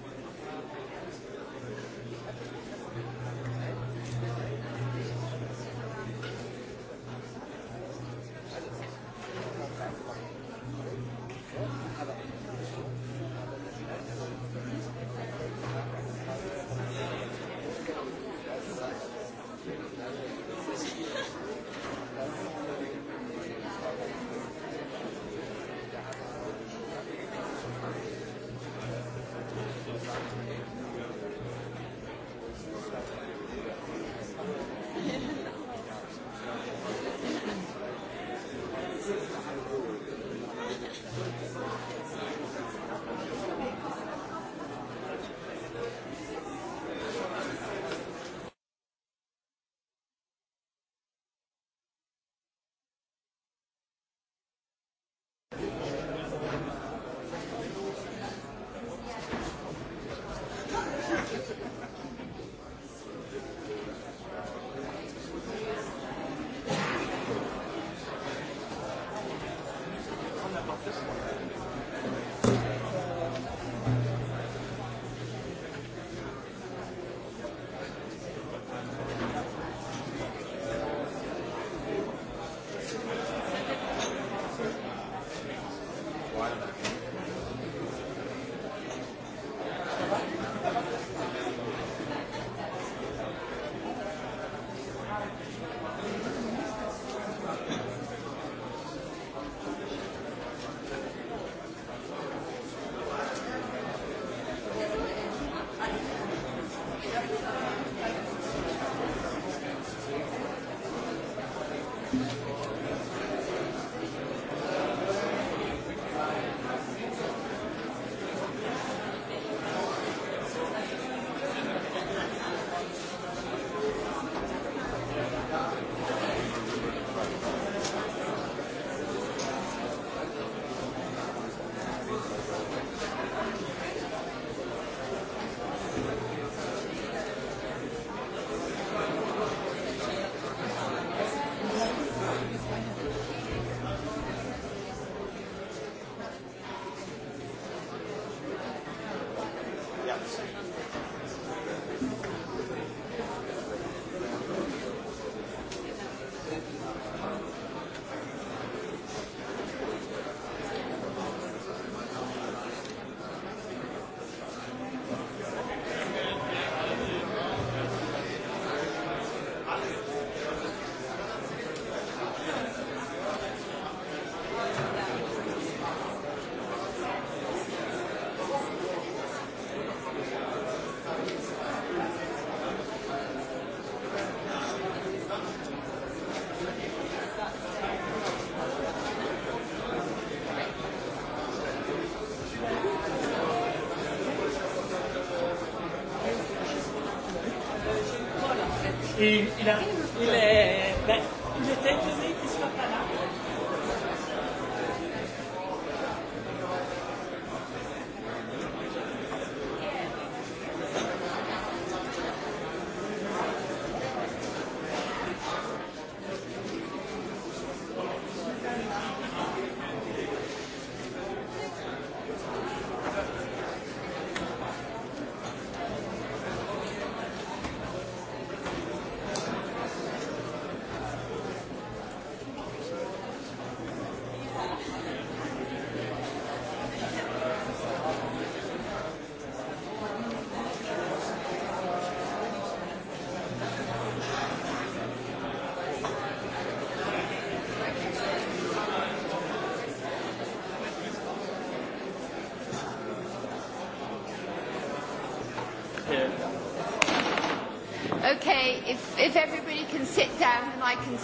il, il arrive, il est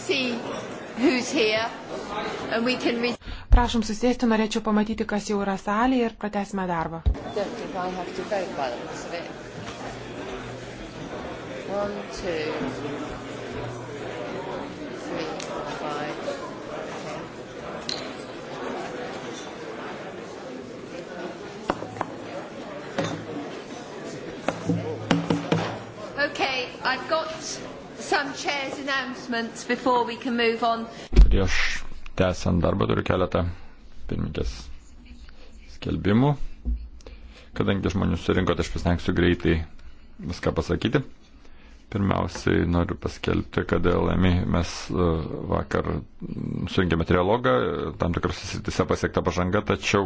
Can... Prašom susėsti, norėčiau pamatyti, kas jau yra salėje ir pratesime darbą. One, two. Prieš tęsiant darbą turiu keletą pirmininkės skelbimų. Kadangi žmonių surinkote, aš pasnegsiu greitai viską pasakyti. Pirmiausiai noriu paskelbti, kad LMI mes e, vakar surinkėme trialogą, e, tam tikrose sritise pasiekta pažanga, tačiau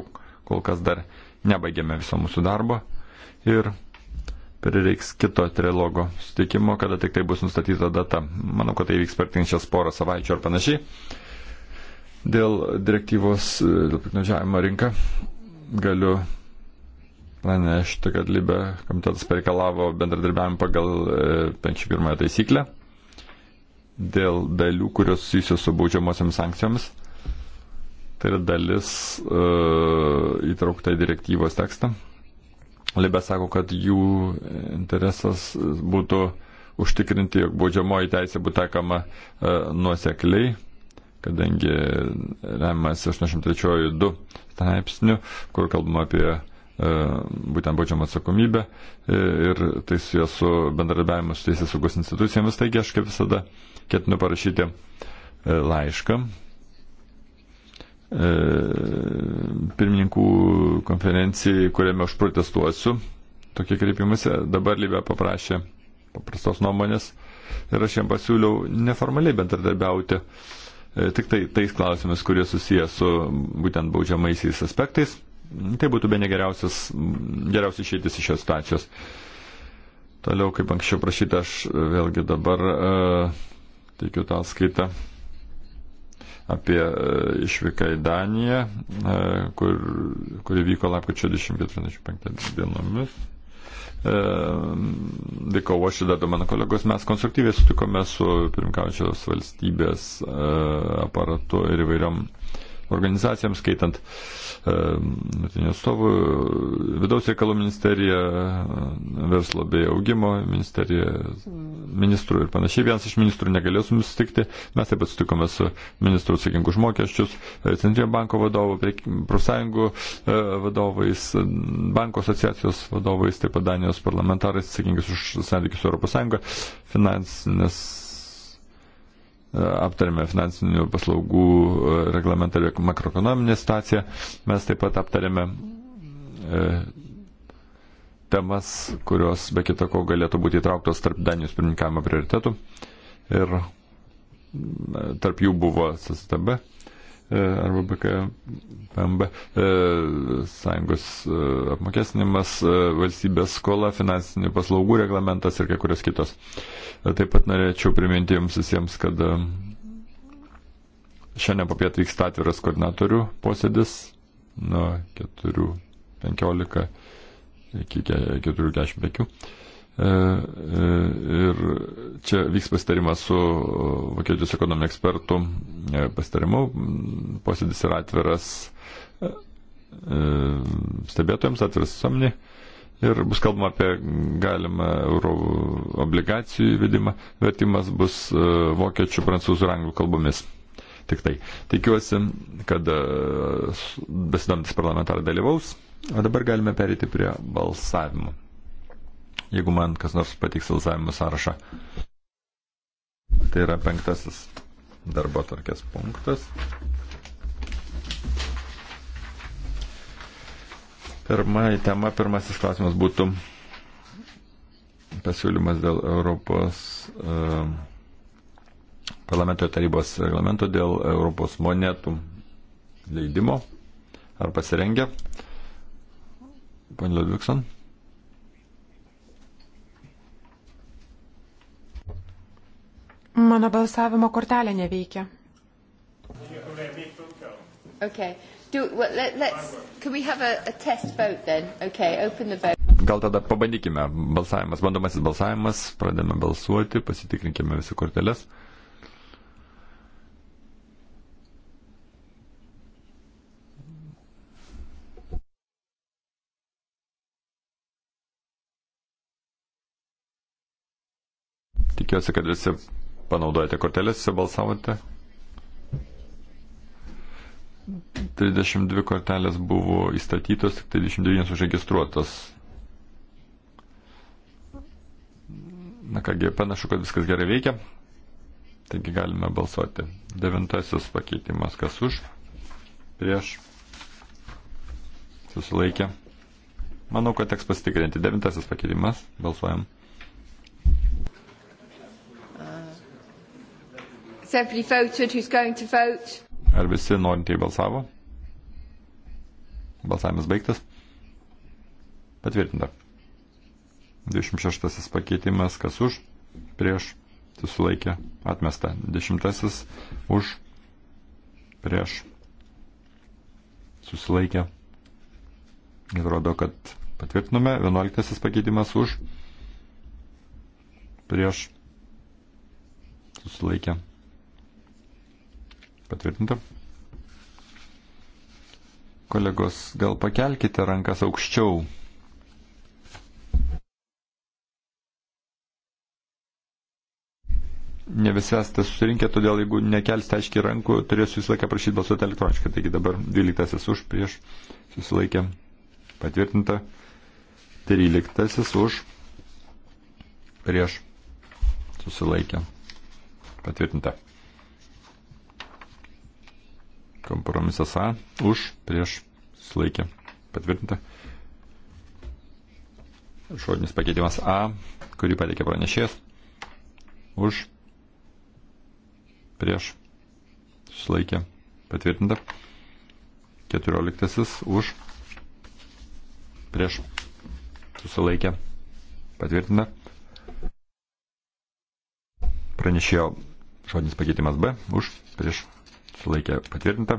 kol kas dar nebaigėme viso mūsų darbo. Ir prireiks kito trilogo sutikimo, kada tik tai bus nustatyta data. Manau, kad tai vyks per tinčias porą savaičių ar panašiai. Dėl direktyvos e, dėl piknaudžiavimo rinką galiu pranešti, kad Libė komitetas pareikalavo bendradarbiavimą pagal 51 e, taisyklę dėl dalių, kurios susijusios su baudžiamosiams sankcijomis. Tai yra dalis uh, įtraukta į direktyvos tekstą. Libė sako, kad jų interesas būtų užtikrinti, jog baudžiamoji teisė būtų taikoma e, nuosekliai, kadangi remiamas 803.2 straipsnių, kur kalbama apie e, būtent baudžiamą atsakomybę e, ir tai su jie su bendradarbiavimu su teisės saugos institucijomis. Taigi aš kaip visada ketinu parašyti laišką E, pirmininkų konferencijai, kuriame aš protestuosiu. Tokie kreipimasi. Dabar Libė paprašė paprastos nuomonės ir aš jam pasiūliau neformaliai bendradarbiauti e, tik tai tais klausimais, kurie susiję su būtent baudžiamaisiais aspektais. Tai būtų be negeriausias, geriausias išeitis iš šios situacijos. Toliau, kaip anksčiau prašyta, aš vėlgi dabar uh, teikiu tą skaitą apie e, išvyką į Daniją, e, kur, kuri vyko lapkričio 24-25 dienomis. Vykau aš ir dar du mano kolegos, mes konstruktyviai sutikome su pirmkaujančios valstybės e, aparatu ir įvairiom organizacijams, skaitant e, nutinio stovų, vidaus reikalų ministerija, verslo bei augimo ministerija, ministrų ir panašiai. Vienas iš ministrų negalėjo su mumis sutikti. Mes taip pat sutikome su ministru atsakingu už mokesčius, e, Centrinio banko vadovu, profsąjungų e, vadovais, banko asociacijos vadovais, taip pat Danijos parlamentarais atsakingais už santykius su ES, finansinės E, aptarėme finansinių paslaugų e, reglamentą ir makroekonominę situaciją, mes taip pat aptarėme e, temas, kurios be kitako galėtų būti įtrauktos tarp Danijos pirmininkavimo prioritetų. Ir tarp jų buvo SSTB E, arba BKPMB e, sąjungos e, apmokestinimas, valstybės skola, finansinių paslaugų reglamentas ir kai kurios kitos. Taip pat norėčiau priminti jums visiems, kad šiandien papiet vyksta atviras koordinatorių posėdis nuo 4.15 iki 4.45. E, e, ir čia vyks pasitarimas su e, Vokietijos ekonominiu ekspertu pasitarimu. Posėdis yra atviras stebėtojams, atviras visuomeniai. Ir bus kalbama apie galimą euro obligacijų įvedimą. Vertimas bus vokiečių, prancūzų ir anglų kalbomis. Tik tai. Tikiuosi, kad besidomintis parlamentarai dalyvaus. O dabar galime perėti prie balsavimo jeigu man kas nors patiks balsavimo sąrašą. Tai yra penktasis darbo tvarkės punktas. Pirmoji tema, pirmasis klausimas būtų pasiūlymas dėl Europos uh, parlamento tarybos reglamento dėl Europos monetų leidimo. Ar pasirengę? Pane Ludvikson. Mano balsavimo kortelė neveikia. Okay. Do, well, let, let's, can we have a, a test vote then? Okay, open the vote. Gal tada pabandykime. Balsavimas, bandomasis balsavimas, pradame balsuoti, pasitikrinkime visi korteles. Tikiuosi, kad visi Panaudojate kortelės, balsavote? 32 kortelės buvo įstatytos, tik 39 užregistruotos. Na kągi, panašu, kad viskas gerai veikia. Taigi galime balsuoti. Devintasis pakeitimas, kas už, prieš, susilaikė. Manau, kad teks pasitikrinti. Devintasis pakeitimas, balsuojam. Ar visi norintieji balsavo? Balsavimas baigtas. Patvirtinta. 26 pakeitimas, kas už, prieš, susilaikė, atmesta. 10 už, prieš, susilaikė. Atrodo, kad patvirtinome. 11 pakeitimas už, prieš, susilaikė Patvirtinta. Kolegos, gal pakelkite rankas aukščiau. Ne visi esate susirinkę, todėl jeigu nekelsite aiškiai rankų, turėsiu visą laiką prašyti balsuoti elektroniškai. Taigi dabar 12 už prieš susilaikė. Patvirtinta. 13 už prieš susilaikė. Patvirtinta. Kompromisas A už prieš sulaikė patvirtinta. Žodinis pakeitimas A, kurį pateikė pranešėjas. Už prieš sulaikė patvirtinta. Keturioliktasis už prieš susilaikė patvirtinta. Pranešėjo žodinis pakeitimas B už prieš sulaikė patvirtinta.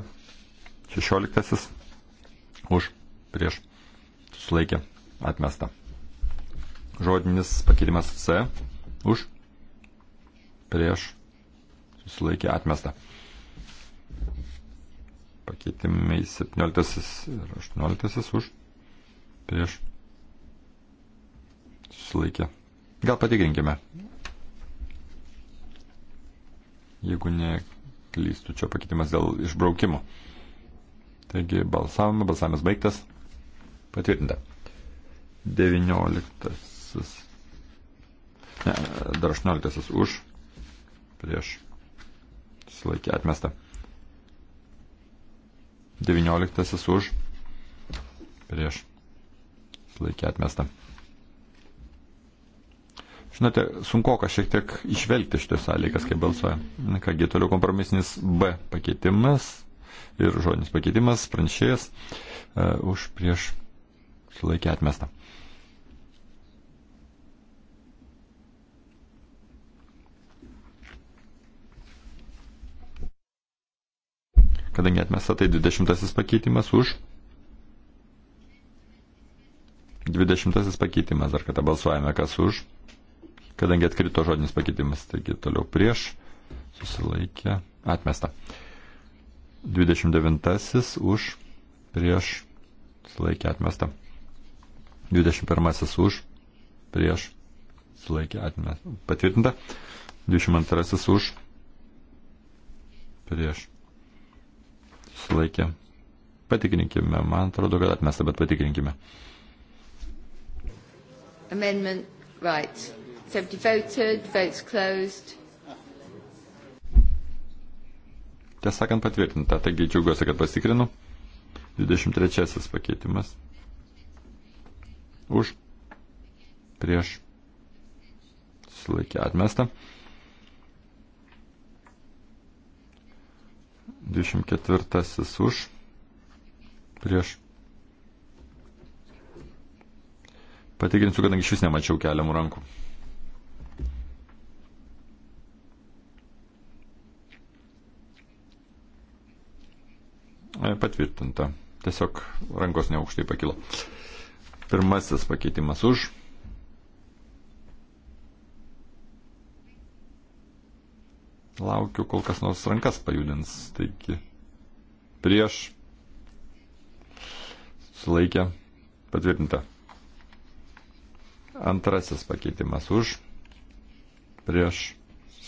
16 už prieš sulaikė atmesta. Žodinis pakeitimas C už prieš susilaikė atmesta. Pakeitimai 17 ir 18 už prieš susilaikė. Gal patikrinkime. Jeigu ne klystų, čia pakeitimas dėl išbraukimo. Taigi balsavome, balsavimas baigtas, patvirtinta. 19. Ne, dar 18 už, prieš, sulaikė atmesta. 19 už, prieš, sulaikė atmesta. Žinote, sunku, kad šiek tiek išvelgti šitas sąlygas, kai balsuoja. Na kągi, toliau kompromisinis B pakeitimas ir žodinis pakeitimas, pranešėjas uh, už prieš sulaikę atmestą. Kadangi atmesta, tai 20 pakeitimas už. 20 pakeitimas, dar kartą balsuojame, kas už kadangi atkrito žodinis pakeitimas, taigi toliau prieš, susilaikė, atmesta. 29 už, prieš, susilaikė, atmesta. 21 už, prieš, susilaikė, atmesta. Patvirtinta. 22 už, prieš, susilaikė. Patikrinkime, man atrodo, kad atmesta, bet patikrinkime. Amendment right. 70 voted, votes closed. Tiesą sakant, patvirtinta. Taigi džiaugiuosi, kad pasikrinu. 23 pakeitimas. Už. Prieš. Sulaikė atmestą. 24 už. Prieš. Patikrinsiu, kadangi iš vis nemačiau keliamų rankų. E, patvirtinta. Tiesiog rankos neaukštai pakilo. Pirmasis pakeitimas už. Laukiu, kol kas nors rankas pajudins. Taigi. Prieš. Sulaikė. Patvirtinta. Antrasis pakeitimas už. Prieš.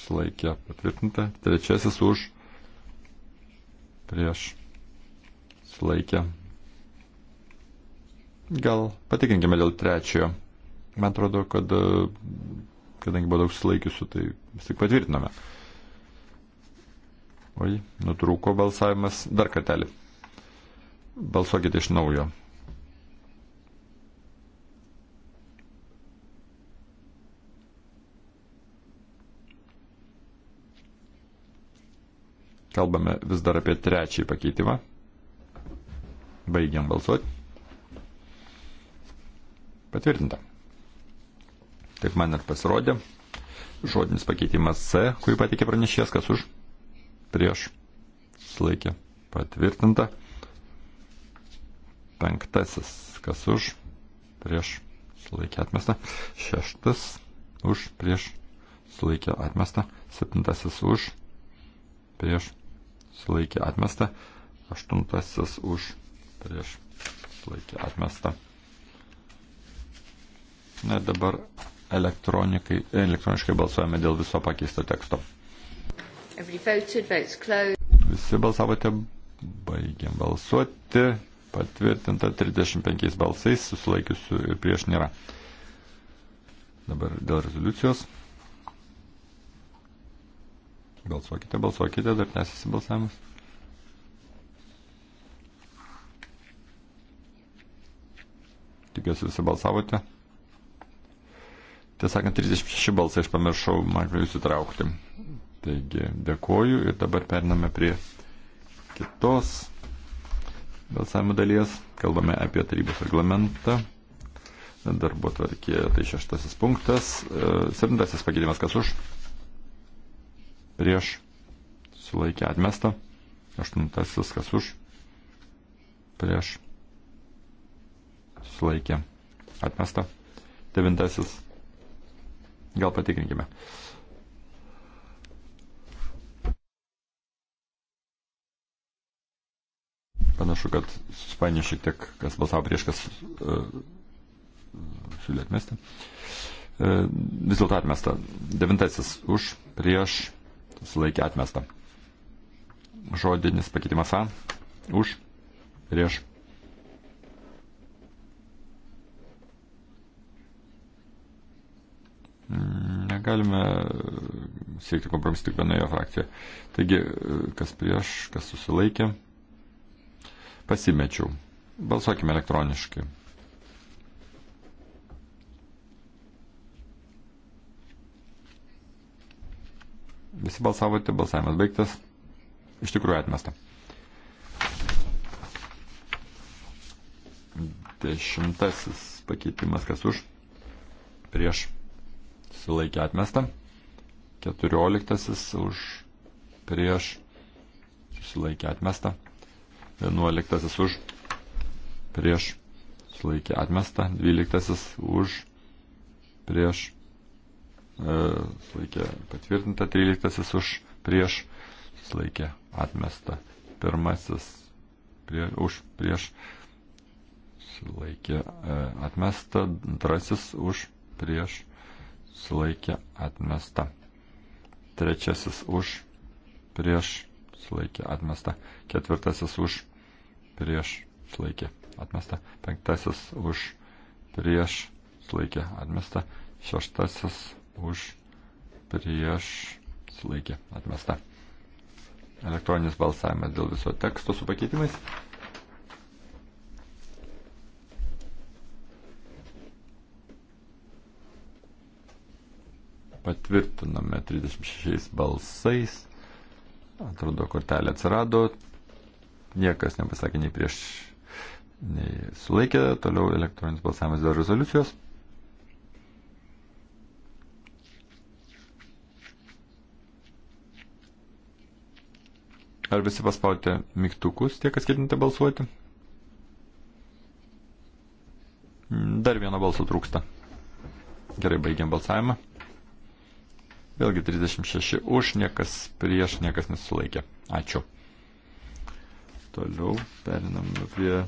Sulaikė. Patvirtinta. Trečiasis už. Prieš Slaikė. Gal patikrinkime dėl trečiojo. Man atrodo, kad e, kadangi buvo daug sulaikiusių, tai vis tik patvirtinome. Oi, nutrūko balsavimas. Dar kartelį. Balsuokite iš naujo. Kalbame vis dar apie trečiąjį pakeitimą. Baigiam balsuoti. Patvirtinta. Taip man ir pasirodė. Žodinis pakeitimas C, kurį patikė pranešės, kas už. Prieš. Slaikė. Patvirtinta. Penktasis, kas už. Prieš. Slaikė atmesta. Šeštas. Už. Prieš. Slaikė atmesta. Septintasis už. Prieš. Slaikė atmesta. Aštuntasis už prieš laikė atmesta. Na ir dabar elektroniškai balsuojame dėl viso pakeisto teksto. Voted, votes Visi balsavote, baigiam balsuoti, patvirtinta 35 balsais, susilaikiusių ir prieš nėra. Dabar dėl rezoliucijos. Balsuokite, balsuokite, dar nesisi balsavimas. Tikiuosi visi balsavote. Tiesąkant, 36 balsai aš pamiršau, man galiu įsitraukti. Taigi, dėkoju ir dabar periname prie kitos balsavimo dalies. Kalbame apie tarybos reglamentą. Darbo tvarkė, tai šeštasis punktas. E, septintasis pakeitimas, kas už? Prieš. Sulaikė atmestą. Aštuntasis, kas už? Prieš sulaikė, atmesta. Devintasis, gal patikrinkime. Panašu, kad suspainė šiek tiek, kas balsavo prieš, kas uh, siūlė atmesti. Uh, vis dėlto atmesta. Devintasis už, prieš, sulaikė atmesta. Žodinis pakeitimas A, už, prieš, Mm, negalime siekti kompromisų tik vienoje frakcijoje. Taigi, kas prieš, kas susilaikė, pasimečiau. Balsuokime elektroniškai. Visi balsavote, balsavimas baigtas. Iš tikrųjų atmesta. Dešimtasis pakeitimas, kas už, prieš susilaikė atmesta. 14 už prieš susilaikė atmesta. 11 už prieš susilaikė atmesta. 12 už prieš e, susilaikė patvirtinta. 13 už prieš susilaikė atmesta. Pirmasis prie, už prieš susilaikė e, atmesta. Antrasis už prieš sulaikė atmesta. Trečiasis už, prieš sulaikė atmesta. Ketvirtasis už, prieš sulaikė atmesta. Penktasis už, prieš sulaikė atmesta. Šeštasis už, prieš sulaikė atmesta. Elektroninis balsavimas dėl viso teksto su pakeitimais. patvirtiname 36 balsais. Atrodo, kortelė atsirado. Niekas nepasakė nei prieš, nei sulaikė. Toliau elektroninis balsavimas dėl rezoliucijos. Ar visi paspaudėte mygtukus, tie, kas ketinate balsuoti? Dar vieno balso trūksta. Gerai, baigiam balsavimą. Vėlgi 36 už, niekas prieš, niekas nesulaikė. Ačiū. Toliau perinam prie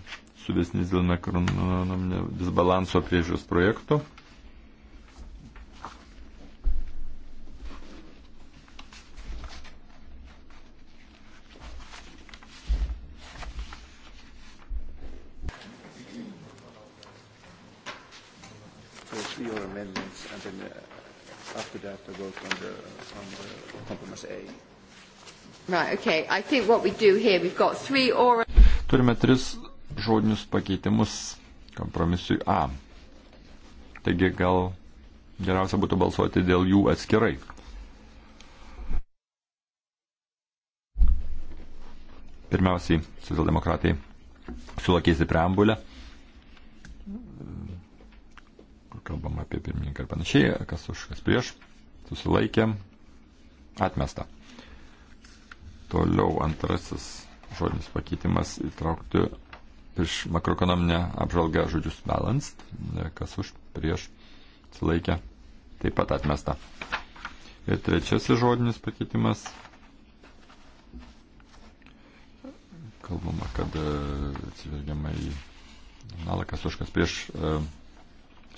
suvesnės dėl makronominio disbalanso priežiūros projektų. Right, okay. I think what we do here, we've got three oral... Turime tris žodinius pakeitimus kompromisui A. Taigi gal geriausia būtų balsuoti dėl jų atskirai. Pirmiausiai, socialdemokratai siūlo keisti preambulę, kur kalbama apie pirmininką ir panašiai, kas už, kas prieš, susilaikė, atmesta. Toliau antrasis žodinis pakeitimas įtraukti prieš makroekonominę apžvalgą žodžius balanced, kas už, prieš, atsilaikė, taip pat atmesta. Ir trečiasis žodinis pakeitimas. Kalbama, kad e, atsivergiama į nalakas užkas prieš e,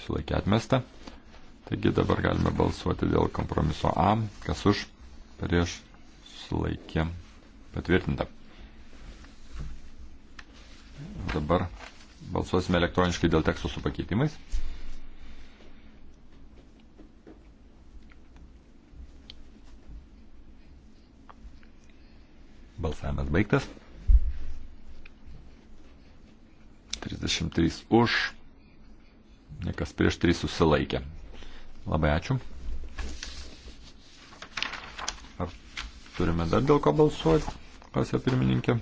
sulaikę atmestą. Taigi dabar galime balsuoti dėl kompromiso A, kas už, prieš susilaikė patvirtinta. Dabar balsuosime elektroniškai dėl teksto su pakeitimais. Balsavimas baigtas. 33 už, niekas prieš 3 susilaikė. Labai ačiū. Turime dar dėl ko balsuoti, pasė pirmininkė.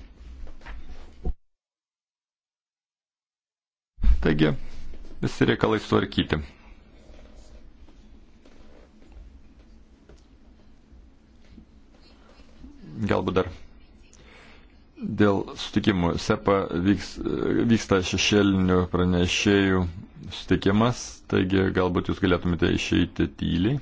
Taigi, visi reikalai sutvarkyti. Galbūt dar dėl sutikimų. SEPA vyks, vyksta šešėlinių pranešėjų sutikimas, taigi galbūt jūs galėtumėte išeiti tyliai.